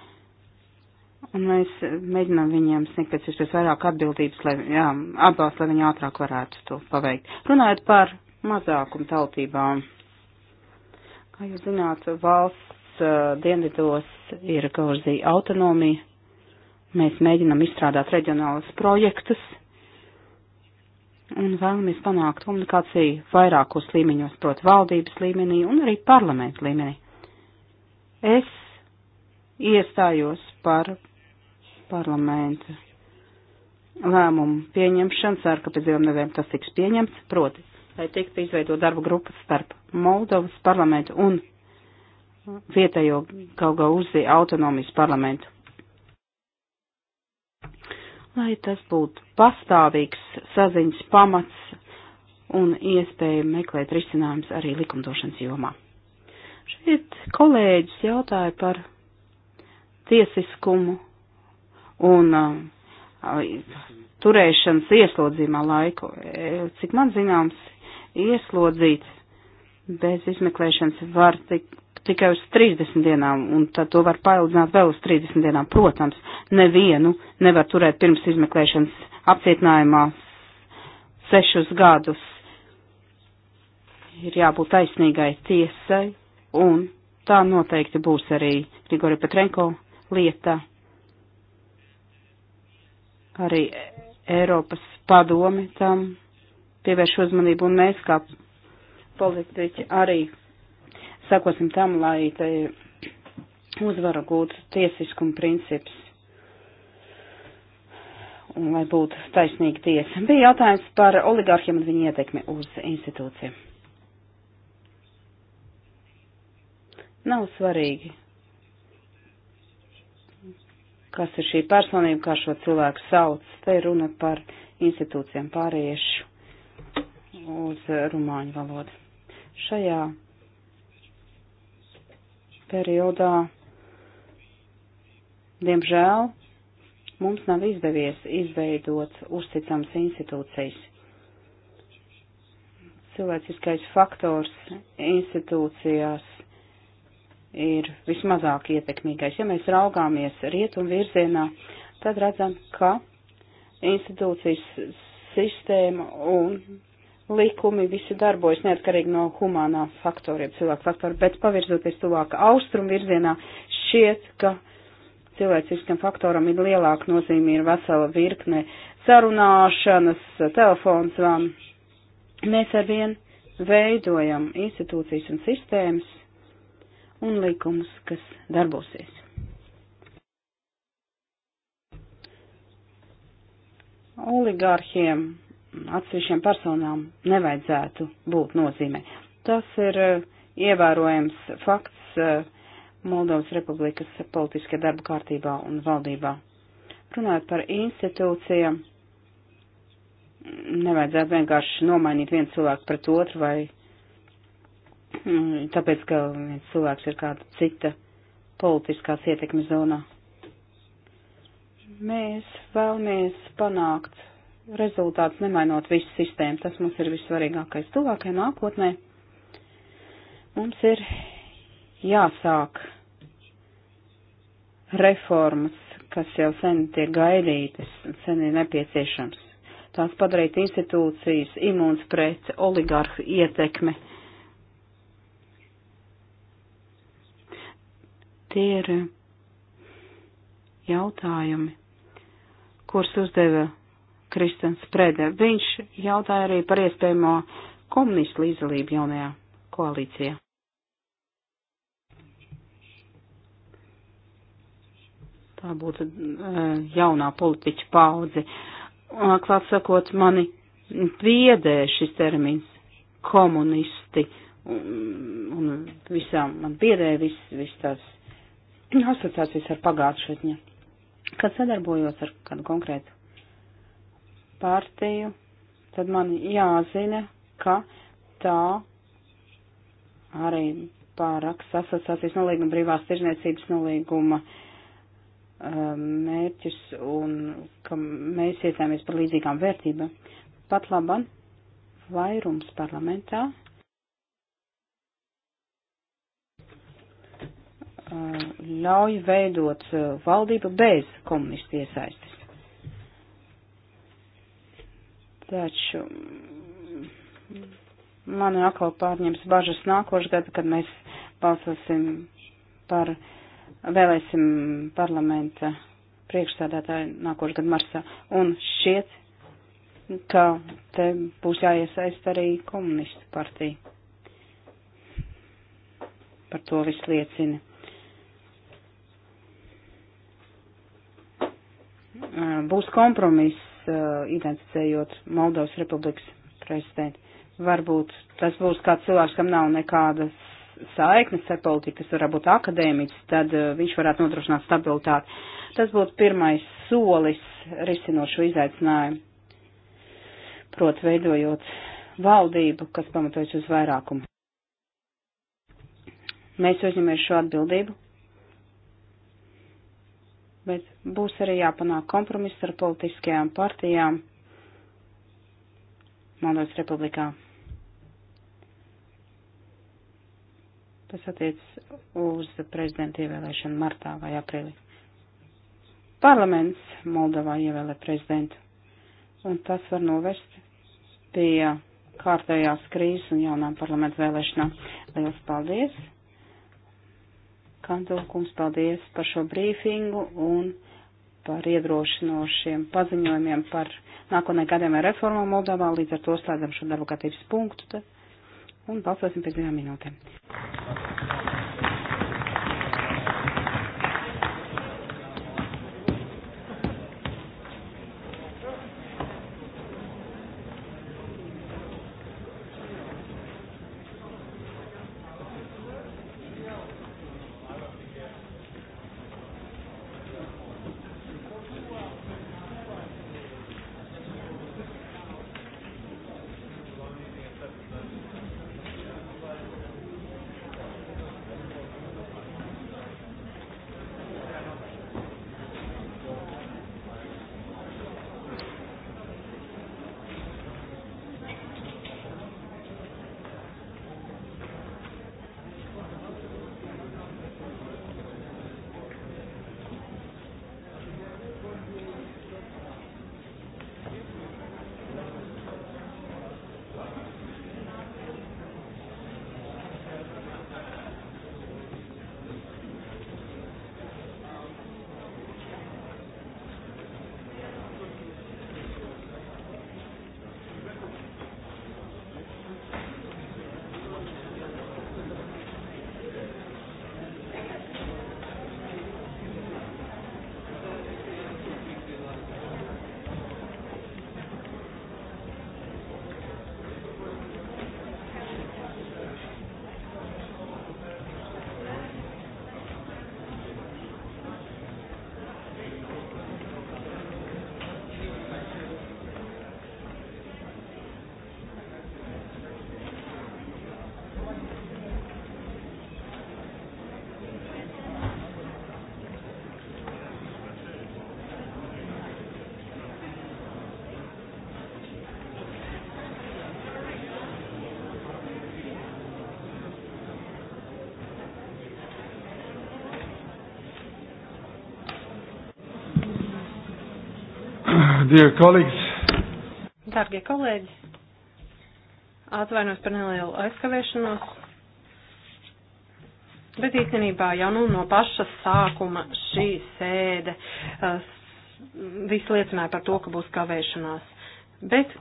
Un mēs mēģinām viņiem sniegt pēc iespējas vairāk atbildības, lai, jā, atbalstu, lai viņi ātrāk varētu to paveikt. Runājot par mazākumu tautībām, kā jūs zināt, valsts uh, dienvidos ir Gauzija autonomija. Mēs mēģinām izstrādāt reģionālus projektus, un vēlamies panākt komunikāciju vairākos līmeņos, proti valdības līmenī un arī parlamentu līmenī. Es iestājos par parlamentu lēmumu pieņemšanu, ceru, ka pēc diviem nedēļām tas tiks pieņemts, proti, lai tiktu izveidot darba grupas starp Moldovas parlamentu un vietējo Gaugauzi autonomijas parlamentu lai tas būtu pastāvīgs saziņas pamats un iespēja meklēt risinājumus arī likumdošanas jomā. Šeit kolēģis jautāja par tiesiskumu un uh, turēšanas ieslodzījumā laiku. E, cik man zināms, ieslodzīts bez izmeklēšanas var tik tikai uz 30 dienām, un tad to var paildzināt vēl uz 30 dienām. Protams, nevienu nevar turēt pirms izmeklēšanas apcietinājumā sešus gadus. Ir jābūt taisnīgai tiesai, un tā noteikti būs arī Grigori Petrenko lieta, arī Eiropas padomi tam pievērš uzmanību, un mēs kā politiķi arī sekosim tam, lai te uzvaru gūtu tiesiskuma princips un lai būtu taisnīga tiesa. Bija jautājums par oligārhiem un viņu ietekmi uz institūcijiem. Nav svarīgi, kas ir šī personība, kā šo cilvēku sauc. Te ir runa par institūcijām pāriešu uz rumāņu valodu. Šajā periodā, diemžēl, mums nav izdevies izveidot uzticams institūcijas. Cilvēciskais faktors institūcijās ir vismazāk ietekmīgais. Ja mēs raugāmies rietumu virzienā, tad redzam, ka institūcijas sistēma un likumi visi darbojas neatkarīgi no humānā faktoriem, cilvēku faktoru, bet pavirzoties tuvāk austrumu virzienā, šķiet, ka cilvēciskam faktoram ir lielāka nozīme, ir vesela virkne sarunāšanas, telefons vam. Mēs arvien veidojam institūcijas un sistēmas un likumus, kas darbosies. Oligārhiem atsevišķiem personām nevajadzētu būt nozīmē. Tas ir eh, ievērojams fakts eh, Moldovas Republikas politiskajā darba kārtībā un valdībā. Runājot par institūcijām, nevajadzētu vienkārši nomainīt vienu cilvēku pret otru vai mm, tāpēc, ka viens cilvēks ir kāda cita politiskās ietekmes zonā. Mēs vēlamies panākt rezultāts, nemainot visu sistēmu. Tas mums ir vissvarīgākais. Tuvākajā nākotnē mums ir jāsāk reformas, kas jau sen tiek gaidītas un sen ir nepieciešams. Tās padarīt institūcijas imūns pret oligarhu ietekmi. Tie ir jautājumi, kurus uzdeva Kristens Prede. Viņš jautāja arī par iespējamo komunistu līdzdalību jaunajā koalīcijā. Tā būtu eh, jaunā politiķa paudze. Klāt sakot, mani biedē šis termins komunisti un, un visām man biedē viss vis tās asociācijas ar pagātšatņa. Kad sadarbojos ar kādu konkrētu partiju, tad man jāzina, ka tā arī pāraks asociācijas nolīguma brīvās tirzniecības nolīguma um, mērķus un ka mēs iestājamies par līdzīgām vērtībām. Pat laban vairums parlamentā uh, ļauj veidot uh, valdību bez komunistu iesaistes. Taču mm, mani atkal pārņems bažas nākošu gadu, kad mēs balsosim par, vēlēsim parlamenta priekšstādātāju nākošu gadu marsā. Un šķiet, ka te būs jāiesaist arī komunistu partija. Par to viss liecina. Būs kompromiss Uh, identificējot Moldovas republikas prezidentu. Varbūt tas būs kāds cilvēks, kam nav nekādas saiknes ar politiku, kas varētu būt akadēmiķis, tad uh, viņš varētu nodrošināt stabilitāti. Tas būtu pirmais solis risinot šo izaicinājumu, proti veidojot valdību, kas pamatojas uz vairākumu. Mēs uzņemamies šo atbildību, bet būs arī jāpanāk kompromiss ar politiskajām partijām Moldovas republikā. Tas attiec uz prezidenta ievēlēšanu martā vai aprīlī. Parlaments Moldovā ievēlē prezidentu, un tas var novest pie kārtējās krīzes un jaunām parlamentu vēlēšanām. Lielas paldies! Kandokums, paldies par šo brīfingu un par iedrošinošiem paziņojumiem par nākotnē gadiem ar reformām Moldovā. Līdz ar to slēdzam šo darbu kārtības punktu un balsosim pēc divām minūtēm. Dear colleagues. Dargie kolēģi, atvainos par nelielu aizkavēšanos, bet īstenībā jau nu no paša sākuma šī sēde uh, viss liecināja par to, ka būs kavēšanās. Bet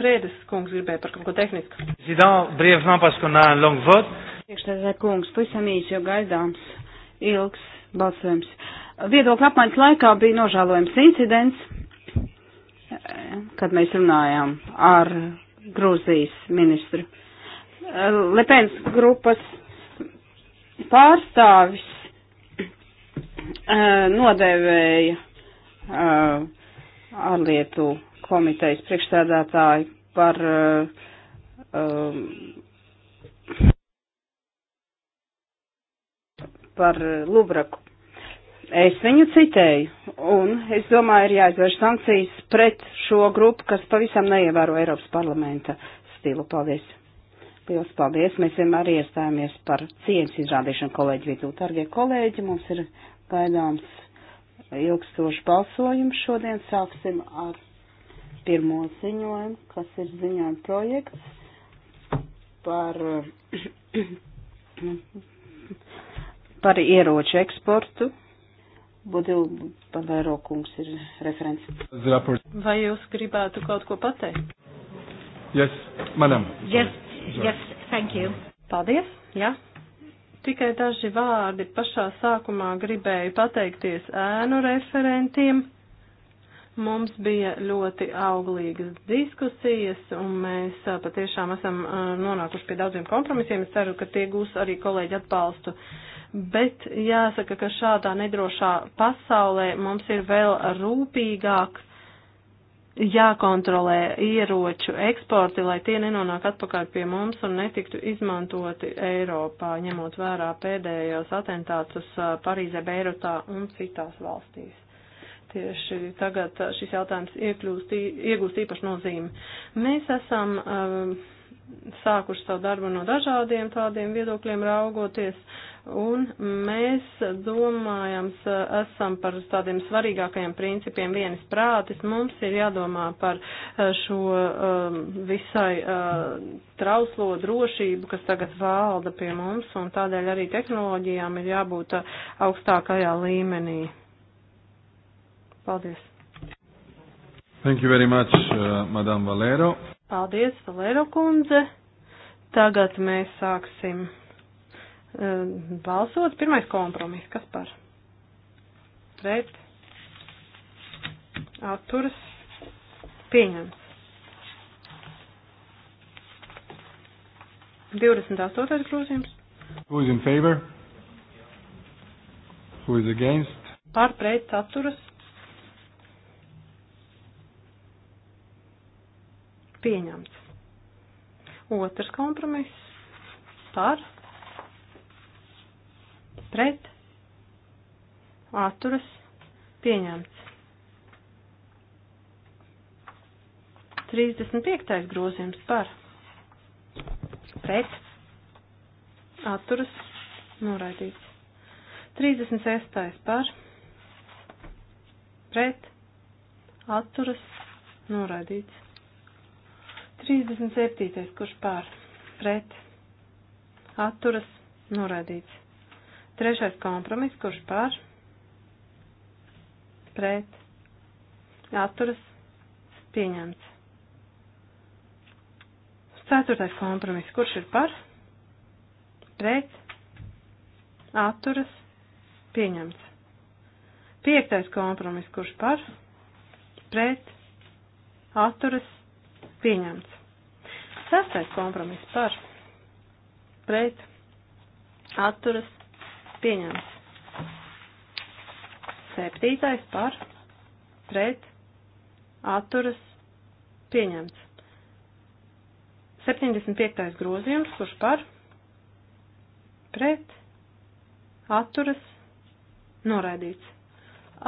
Prēdes kungs gribēja par kaut ko tehnisku. Zidon, brievement, parce qu'on a un long vote. Priekšstādā kungs, pavisam īsi, jo gaidāms ilgs balsojums. Viedokļa apmaiņas laikā bija nožēlojams incidents, kad mēs runājām ar Grūzijas ministru. Eh, Lepens grupas pārstāvis eh, nodevēja eh, ārlietu komitejas priekšstādātāju par par Lubraku Es viņu citēju, un es domāju, ir jāizvērš sankcijas pret šo grupu, kas pavisam neievēro Eiropas parlamenta stilu. Paldies! Lielas paldies! Mēs vienmēr iestājāmies par cieņas izrādīšanu kolēģi vidū. Targie kolēģi, mums ir gaidāms ilgstošs balsojums. Šodien sāksim ar pirmo ziņojumu, kas ir ziņojuma projekts par. par ieroču eksportu Budil Bavero kungs ir referents. Vai jūs gribētu kaut ko pateikt? Yes, madam. Yes, yes, thank you. Paldies, jā. Tikai daži vārdi pašā sākumā gribēju pateikties ēnu referentiem. Mums bija ļoti auglīgas diskusijas, un mēs patiešām esam nonākuši pie daudziem kompromisiem. Es ceru, ka tie gūs arī kolēģi atbalstu. Uh, bet jāsaka, ka šādā nedrošā pasaulē mums ir vēl rūpīgāk jākontrolē ieroču eksporti, lai tie nenonāk atpakaļ pie mums un netiktu izmantoti Eiropā, ņemot vērā pēdējos atentātus uh, Parīzē, Beirutā un citās valstīs. Tieši tagad uh, šis jautājums iekļūst, iegūst īpašu nozīmi. Mēs esam um, sākuši savu darbu no dažādiem tādiem viedokļiem raugoties. Uh, Un mēs domājams esam par tādiem svarīgākajiem principiem vienas prātis. Mums ir jādomā par eh, šo um, visai eh, trauslo drošību, kas tagad valda pie mums, un tādēļ arī tehnoloģijām ir jābūt eh, augstākajā līmenī. Paldies. Thank you very much, uh, Madame Valero. Paldies, Valero kundze. Tagad mēs sāksim. Ehm, balsot. Pirmais kompromiss, kas par? Pret. Atturas. Pieņemts. 28. grozījums. Who is in favor? Who is against? Par pret atturas. Pieņemts. Otrs kompromiss. Par pret, atturas, pieņemts. 35. grozījums par pret, atturas, noraidīts. 36. par pret, atturas, noraidīts. 37. kurš pār pret, atturas, noraidīts. Trešais kompromiss, kurš par, pret, atturas, pieņemts. Ceturtais kompromiss, kurš ir par, pret, atturas, pieņemts. Piektais kompromiss, kurš par, pret, atturas, pieņemts. Sestais kompromiss par, pret, atturas, pieņemts. Septītais par, pret, atturas, pieņemts. 75. grozījums, kurš par, pret, atturas, noraidīts.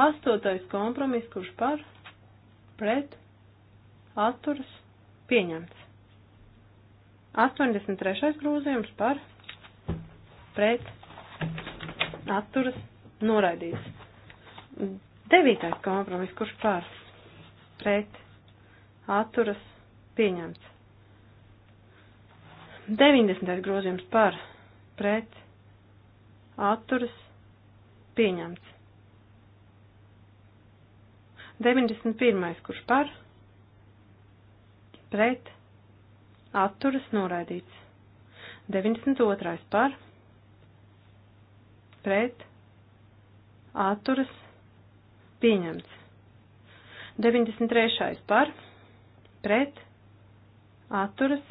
Astotais kompromiss, kurš par, pret, atturas, pieņemts. 83. grozījums par, pret, atturas noraidīts. Devītais kompromis, kurš pār pret atturas pieņemts. 90. grozījums par pret atturas pieņemts. 91. kurš par pret atturas noraidīts. 92. par pret, atturas, pieņemts. 93. par, pret, atturas,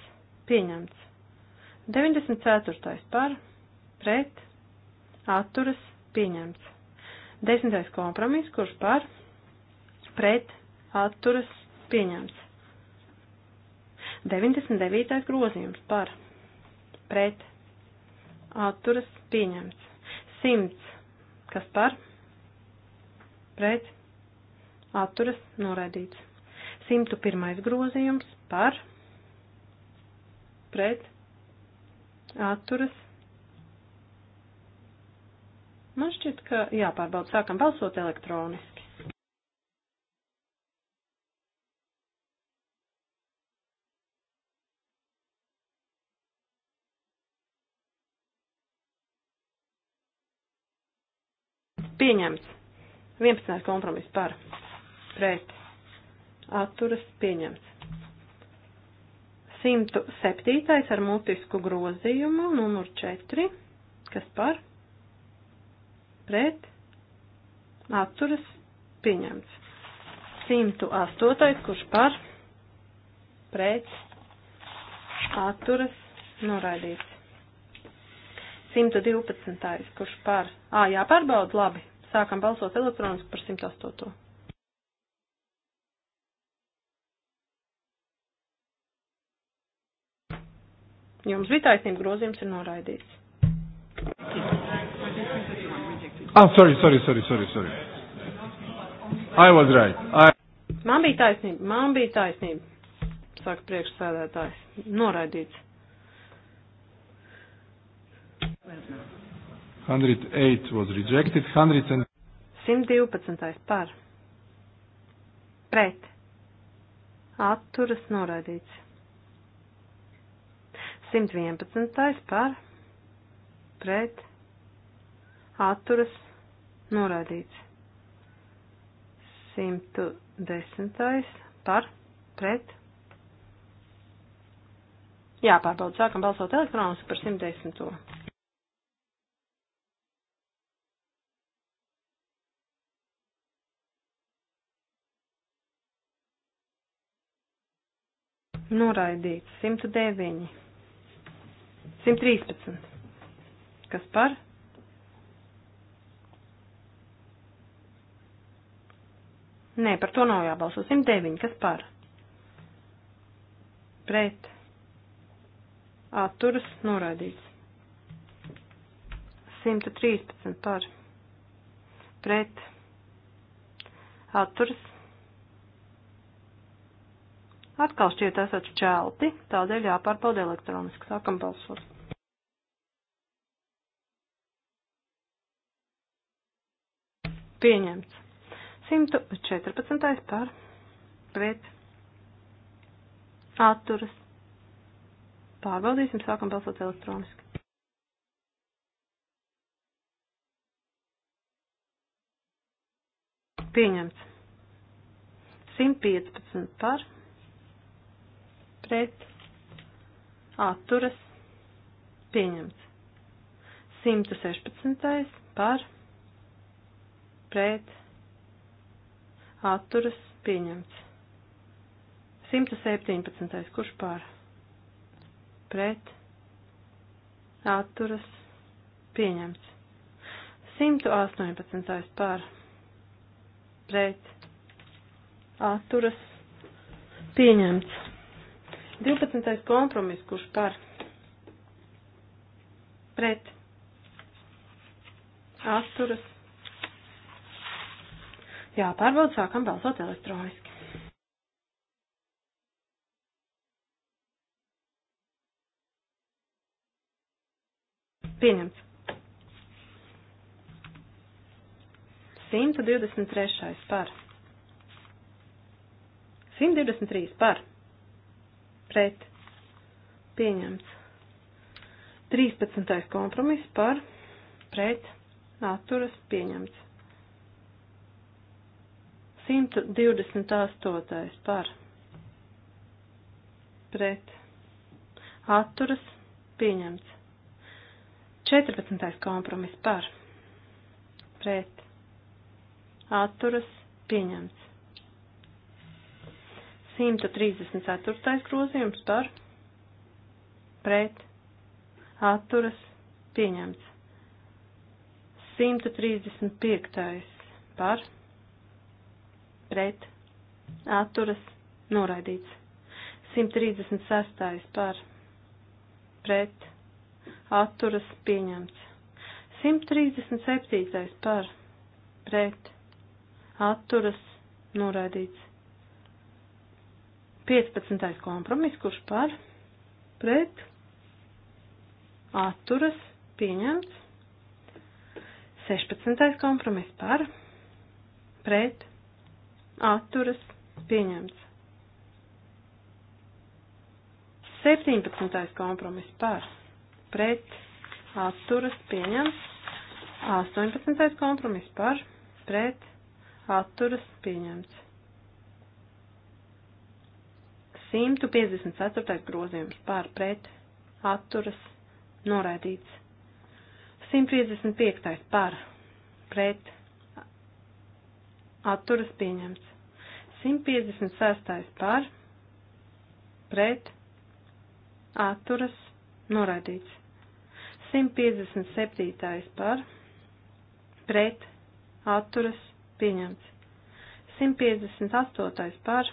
pieņemts. 94. par, pret, atturas, pieņemts. 10. kompromiss, kurš par, pret, atturas, pieņemts. 99. grozījums par, pret, atturas, pieņemts. 100. Kas par? Pret. Atturas noraidīts. 101. grozījums par. Pret. Atturas. Man šķiet, ka jāpārbauda. Sākam balsot elektroniski. pieņemts. 11. kompromiss par pret atturas pieņemts. 107. ar mutisku grozījumu numur 4, kas par pret atturas pieņemts. 108. kurš par pret atturas noraidīts. 112. kurš par. Ā, jāpārbauda labi. Sākam balsot elektroniski par 108. Jums bija taisnība, grozījums ir noraidīts. Ah, sorry, sorry, sorry, sorry, sorry. I was right. I... Man bija taisnība, man bija taisnība, saka priekšsēdētājs. Noraidīts. 108 was rejected. 100 and... 112 par. Pret. Atturas noraidīts. 111 par. Pret. Atturas noraidīts. 110 par. Pret. Jāpārbauda. Sākam balsot elektroniski par 110. Noraidīts. 109. 113. Kas par? Nē, par to nav jābalso. 109. Kas par? Pret. Atturas noraidīts. 113 par. Pret. Atturas Atkal šķiet esat šķelti, tādēļ jāpārbauda elektroniski. Sākam balsot. Pieņemts. 114. par pret atturas. Pārbaudīsim, sākam balsot elektroniski. Pieņemts. 115 par pret atturas pieņemts. 116. par pret atturas pieņemts. 117. kurš par pret atturas pieņemts. 118. par pret atturas pieņemts. 12. kompromis, kurš par pret atturas. Jā, pārbaud, sākam balsot elektroniski. Pieņemts. 123. par. 123 par pret pieņemts. 13. kompromiss par pret atturas pieņemts. 128. par pret atturas pieņemts. 14. kompromiss par pret atturas pieņemts. 134. grozījums par pret atturas pieņemts. 135. par pret atturas noraidīts. 136. par pret atturas pieņemts. 137. par pret atturas noraidīts. 15. kompromiss, kurš par pret atturas pieņemts. 16. kompromiss par pret atturas pieņemts. 17. kompromiss par pret atturas pieņemts. 18. kompromiss par pret atturas pieņemts. 154. grozījums pār pret atturas noraidīts. 155. pār pret atturas pieņemts. 156. pār pret atturas noraidīts. 157. par pret atturas pieņemts. 158. par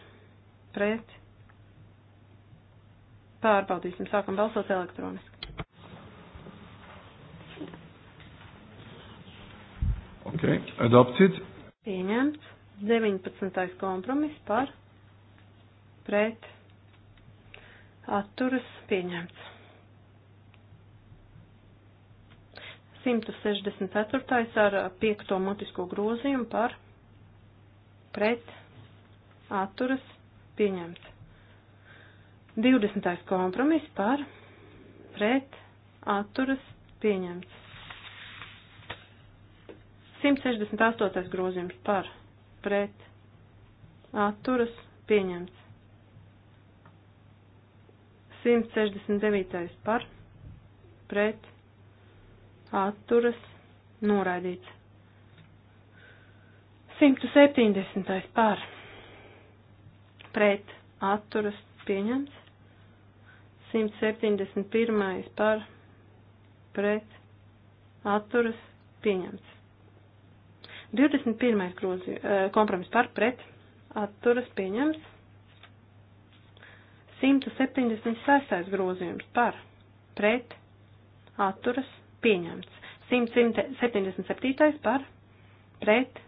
pret Pārbaudīsim, sākam balsot elektroniski. Ok, adopted. Pieņemts. 19. kompromis par pret atturas pieņemts. 164. ar 5. mutisko grozījumu par pret atturas pieņemts. 20. kompromiss par pret atturas pieņemts. 168. grozījums par pret atturas pieņemts. 169. par pret atturas noraidīts. 170. par pret atturas pieņemts. 171. par pret atturas pieņemts. 21. Grozi, kompromis par pret atturas pieņemts. 176. grozījums par pret atturas pieņemts. 177. par pret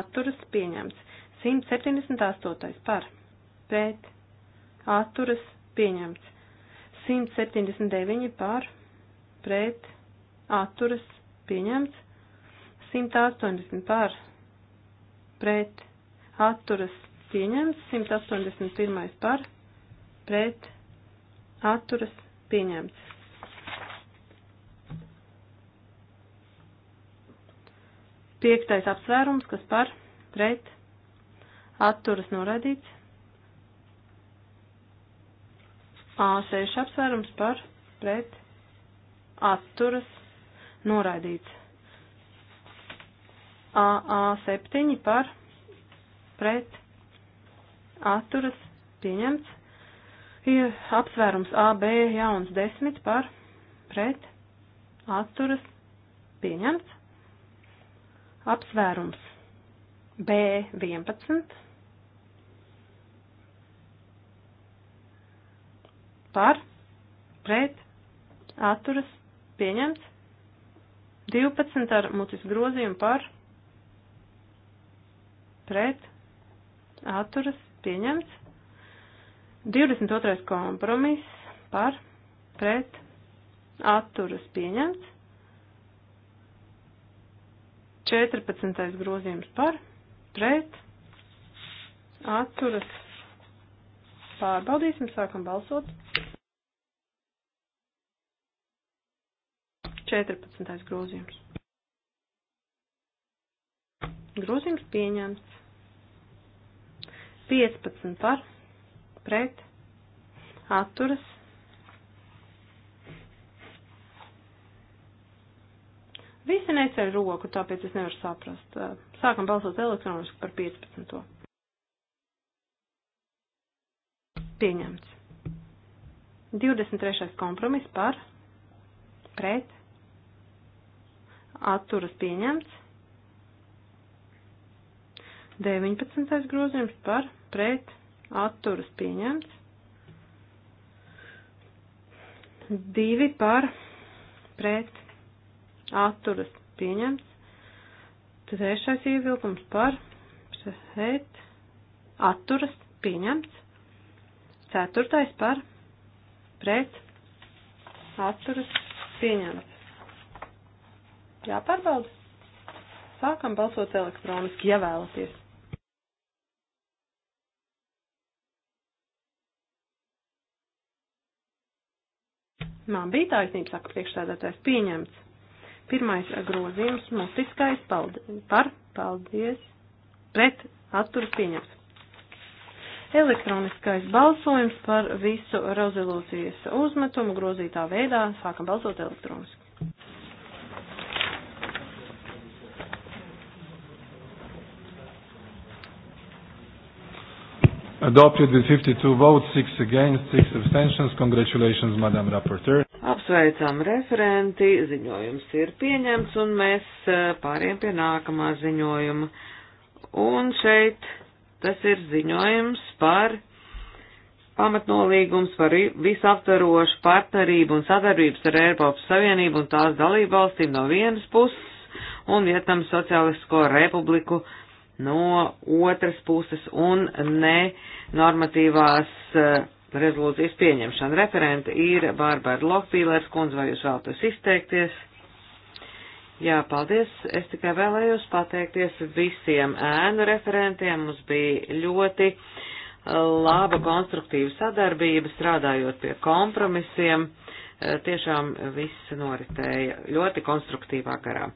atturas pieņemts. 178. par pret atturas pieņemts. 179 par pret atturas pieņemts, 180 par pret atturas pieņemts, 181 par pret atturas pieņemts. Piektais apsvērums, kas par pret atturas noraidīts. A6 apsvērums par pret atturas noraidīts. AA7 par pret atturas pieņemts. Ir apsvērums AB jauns 10 par pret atturas pieņemts. Apsvērums B11 par, pret, atturas, pieņemts. 12 ar mutis grozījumu par, pret, atturas, pieņemts. 22. kompromiss par, pret, atturas, pieņemts. 14. grozījums par, pret, atturas, pieņemts Pārbaudīsim, sākam balsot. 14. grozījums. Grozījums pieņemts. 15 par, pret, atturas. Visi neceļ roku, tāpēc es nevaru saprast. Sākam balsot elektroniski par 15. pieņemts. 23. kompromis par pret atturas pieņemts. 19. grozījums par pret atturas pieņemts. 2 par pret atturas pieņemts. 3. ievilkums par pret atturas pieņemts. Ceturtais par pret atturas pieņemts. Jāpārbauda. Sākam balsot elektroniski, ja vēlaties. Man bija taisnība, saka priekšstādātājs, pieņemts. Pirmais grozījums, mutiskais, paldies, par, paldies, pret, atturas pieņemts. Elektroniskais balsojums par visu rezolūcijas uzmetumu grozītā veidā. Sākam balsot elektroniski. Adopted with 52 votes, 6 against, 6 abstentions. Congratulations, Madam Rapporteur. Apsveicam referenti, ziņojums ir pieņemts un mēs eh, pāriem pie nākamā ziņojuma. Un šeit Tas ir ziņojums par pamatnolīgums par visaptverošu partnerību un sadarbības ar Eiropas Savienību un tās dalību valstīm no vienas puses un Vietnamu Socialisko Republiku no otras puses un ne normatīvās eh, rezolūcijas pieņemšana. Referente ir Bārbara Lokpīlērs, kundze, vai jūs vēlaties izteikties? Jā, paldies. Es tikai vēlējos pateikties visiem ēnu referentiem. Mums bija ļoti uh, laba konstruktīva sadarbība, strādājot pie kompromisiem. Uh, tiešām viss noritēja ļoti konstruktīvā garā.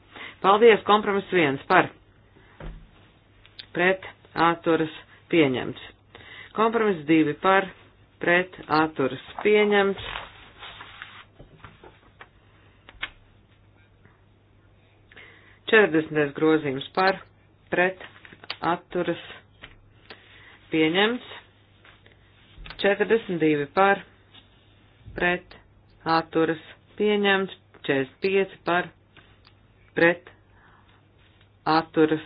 Paldies, kompromis viens par pret atturas pieņemts. Kompromis divi par pret atturas pieņemts. 40. grozījums par pret atturas pieņemts. 42 par pret atturas pieņemts. 45 par pret atturas.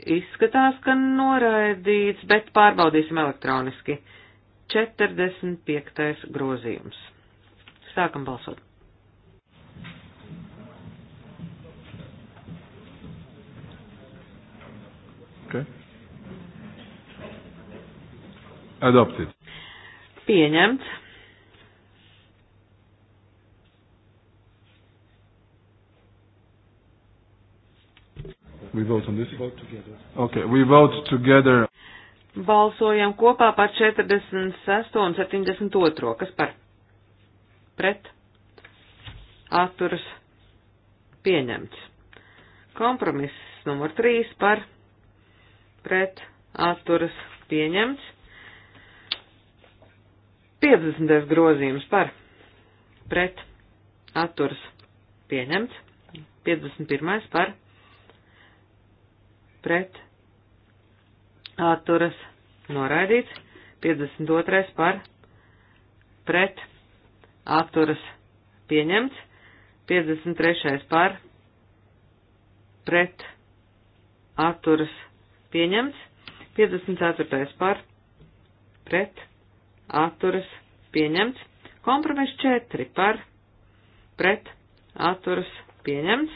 Izskatās, ka noraidīts, bet pārbaudīsim elektroniski. 45. grozījums. Sākam balsot. Okay. Adopted. Pieņemts. We vote on this? Vote together. Okay, we vote together. Balsojam kopā par 46 un 72. Kas par? Pret? Atturas? Pieņemts. Kompromiss numur 3 par pret atturas pieņemts. 50. grozījums par pret atturas pieņemts. 51. par pret atturas noraidīts. 52. par pret atturas pieņemts. 53. par pret atturas pieņemts pieņemts. 54. par pret atturas pieņemts. Kompromiss 4 par pret atturas pieņemts.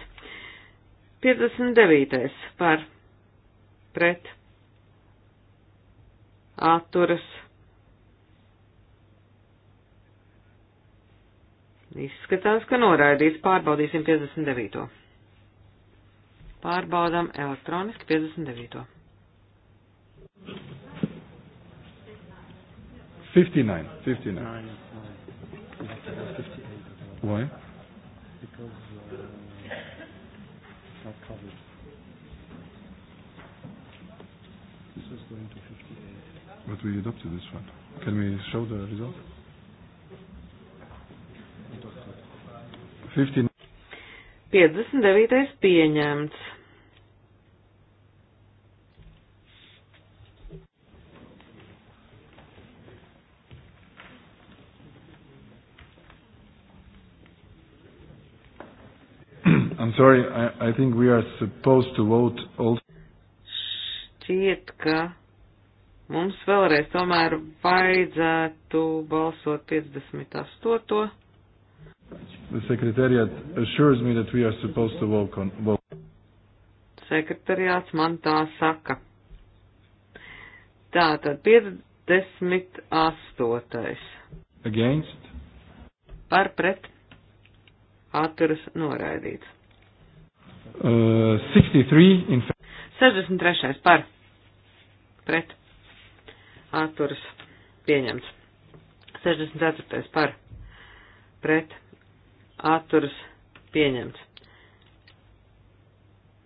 59. par pret atturas Izskatās, ka noraidīts. Pārbaudīsim 59. Pārbaudām elektroniski 59. 59. 59. Nine, nine. 58. Why? Because uh, it's not covered. This is going to 58. But we adopted this one. Can we show the result? 59. 59. pieņemts. I'm sorry, I, I think we are supposed to vote also. Šķiet, ka mums vēlreiz tomēr vajadzētu balsot 58. The secretariat assures me that we are supposed to vote on vote. Sekretariāts man tā saka. Tātad 58. Against. Par pret. Atturas noraidīts. Uh, 63 in 63. par pret atturas pieņemts. 64. par pret atturas pieņemts.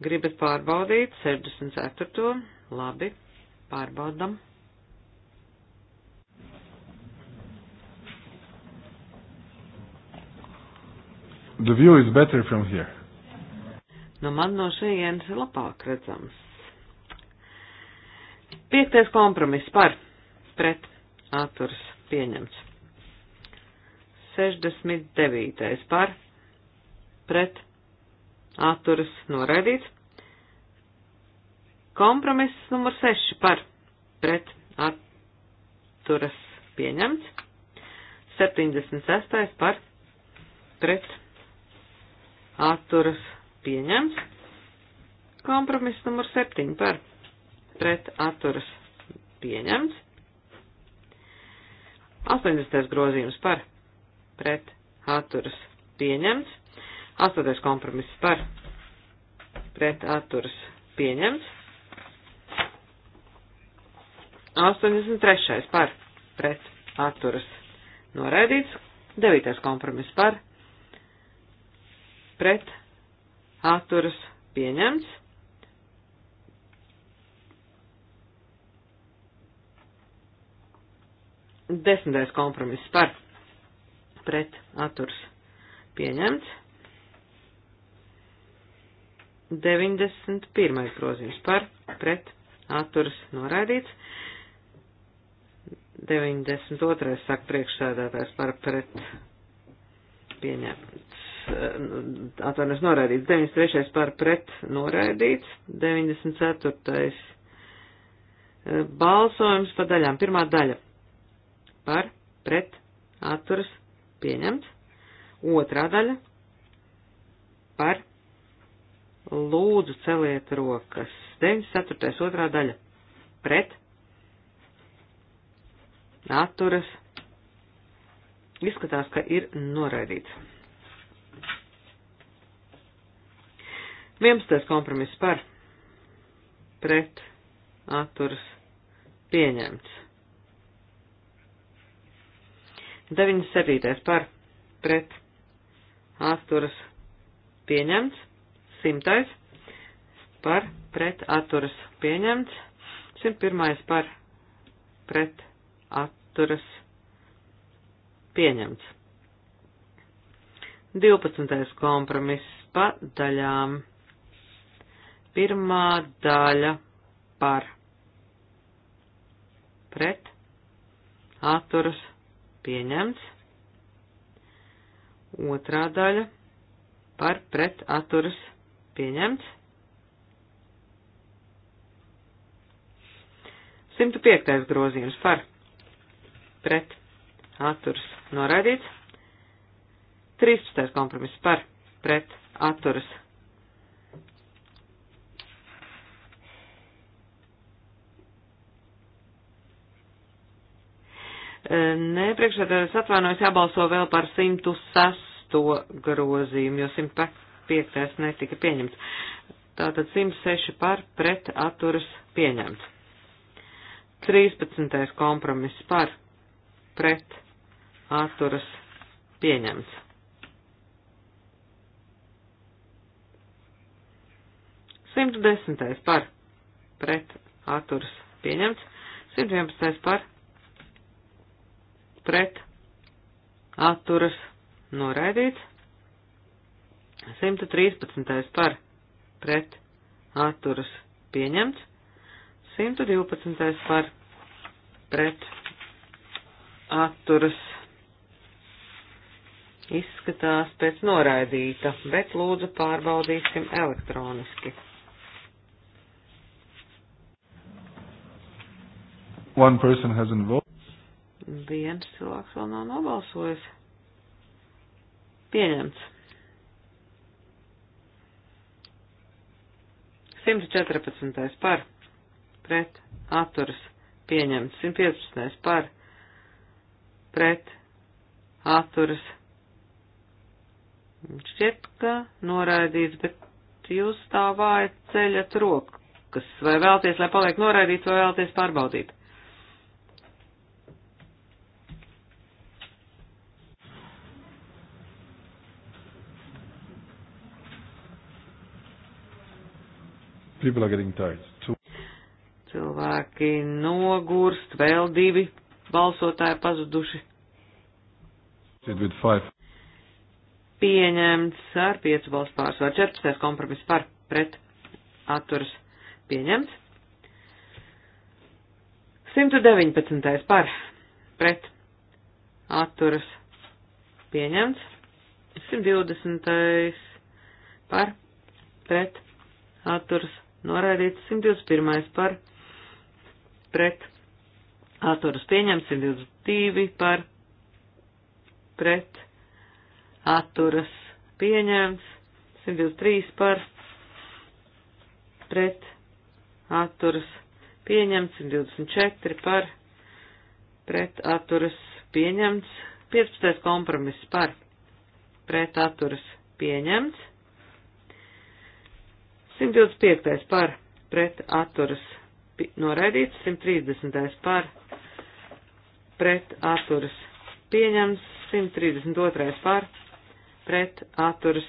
Gribat pārbaudīt 64. Labi, pārbaudam. The view is better from here. Nu, man no šejienes ir labāk redzams. Piektais kompromiss par pret atturs pieņemts. 69. par pret atturs noraidīts. Kompromiss numur 6 par pret atturas pieņemts. 76. par pret atturas pieņemts. Kompromiss numur 7 par pret atturas pieņemts. 80. grozījums par pret atturas pieņemts. 8. kompromiss par pret atturas pieņemts. 83. par pret atturas noraidīts, 9. kompromiss par pret atturas pieņemts. Desmitais kompromiss par pret atturas pieņemts. 91. grozījums par pret atturas noraidīts. 92. saka priekšsēdētājs par pret pieņem, Eh, atvainojas noraidīts, 93. par pret noraidīts, 94. Eh, balsojums pa daļām, pirmā daļa par pret atturas pieņemts, otrā daļa par lūdzu celiet rokas, 94. otrā daļa pret atturas izskatās, ka ir noraidīts. 11. kompromiss par pret atturas pieņemts. 97. par pret atturas pieņemts. 100. par pret atturas pieņemts. 101. par pret atturas pieņemts. 12. kompromiss pa daļām Pirmā daļa par pret atturas pieņemts. Otrā daļa par pret atturas pieņemts. 105. grozījums par pret atturas noraidīts. 13. kompromiss par pret atturas pieņemts Nē, priekšsēdētājs atvainojas jābalso vēl par 106. grozījumu, jo 105. netika pieņemts. Tātad 106 par pret atturas pieņemts. 13. kompromiss par pret atturas pieņemts. Simtu desmitais par pret atturas pieņemts, simtu vienpadsmitais par pret atturas noraidīts. 113. par pret atturas pieņemts. 112. par pret atturas izskatās pēc noraidīta, bet lūdzu pārbaudīsim elektroniski. One person hasn't voted. Viens cilvēks vēl nav nobalsojis. Pieņemts. 114. par, pret, atturas, pieņemts. 115. par, pret, atturas. Šķiet, ka noraidīts, bet jūs stāvājat ceļat rokas. Vai vēlties, lai paliek noraidīts, vai vēlties pārbaudīt? People are getting tired. Two. Cilvēki nogurst, vēl divi balsotāji pazuduši. Pieņemts ar 5 balsu pārsvaru, 14 kompromiss par pret atturas pieņemts. 119. par pret atturas pieņemts. 120. par pret atturas pieņemts noraidīts 121 par pret, atturas pieņemts 122 par pret, atturas pieņemts 123 par pret, atturas pieņemts 124 par pret, atturas pieņemts 15. kompromiss par pret, atturas pieņemts 125. par pret atturas noraidīts, 130. par pret atturas pieņemts, 132. par pret atturas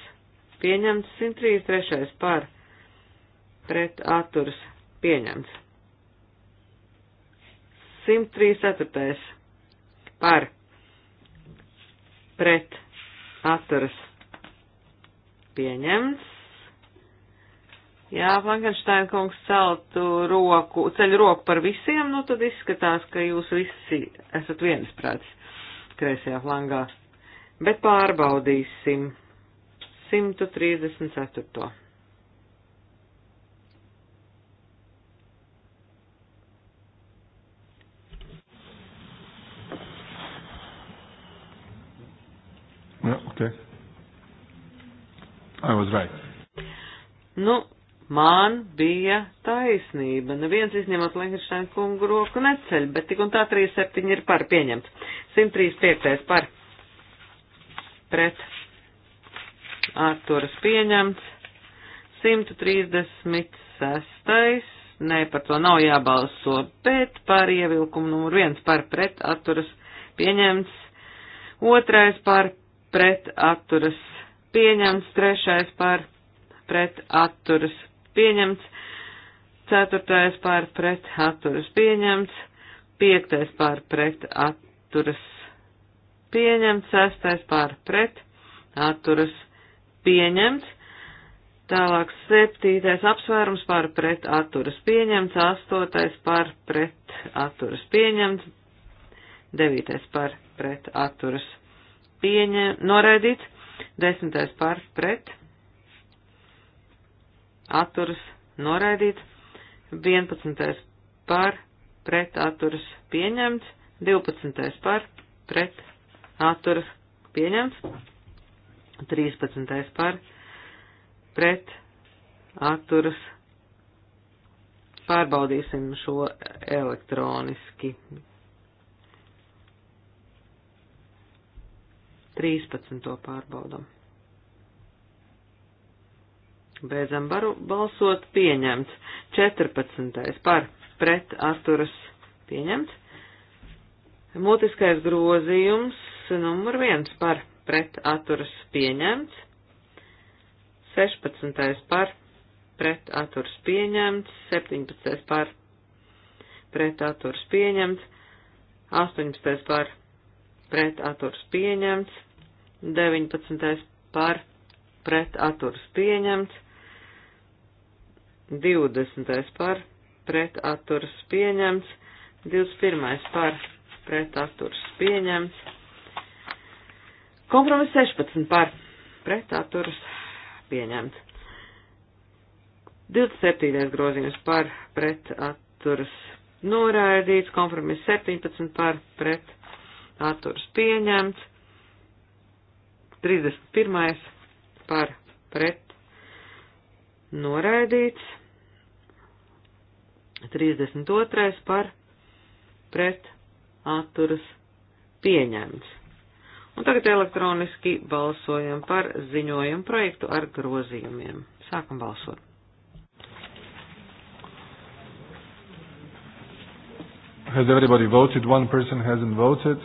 pieņemts, 133. par pret atturas pieņemts. 134. par pret atturas pieņemts. Jā, Frankensteina kungs celtu roku, ceļ roku par visiem, nu tad izskatās, ka jūs visi esat viensprāts kreisajā flangā. Bet pārbaudīsim 134. Yeah, okay. I was right. Nu, man bija taisnība. Neviens izņemot Lenkenšteina kungu roku neceļ, bet tik un tā 37 ir par pieņemts. 135 par pret atturas pieņemts. 136. Nē, par to nav jābalso, bet par ievilkumu numur viens par pret atturas pieņemts. Otrais par pret atturas pieņemts. Trešais par pret atturas pieņemts, ceturtais pār pret atturas pieņemts, piektais pār pret atturas pieņemts, sestais pār pret atturas pieņemts, Tālāk septītais apsvērums par pret atturas pieņemts, astotais par pret atturas pieņemts, devītais par pret atturas pieņem, noraidīts, desmitais par pret atturas noraidīts, 11. par pret atturas pieņemts, 12. par pret atturas pieņemts, 13. par pret atturas pārbaudīsim šo elektroniski. 13. pārbaudam. Beidzam baru balsot pieņemts. 14. par pret atturas pieņemts. Mutiskais grozījums numur 1 par pret atturas pieņemts. 16. par pret atturas pieņemts. 17. par pret atturas pieņemts. 18. par pret atturas pieņemts. 19. par pret atturas pieņemts. 20. par pret atturas pieņemts, 21. par pret atturas pieņemts, kompromiss 16 par pret atturas pieņemts, 27. grozījums par pret atturas noraidīts, kompromiss 17 par pret atturas pieņemts, 31. par pret noraidīts, 32. par pret atturas pieņemts. Un tagad elektroniski balsojam par ziņojumu projektu ar grozījumiem. Sākam balsot. Has everybody voted? One person hasn't voted.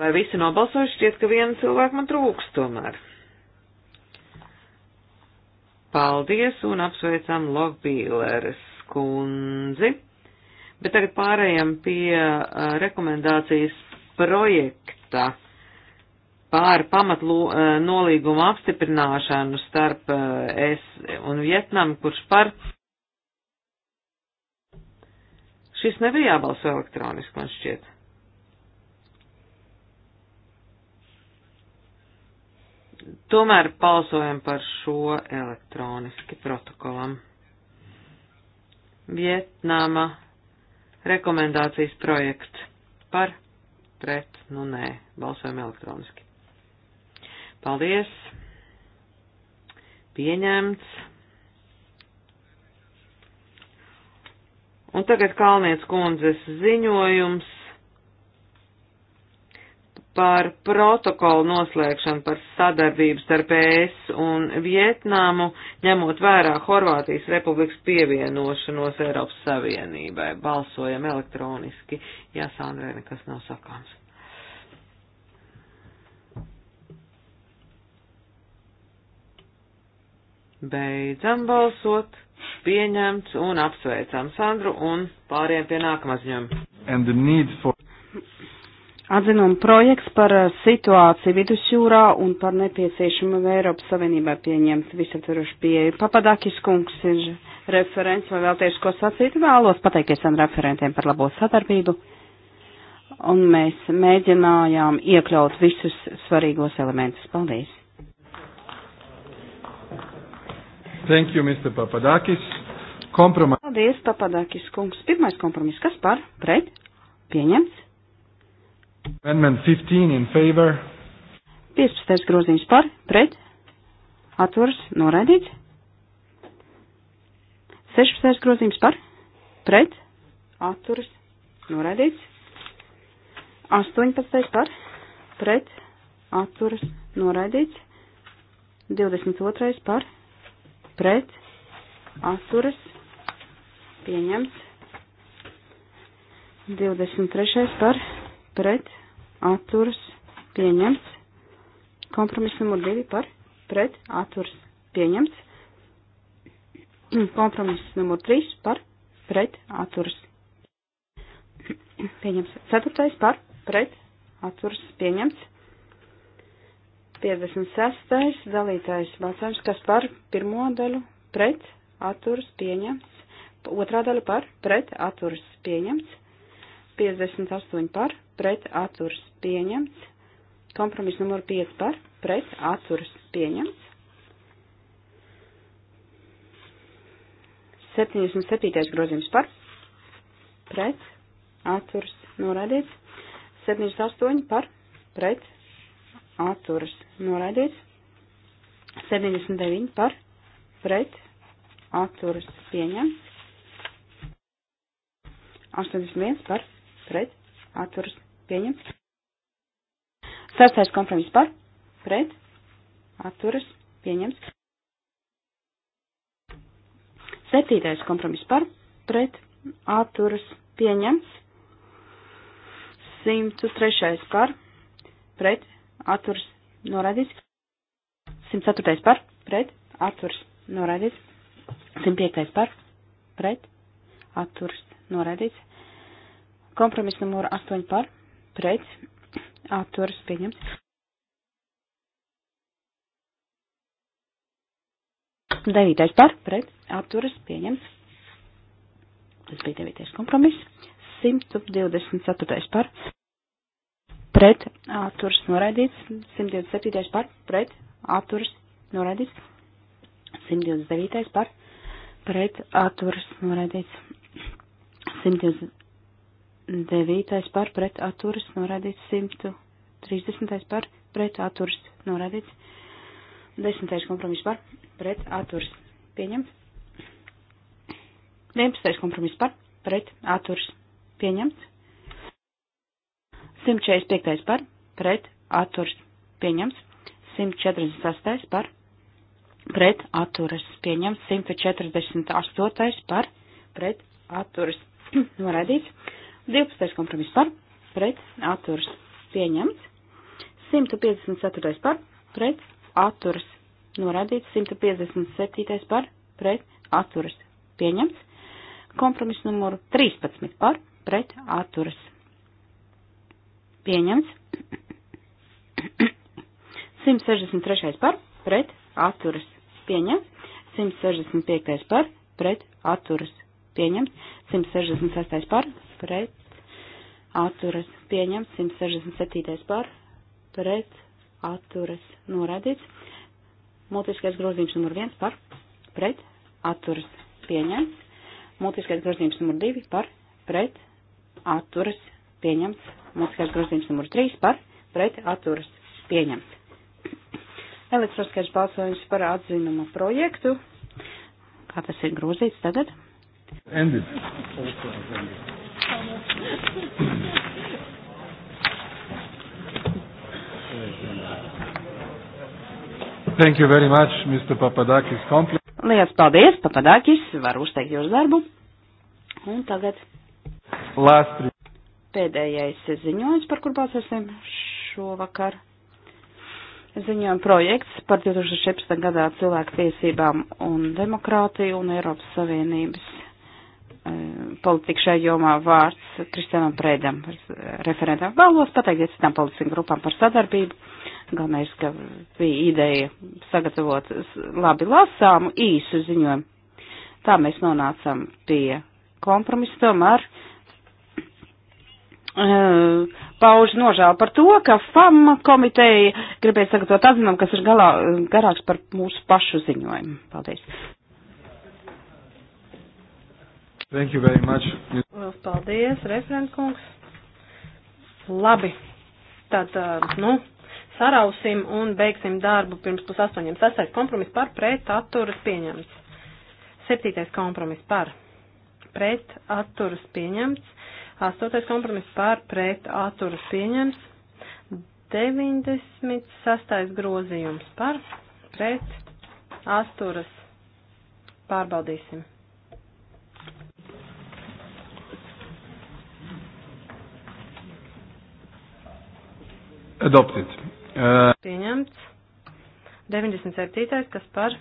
Vai visi nobalsojuši? Šķiet, ka viena cilvēka man trūks tomēr. Paldies un apsveicam Logbīleres kundzi, bet tagad pārējām pie uh, rekomendācijas projekta pār pamatlu uh, nolīgumu apstiprināšanu starp uh, es un Vietnamu, kurš par. Šis nebija jābalso elektroniski, man šķiet. Tomēr balsojam par šo elektroniski protokolam. Vietnama rekomendācijas projekts par pret, nu nē, balsojam elektroniski. Paldies! Pieņemts. Un tagad Kalnietes kundzes ziņojums par protokolu noslēgšanu par sadarbību starp ES un Vietnamu, ņemot vērā Horvātijas republikas pievienošanos Eiropas Savienībai. Balsojam elektroniski, ja Sandrē nekas nav sakāms. Beidzam balsot, pieņemts un apsveicam Sandru un pāriem pie nākamā ziņojuma atzinuma projekts par eh, situāciju vidusjūrā un par nepieciešamību Eiropas Savienībā pieņemt visaptverošu pieeju. Papadakis kungs ir referents, vai vēlties ko sacīt? Vēlos pateikties ar referentiem par labo sadarbību. Un mēs mēģinājām iekļaut visus svarīgos elementus. Paldies! Thank you, Mr. Papadakis. Kompromis. Paldies, Papadakis kungs. Pirmais kompromis. Kas par? Pret? Pieņemts? Amendment 15 in favor. 15. grozījums par, pret, atturas, noraidīts. 16. grozījums par, pret, atturas, noraidīts. 18. par, pret, atturas, noraidīts. 22. par, pret, atturas, pieņemts. 23. par, pret, atturas, pieņemts. Kompromiss numur 2 par, pret, atturas, pieņemts. Kompromiss numur 3 par, pret, atturas. Pieņemts. Ceturtais par, pret, atturas, pieņemts. 56. dalītājs balsājums, kas par pirmo daļu, pret, atturas, pieņemts. Otrā daļa par, pret, atturas, pieņemts. 58 par, pret atturas pieņemts. Kompromiss numur 5 par pret atturas pieņemts. 77. grozījums par pret atturas noraidīts. 78 par pret atturas noraidīts. 79 par pret atturas pieņemts. 81 par pret atturas pieņemts. Sastais kompromiss par, pret, atturas, pieņemts. Septītais kompromiss par, pret, atturas, pieņemts. 103. par, pret, atturas, norādīts. 104. par, pret, atturas, norādīts. 105. par, pret, atturas, norādīts. Kompromiss numur 8 par, pret atturas pieņemts. Devītais par pret atturas pieņemts. Tas bija devītais kompromiss. 124. par pret atturas noraidīts. 127. par pret atturas noraidīts. 129. par pret atturas noraidīts. 120. 9. par pret atturas norādīts 130. par pret atturas norādīts 10. kompromiss par pret atturas pieņemts 11. kompromiss par pret atturas pieņemts 145. par pret atturas pieņemts 146. par pret atturas pieņemts 148. par pret atturas norādīts 12. kompromiss par, pret, atturas pieņemts. 154. par, pret, atturas norādīts. 157. par, pret, atturas pieņemts. Kompromiss numuru 13 par, pret, atturas pieņemts. 163. par, pret, atturas pieņemts. 165. par, pret, atturas pieņemts. 166. par, pret atturas pieņemts, 167. par pret atturas noraidīts, mutiskais grozījums numur 1 par pret atturas pieņemts, mutiskais grozījums numur 2 par pret atturas pieņemts, mutiskais grozījums numur 3 par pret atturas pieņemts. Elektroniskais balsojums par atzinuma projektu. Kā tas ir grozīts tagad? Ended. Thank you very much, Mr. Papadakis. Lielas paldies, Papadakis. Varu uzteikt jūsu darbu. Un tagad. Lastri. Pēdējais ziņojums, par kur balsosim šovakar. Ziņojuma projekts par 2016. gadā cilvēku tiesībām un demokrātiju un Eiropas Savienības politika šajā jomā vārds Kristianam Prēdam, referentam. Vēlos pateikties citām politiskām grupām par sadarbību. Galvenais, ka bija ideja sagatavot labi lasāmu īsu ziņojumu. Tā mēs nonācam pie kompromisa tomēr. Uh, pauž nožēlu par to, ka FAM komiteja gribēja sagatavot atzinumu, kas ir galā, garāks par mūsu pašu ziņojumu. Paldies! Thank you very much. Lielas paldies, referentkungs. Labi. Tad, uh, nu, sarausim un beigsim darbu pirms pus astoņiem. Sastais kompromis par pret atturas pieņemts. Septītais kompromis par pret atturas pieņemts. Astotais kompromis par pret atturas pieņemts. 96. grozījums par pret atturas pārbaudīsim. Adopted. Uh... Pieņemts. 97. kas par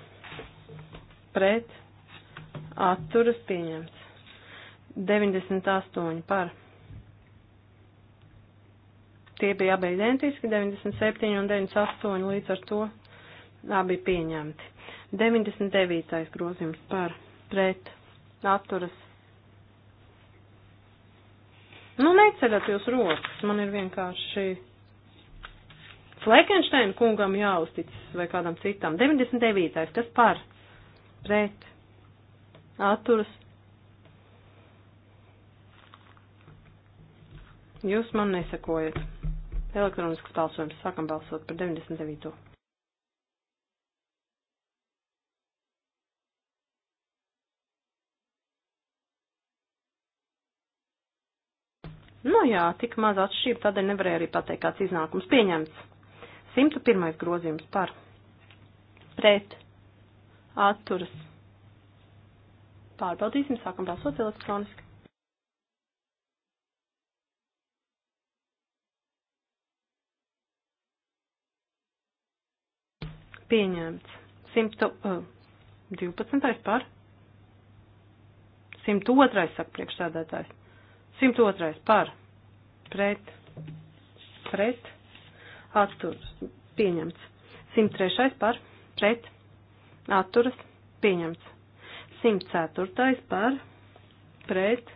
pret atturas pieņemts. 98 par. Tie bija abi identiski, 97 un 98 līdz ar to abi pieņemti. 99. grozījums par pret atturas. Nu, neceļat jūs rokas, man ir vienkārši Flekenšteina kungam jāuzticas vai kādam citam. 99. kas par? Pret. Atturas. Jūs man nesakojat. Elektronisks balsojums. Sākam balsot par 99. Nu jā, tik maz atšķība, tādēļ nevarēja arī pateikt, kāds iznākums pieņemts. 101. grozījums par pret atturas. Pārbaudīsim, sākam balsot elektroniski. Pieņemts. 112. Uh, par 102. saka priekšsēdētājs. 102. par pret pret atturas pieņemts. 103. par pret atturas pieņemts. 104. par pret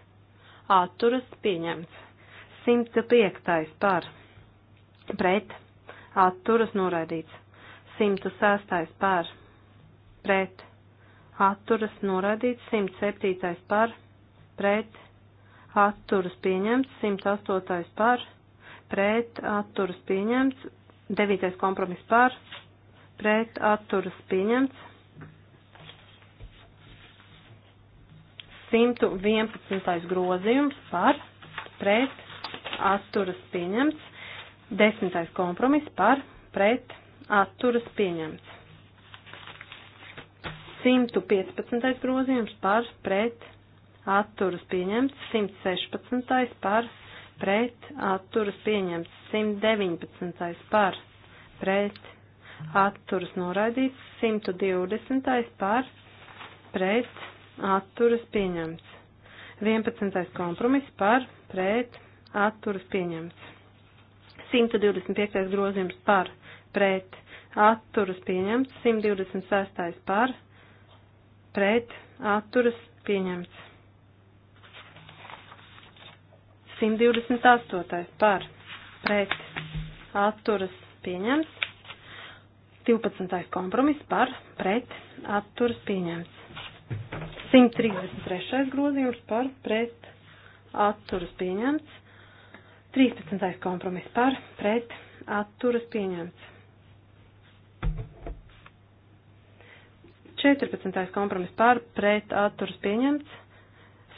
atturas pieņemts. 105. par pret atturas noraidīts. 106. par pret atturas noraidīts. 107. par pret atturas pieņemts. 108. par pret pret atturas pieņemts, 9. kompromis par, pret atturas pieņemts, 111. grozījums par, pret atturas pieņemts, 10. kompromis par, pret atturas pieņemts. 115. grozījums par pret atturas pieņemts, 116. par pret atturas pieņemts 119. par pret atturas noraidīts 120. par pret atturas pieņemts 11. kompromiss par pret atturas pieņemts 125. grozījums par pret atturas pieņemts 126. par pret atturas pieņemts 128. par pret atturas pieņemts. 12. kompromiss par pret atturas pieņemts. 133. grozījums par pret atturas pieņemts. 13. kompromiss par pret atturas pieņemts. 14. kompromiss par pret atturas pieņemts.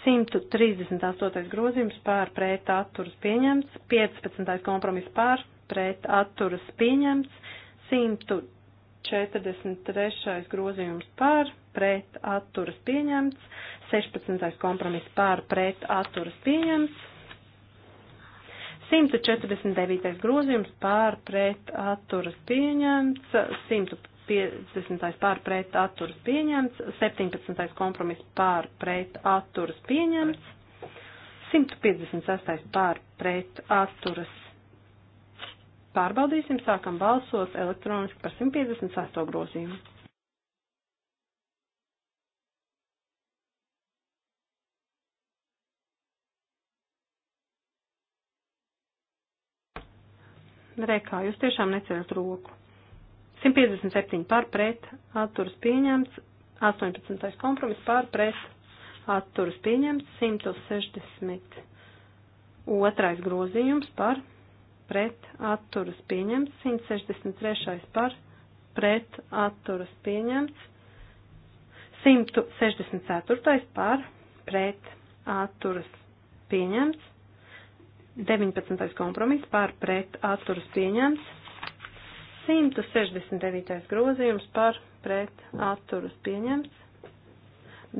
138. grozījums pār pret atturas pieņemts, 15. kompromiss pār pret atturas pieņemts, 143. grozījums pār pret atturas pieņemts, 16. kompromiss pār pret atturas pieņemts, 149. grozījums pār pret atturas pieņemts, 100 50. pār pret atturas pieņemts, 17. kompromiss pār pret atturas pieņemts, 156. pār pret atturas pārbaudīsim, sākam balsot elektroniski par 158. grozījumu. Rekā, jūs tiešām neceļat roku. 157 par pret atturas pieņemts, 18. kompromiss par pret atturas pieņemts, 162. grozījums par pret atturas pieņemts, 163. par pret atturas pieņemts, 164. par pret atturas pieņemts, 19. kompromiss par pret atturas pieņemts, 169. grozījums par pret atturus pieņemts.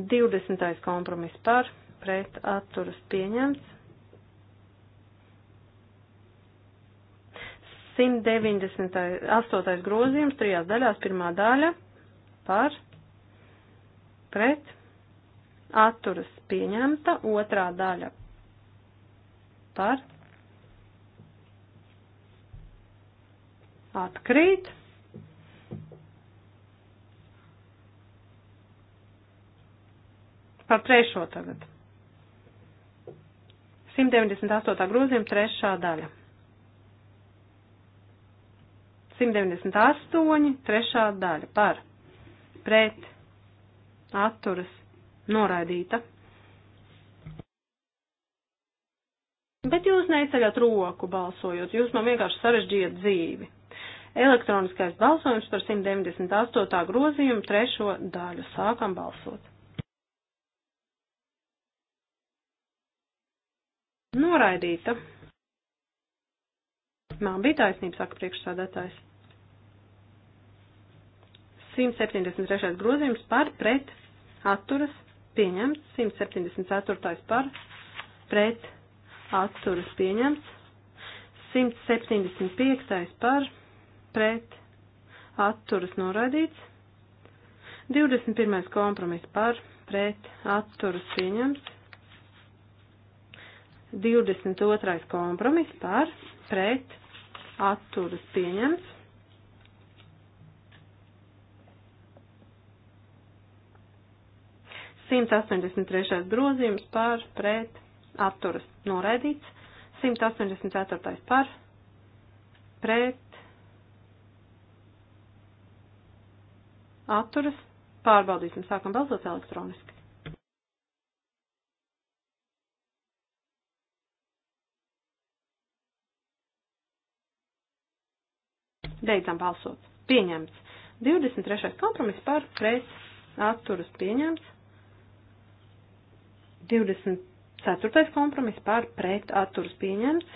20. kompromis par pret atturus pieņemts. 198. grozījums trijās daļās pirmā daļa par pret atturas pieņemta, otrā daļa par pret atkrīt. Par trešo tagad. 198. grozījuma trešā daļa. 198. trešā daļa par pret atturas noraidīta. Bet jūs neceļat roku balsojot, jūs man vienkārši sarežģījat dzīvi. Elektroniskais balsojums par 198. grozījumu trešo daļu. Sākam balsot. Noraidīta. Man bija taisnība, saka priekšsādātājs. 173. grozījums par pret atturas pieņemts, 174. par pret atturas pieņemts, 175. par pret pret atturas noraidīts. 21. kompromis par pret atturas pieņemts. 22. kompromis par pret atturas pieņemts. 183. grozījums par pret atturas noraidīts, 184. par pret atturas, pārbaudīsim, sākam balsot elektroniski. Beidzam balsot. Pieņemts. 23. kompromiss par pret atturas pieņemts. 24. kompromiss par pret atturas pieņemts.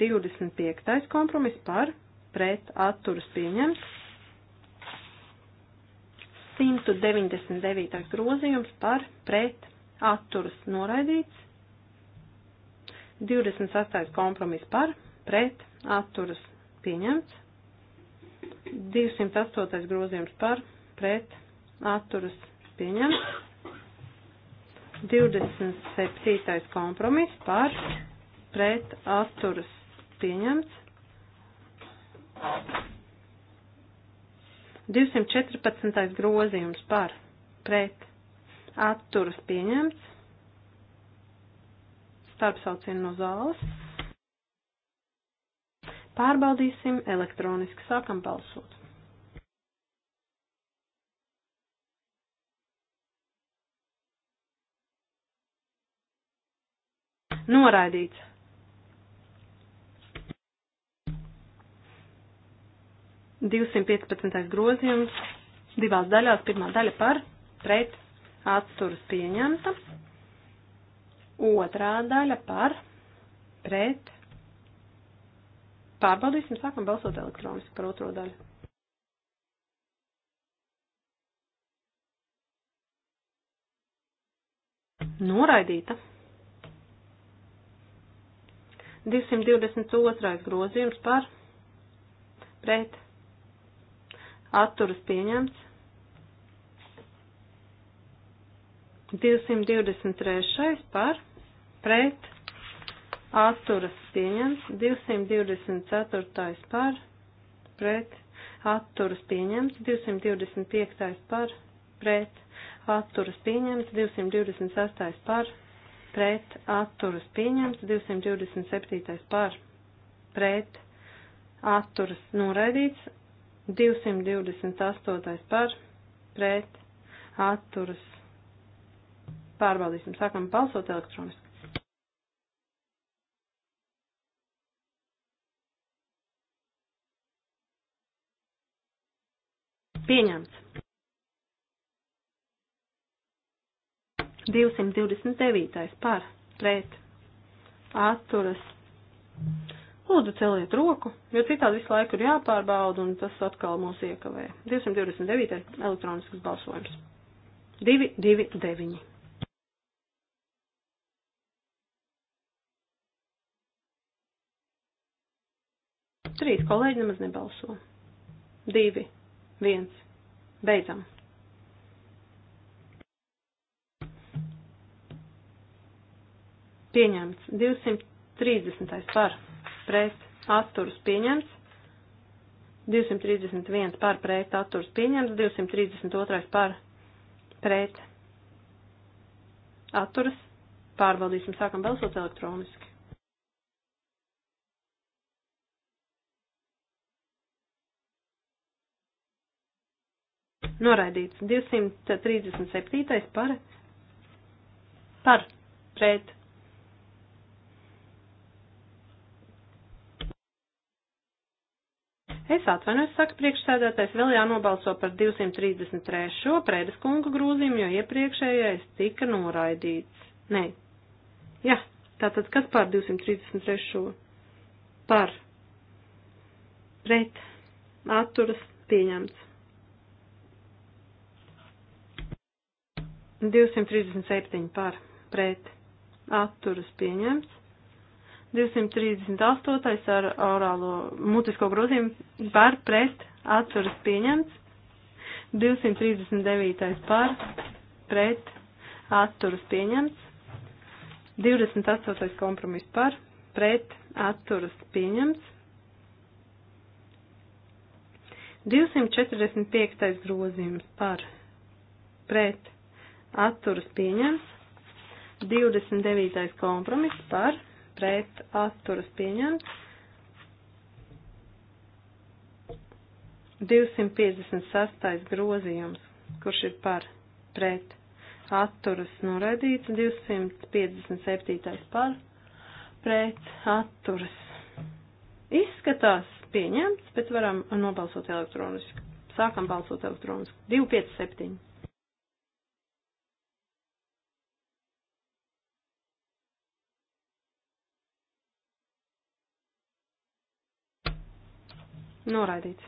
25. kompromiss par pret atturas pieņemts. 199. grozījums par pret atturas noraidīts. 28. kompromis par pret atturas pieņemts. 208. grozījums par pret atturas pieņemts. 27. kompromis par pret atturas pieņemts. 214. grozījums par pret atturas pieņemts. Starpsaucienu no zāles. Pārbaudīsim elektroniski. Sākam balsot. Noraidīts. 215. grozījums divās daļās. Pirmā daļa par pret atturas pieņemta. Otrā daļa par pret. Pārbaudīsim, sākam balsot elektroniski par otro daļu. Noraidīta. 222. grozījums par pret atturas pieņemts. 223 par pret atturas pieņems, 224 par pret atturas pieņems, 225 par pret atturas pieņems, 226 par pret atturas pieņems, 227 par pret atturas noraidīts, 228. par pret atturas. Pārbaudīsim, sākam balsot elektroniski. Pieņemts. 229. par pret atturas Lūdzu, celiet roku, jo citādi visu laiku ir jāpārbauda, un tas atkal mūs iekavē. 229. elektronisks balsojums. 229. Trīs kolēģi nemaz nebalso. Divi, viens, beidzam. Pieņemts 230. par pret atturas pieņemts, 231 par pret atturas pieņemts, 232 par pret atturas. Pārbaudīsim, sākam balsot elektroniski. Noraidīts 237 par, par pret Es atvainojos, saka priekšsēdētājs, vēl jānobalso par 233. prēdas kunga grūzījumu, jo iepriekšējais tika noraidīts. Nē. Jā, tātad kas par 233. par pret atturas pieņemts. 237 par pret atturas pieņemts. 238. ar orālo mutisko grozījumu par pret atturas pieņemts. 239. par pret atturas pieņemts. 28. kompromiss par pret atturas pieņemts. 245. grozījums par pret atturas pieņemts. 29. kompromiss par pret pret atturas pieņemts. 256. grozījums, kurš ir par pret atturas noraidīts, 257. par pret atturas. Izskatās pieņemts, bet varam nobalsot elektroniski. Sākam balsot elektroniski. 257. Noraidīts.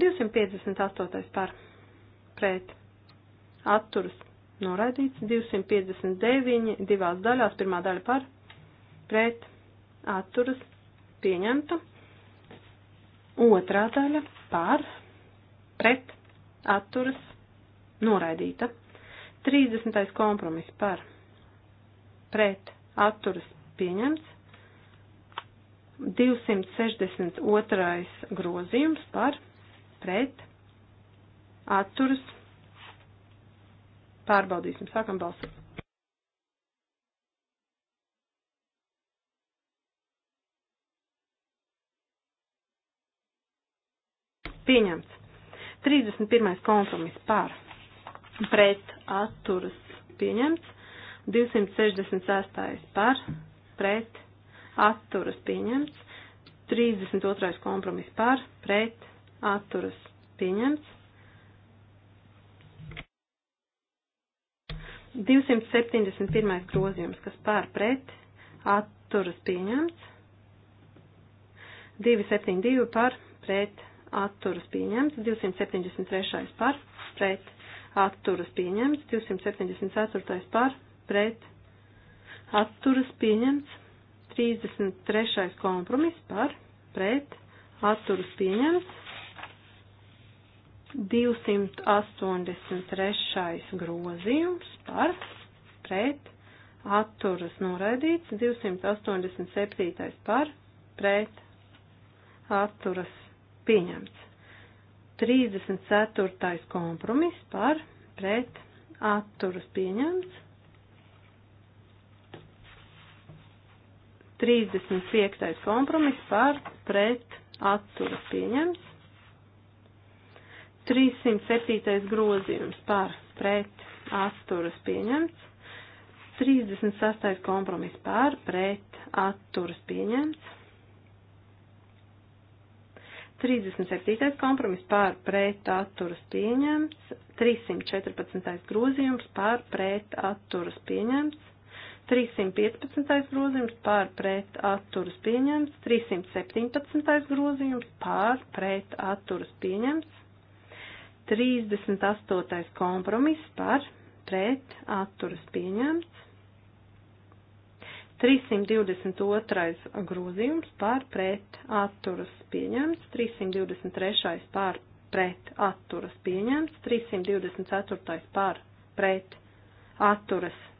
258. par pret atturas noraidīts. 259. divās daļās. Pirmā daļa par pret atturas pieņemta. Otrā daļa par pret atturas noraidīta. 30. kompromiss par pret atturas pieņemts. 262. grozījums par pret atturas pārbaudīsim. Sākam balsot. Pieņemts. 31. kompromiss par pret atturas pieņemts. 266. par pret atturas pieņemts. 32. kompromis par, pret, atturas pieņemts. 271. grozījums, kas pār pret, atturas pieņemts. 272 par, pret, atturas pieņemts. 273. par, pret, atturas pieņemts. 274. par, pret, atturas pieņemts. 33. kompromiss par pret atturas pieņemts. 283. grozījums par pret atturas noraidīts, 287. par pret atturas pieņemts, 34. kompromiss par pret atturas pieņemts, 35. kompromiss par pret atturas pieņemts. 307. grozījums par pret atturas pieņemts. 36. kompromiss par pret atturas pieņemts. 37. kompromiss par pret atturas pieņemts. 314. grozījums par pret atturas pieņemts. 315. grozījums pār pret atturas pieņemts, 317. grozījums pār pret atturas pieņemts, 38. kompromiss par pret atturas pieņemts, 322. grozījums pār pret atturas pieņemts, 323. pār pret atturas pieņemts, 324. pār pret atturas pieņemts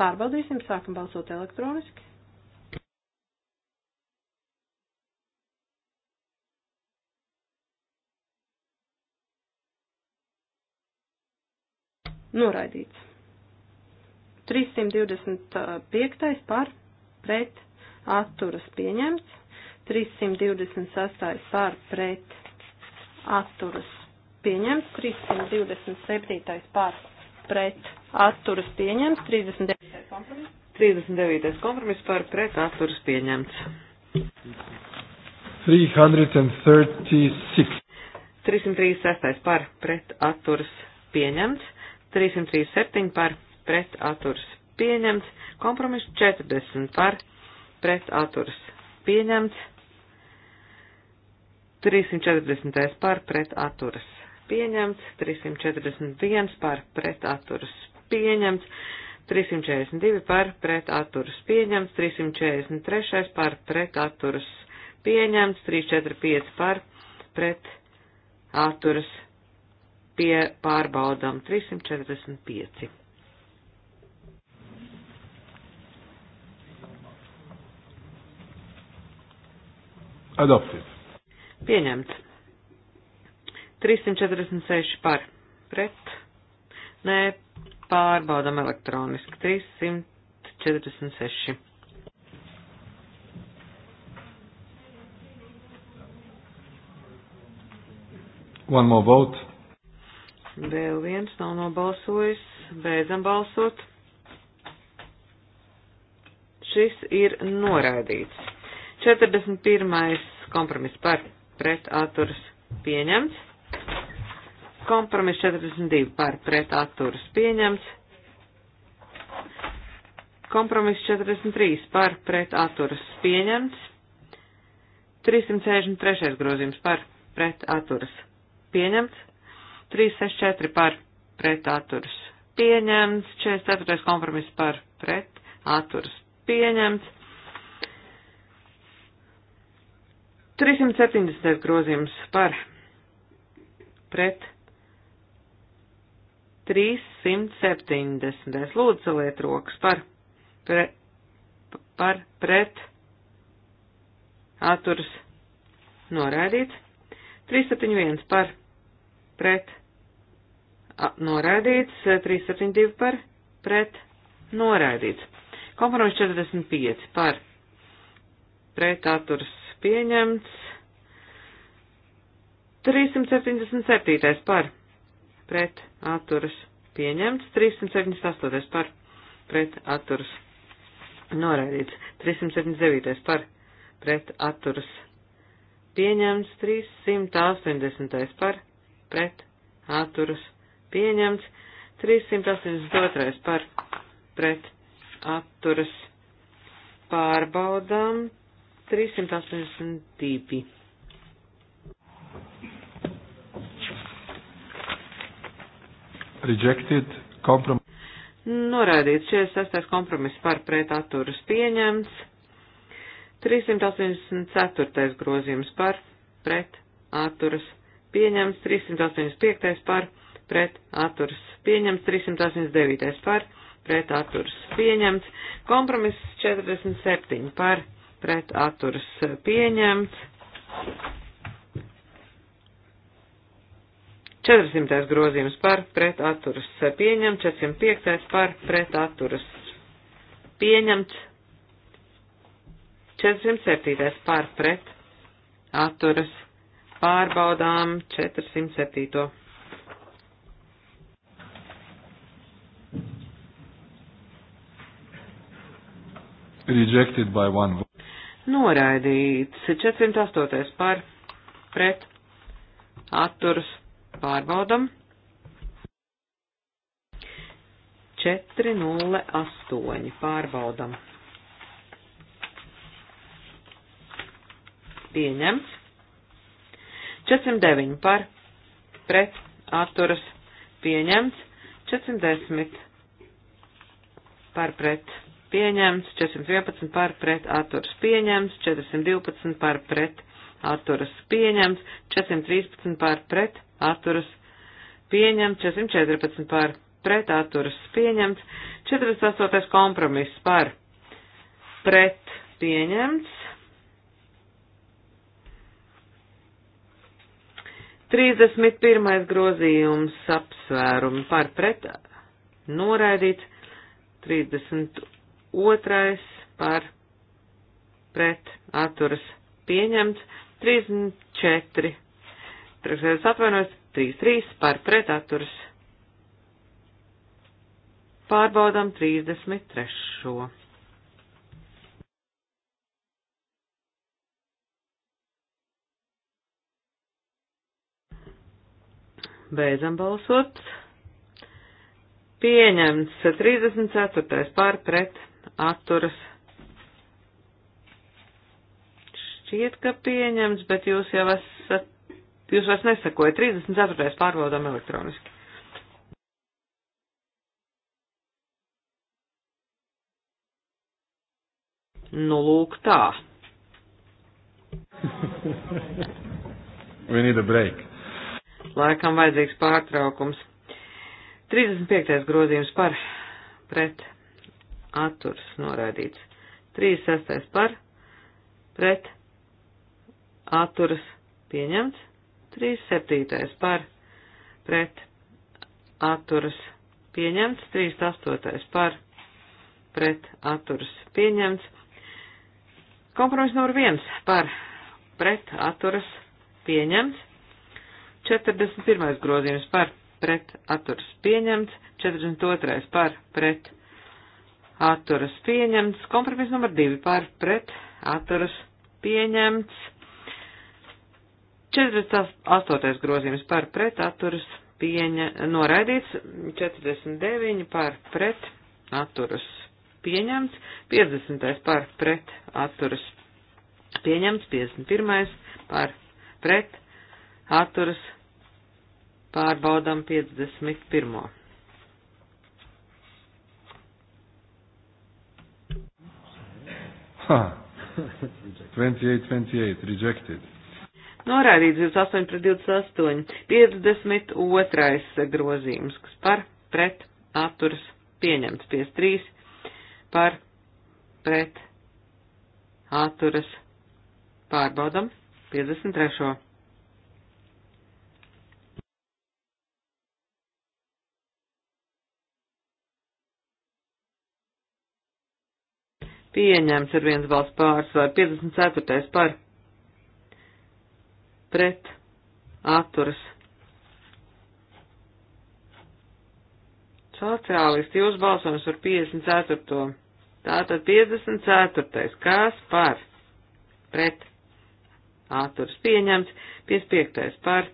Pārbaudīsim, sākam balsot elektroniski. Noraidīts. 325. par pret atturas pieņemts. 326. par pret atturas pieņemts. 327. par pret pret atturas pieņemts, 39. kompromiss. 39. kompromiss par pret atturas pieņemts. 336. 336 par pret atturas pieņemts, 337 par pret atturas pieņemts, kompromiss 40 par pret atturas pieņemts, 340 par pret atturas pieņemts, 341 par pret atturas pieņemts, 342 par pret atturas pieņemts, 343 par pret atturas pieņemts, 345 par pret atturas pie pārbaudām 345. Adopted. Pieņemts. 346 par pret. Nē, pārbaudam elektroniski. 346. One more vote. Vēl viens nav nobalsojis. Beidzam balsot. Šis ir noraidīts. 41. kompromiss par pret atturas pieņemts. Kompromiss 42 par pret atturas pieņemts. Kompromiss 43 par pret atturas pieņemts. 363 grozījums par pret atturas pieņemts. 364 par pret atturas pieņemts. 44 kompromiss par pret atturas pieņemts. 370 grozījums par pret 370. Lūdzu, saliet rokas par, pre, par pret atturs noraidīts. 371 par pret a, noraidīts. 372 par pret noraidīts. Kompromiss 45 par pret atturs pieņemts. 377 par pret pret atturas pieņemts, 378 par pret atturas noraidīts, 379 par pret atturas pieņemts, 380 par pret atturas pieņemts, 382 par pret atturas pārbaudām, 382. rejected, compromise. Noraidīts 46. kompromiss par pret atturas pieņemts. 384. grozījums par pret atturas pieņemts. 385. par pret atturas pieņemts. 389. par pret atturas pieņemts. Kompromiss 47. par pret atturas pieņemts. 400. grozījums par pret atturas pieņemts, 405. par pret atturas pieņemts, 407. par pret atturas pārbaudām 407. Rejected by one vote. Noraidīts 408. par pret atturas Pārbaudam. 408. Pārbaudam. Pieņemts. 409 par pret atturas pieņemts. 410 par pret pieņemts. 411 par pret atturas pieņemts. 412 par pret atturas pieņemts. 413 par pret atturas pieņemts, 414 par pret atturas pieņemts, 48. kompromiss par pret pieņemts, 31. grozījums apsvērumi par pret noraidīts, 32. par pret atturas pieņemts, 34 Trešais atvainojas 3-3 par pretaturs. Pārbaudām 33. Beidzam balsot. Pieņemts 34. pār pret atturas. Šķiet, ka pieņemts, bet jūs jau esat Jūs vairs nesakojat. 34. pārbaudām elektroniski. Nu, lūk tā. We need a break. Laikam vajadzīgs pārtraukums. 35. grozījums par pret atturs noraidīts. 36. par pret atturs pieņemts. 3 septītais par pret atturas pieņemts, 3 astotais par pret atturas pieņemts, kompromiss numur 1 par pret atturas pieņemts, 41. grozījums par pret atturas pieņemts, 42. par pret atturas pieņemts, kompromiss numur 2 par pret atturas pieņemts, 48. grozījums par pret atturas pieņa, noraidīts, 49 par pret atturas pieņemts, 50. par pret atturas pieņemts, 51. par pret atturas pārbaudam 51. Ha. 28, 28, rejected. Norādīts 28 pret 28, 52 eh, grozījums, kas par pret atturas pieņemts, 53 par pret atturas pārbaudam, 53. Pieņemts ar viens balss pārsvaru, 54. par pret atturas. Sociālisti jūs balsojums par 54. Tātad 54. Kas par? Pret. Atturas pieņemts. 55. Par.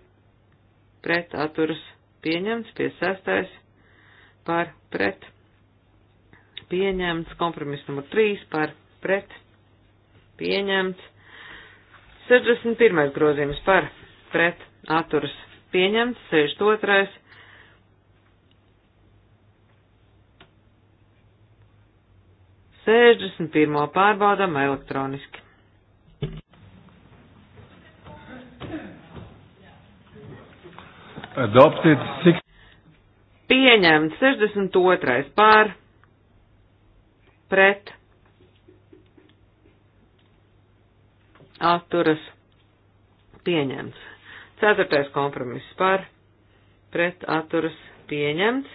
Pret. Atturas pieņemts. 56. Par. Pret. Pieņemts. Kompromiss numur 3. Par. Pret. Pieņemts. 61. grozījums par pret atturas pieņemts, 62. Sēždesmit pirmo pārbaudām elektroniski. Adopted six. Pieņemts 62. pār pret atturas pieņemts. Ceturtais kompromiss par, pret atturas pieņemts.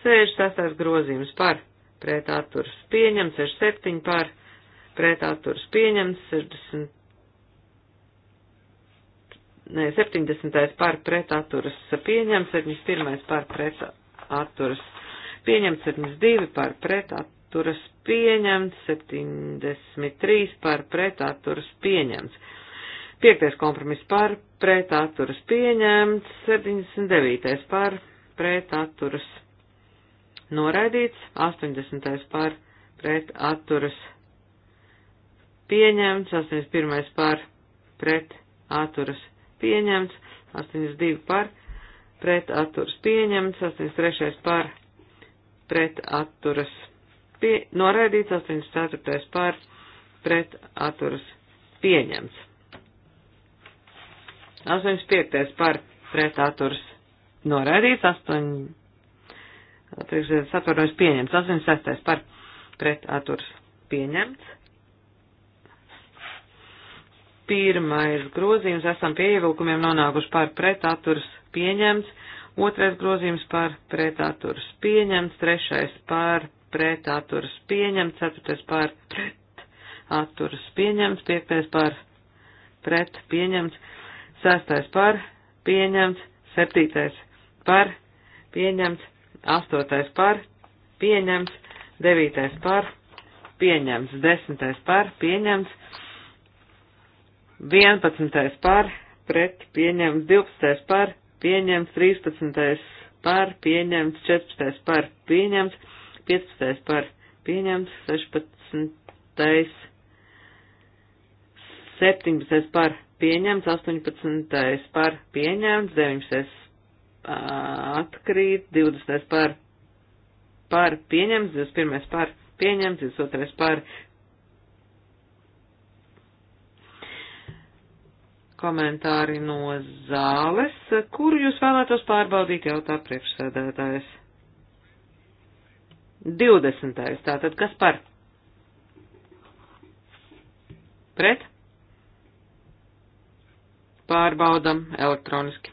68. grozījums par, pret atturas pieņemts. 67 par, pret atturas pieņemts. 60. Nē, 70. par pret atturas pieņemts, 71. par pret atturas pieņemts, 72. par pret atturas atturas pieņemts, 73 par pret atturas pieņemts. Piektais kompromiss par pret atturas pieņemts, 79 par pret atturas noraidīts, 80 par pret atturas pieņemts, 81 par pret atturas pieņemts, 82 par pret atturas pieņemts, 83 par pret atturas pieņemts pie, noraidīts 84. par pret atturas pieņemts. 85. par pret atturas noraidīts 8. Priekšsēdētājs atvainojas pieņemts. 86. par pret atturas pieņemts. Pirmais grozījums esam pie ievilkumiem nonākuši par pret atturas pieņemts. Otrais grozījums par pret atturas pieņemts. Trešais par pret atturas pieņemts, 4. par pret atturas pieņemts, 5. par pret pieņemts, 6. par pieņemts, 7. par pieņemts, 8. par pieņemts, 9. par pieņemts, 10. par pieņemts, 11. par pret pieņemts, 12. par pieņemts, 13. par pieņemts, 14. par pieņemts, 15. par pieņemts, 16. 17. par pieņemts, 18. par pieņemts, 19. atkrīt, 20. par, par pieņemts, 21. par pieņemts, 22. par komentāri no zāles, kuru jūs vēlētos pārbaudīt, jautā priekšsēdētājs. 20. Tātad kas par? Pret? Pārbaudam elektroniski.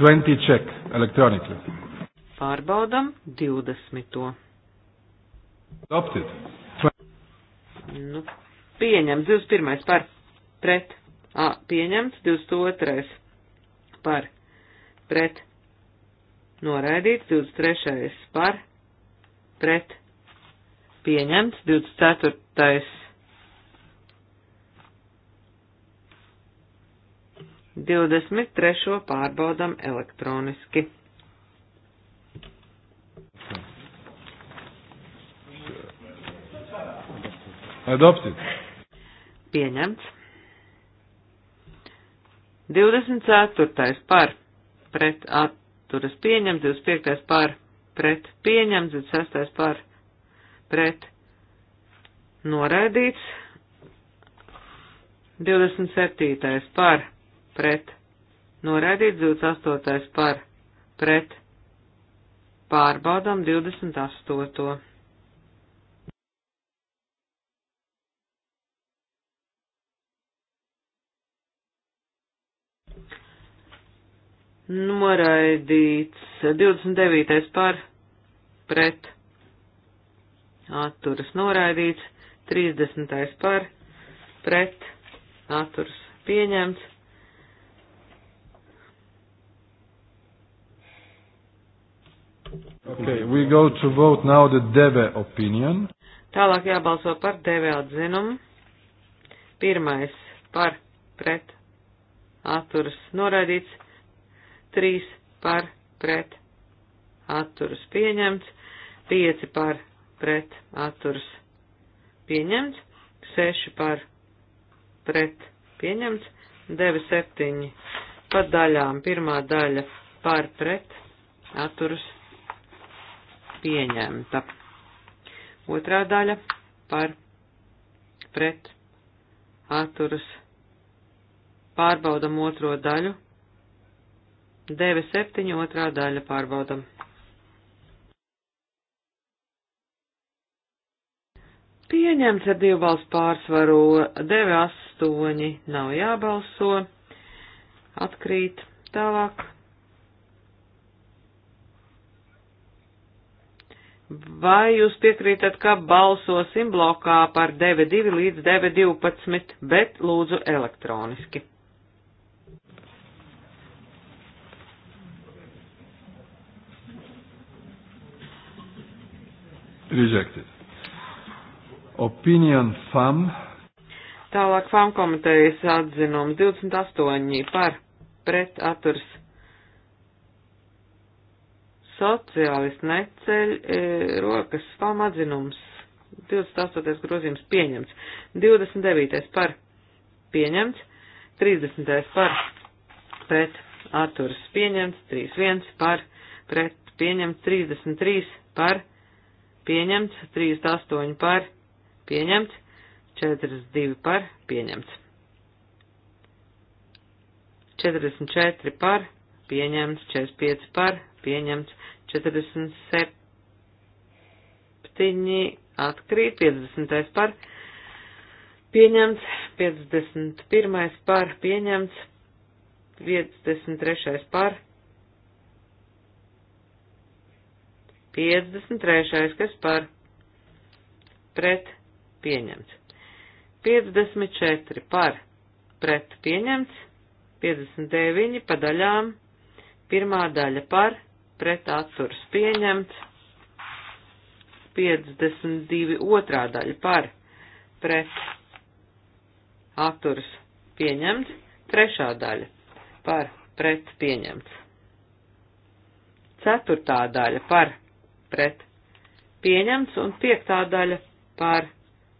20 check elektroniski. Pārbaudam 20. Adopted. Nu, pieņemts 21. par pret. A, pieņemts 22. par pret noraidīts, 23. par, pret, pieņemts, 24. 23. pārbaudam elektroniski. Adopted. Pieņemts. 24. par pret at atturas pieņemts, 25. par pret pieņemts, 26. par pret noraidīts, 27. par pret noraidīts, 28. par pret pārbaudām 28. noraidīts 29. par pret atturas noraidīts, 30. par pret atturas pieņemts. Okay, we go to vote now the DEVE opinion. Tālāk jābalso par DEVE atzinumu. Pirmais par pret atturas noraidīts. 3 par pret atturas pieņemts, 5 par pret atturas pieņemts, 6 par pret pieņemts, 9, 7 par daļām, pirmā daļa par pret atturas pieņemta, otrā daļa par pret atturas pārbaudam otro daļu 9.7. otrā daļa pārbaudam. Pieņemts ar divu balsu pārsvaru, 9.8. nav jābalso, atkrīt tālāk. Vai jūs piekrītat, ka balsosim blokā par 9.2 līdz 9.12, bet lūdzu elektroniski? Rejected. Opinion FAM. Tālāk FAM komitejas atzinums 28 par pret aturs. Sociālisti neceļ e, rokas FAM atzinums. 28. grozījums pieņemts. 29. par pieņemts. 30. par pret aturs pieņemts. 31 par pret pieņemts. 33 par pret pieņemts, 38 par, pieņemts, 42 par, pieņemts. 44 par, pieņemts, 45 par, pieņemts, 47 atkrīt, 50 par, pieņemts, 51 par, pieņemts, 53 par, 53. kas par pret pieņemts. 54 par pret pieņemts. 59 pa daļām. Pirmā daļa par pret atsurs pieņemts. 52 otrā daļa par pret atturs pieņemts. Trešā daļa par pret pieņemts. Ceturtā daļa par pret pret pieņemts un piektā daļa par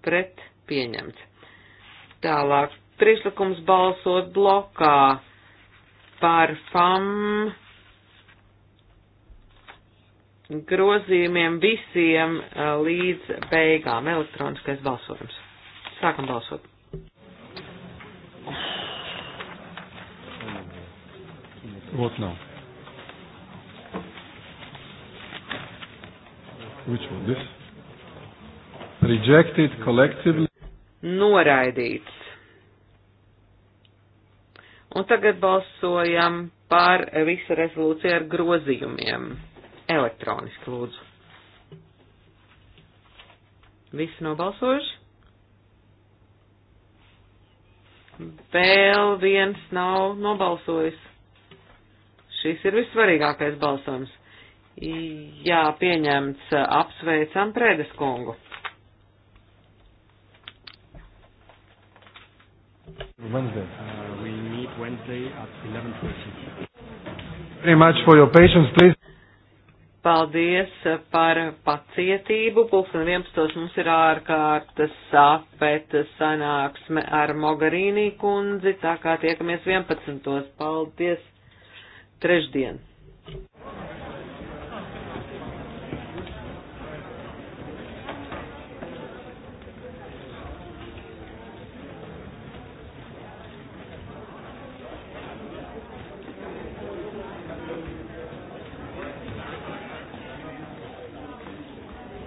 pret pieņemts. Tālāk priekšlikums balsot blokā par FAM grozījumiem visiem līdz beigām elektroniskais balsojums. Sākam balsot. Vot nav. No. Which one? This? Rejected collectively. Noraidīts. Un tagad balsojam par visu rezolūciju ar grozījumiem. Elektroniski lūdzu. Visi nobalsojuši? Vēl viens nav nobalsojis. Šis ir vissvarīgākais balsojums. Jā, pieņemts. Apsveicam Prēdes kungu. Wednesday. Uh, we meet Wednesday at 11.30. Very much for your patience, please. Paldies par pacietību. Pulksten 11. mums ir ārkārtas sapēta sanāksme ar Mogarīnī kundzi, tā kā tiekamies 11. Paldies. Trešdien.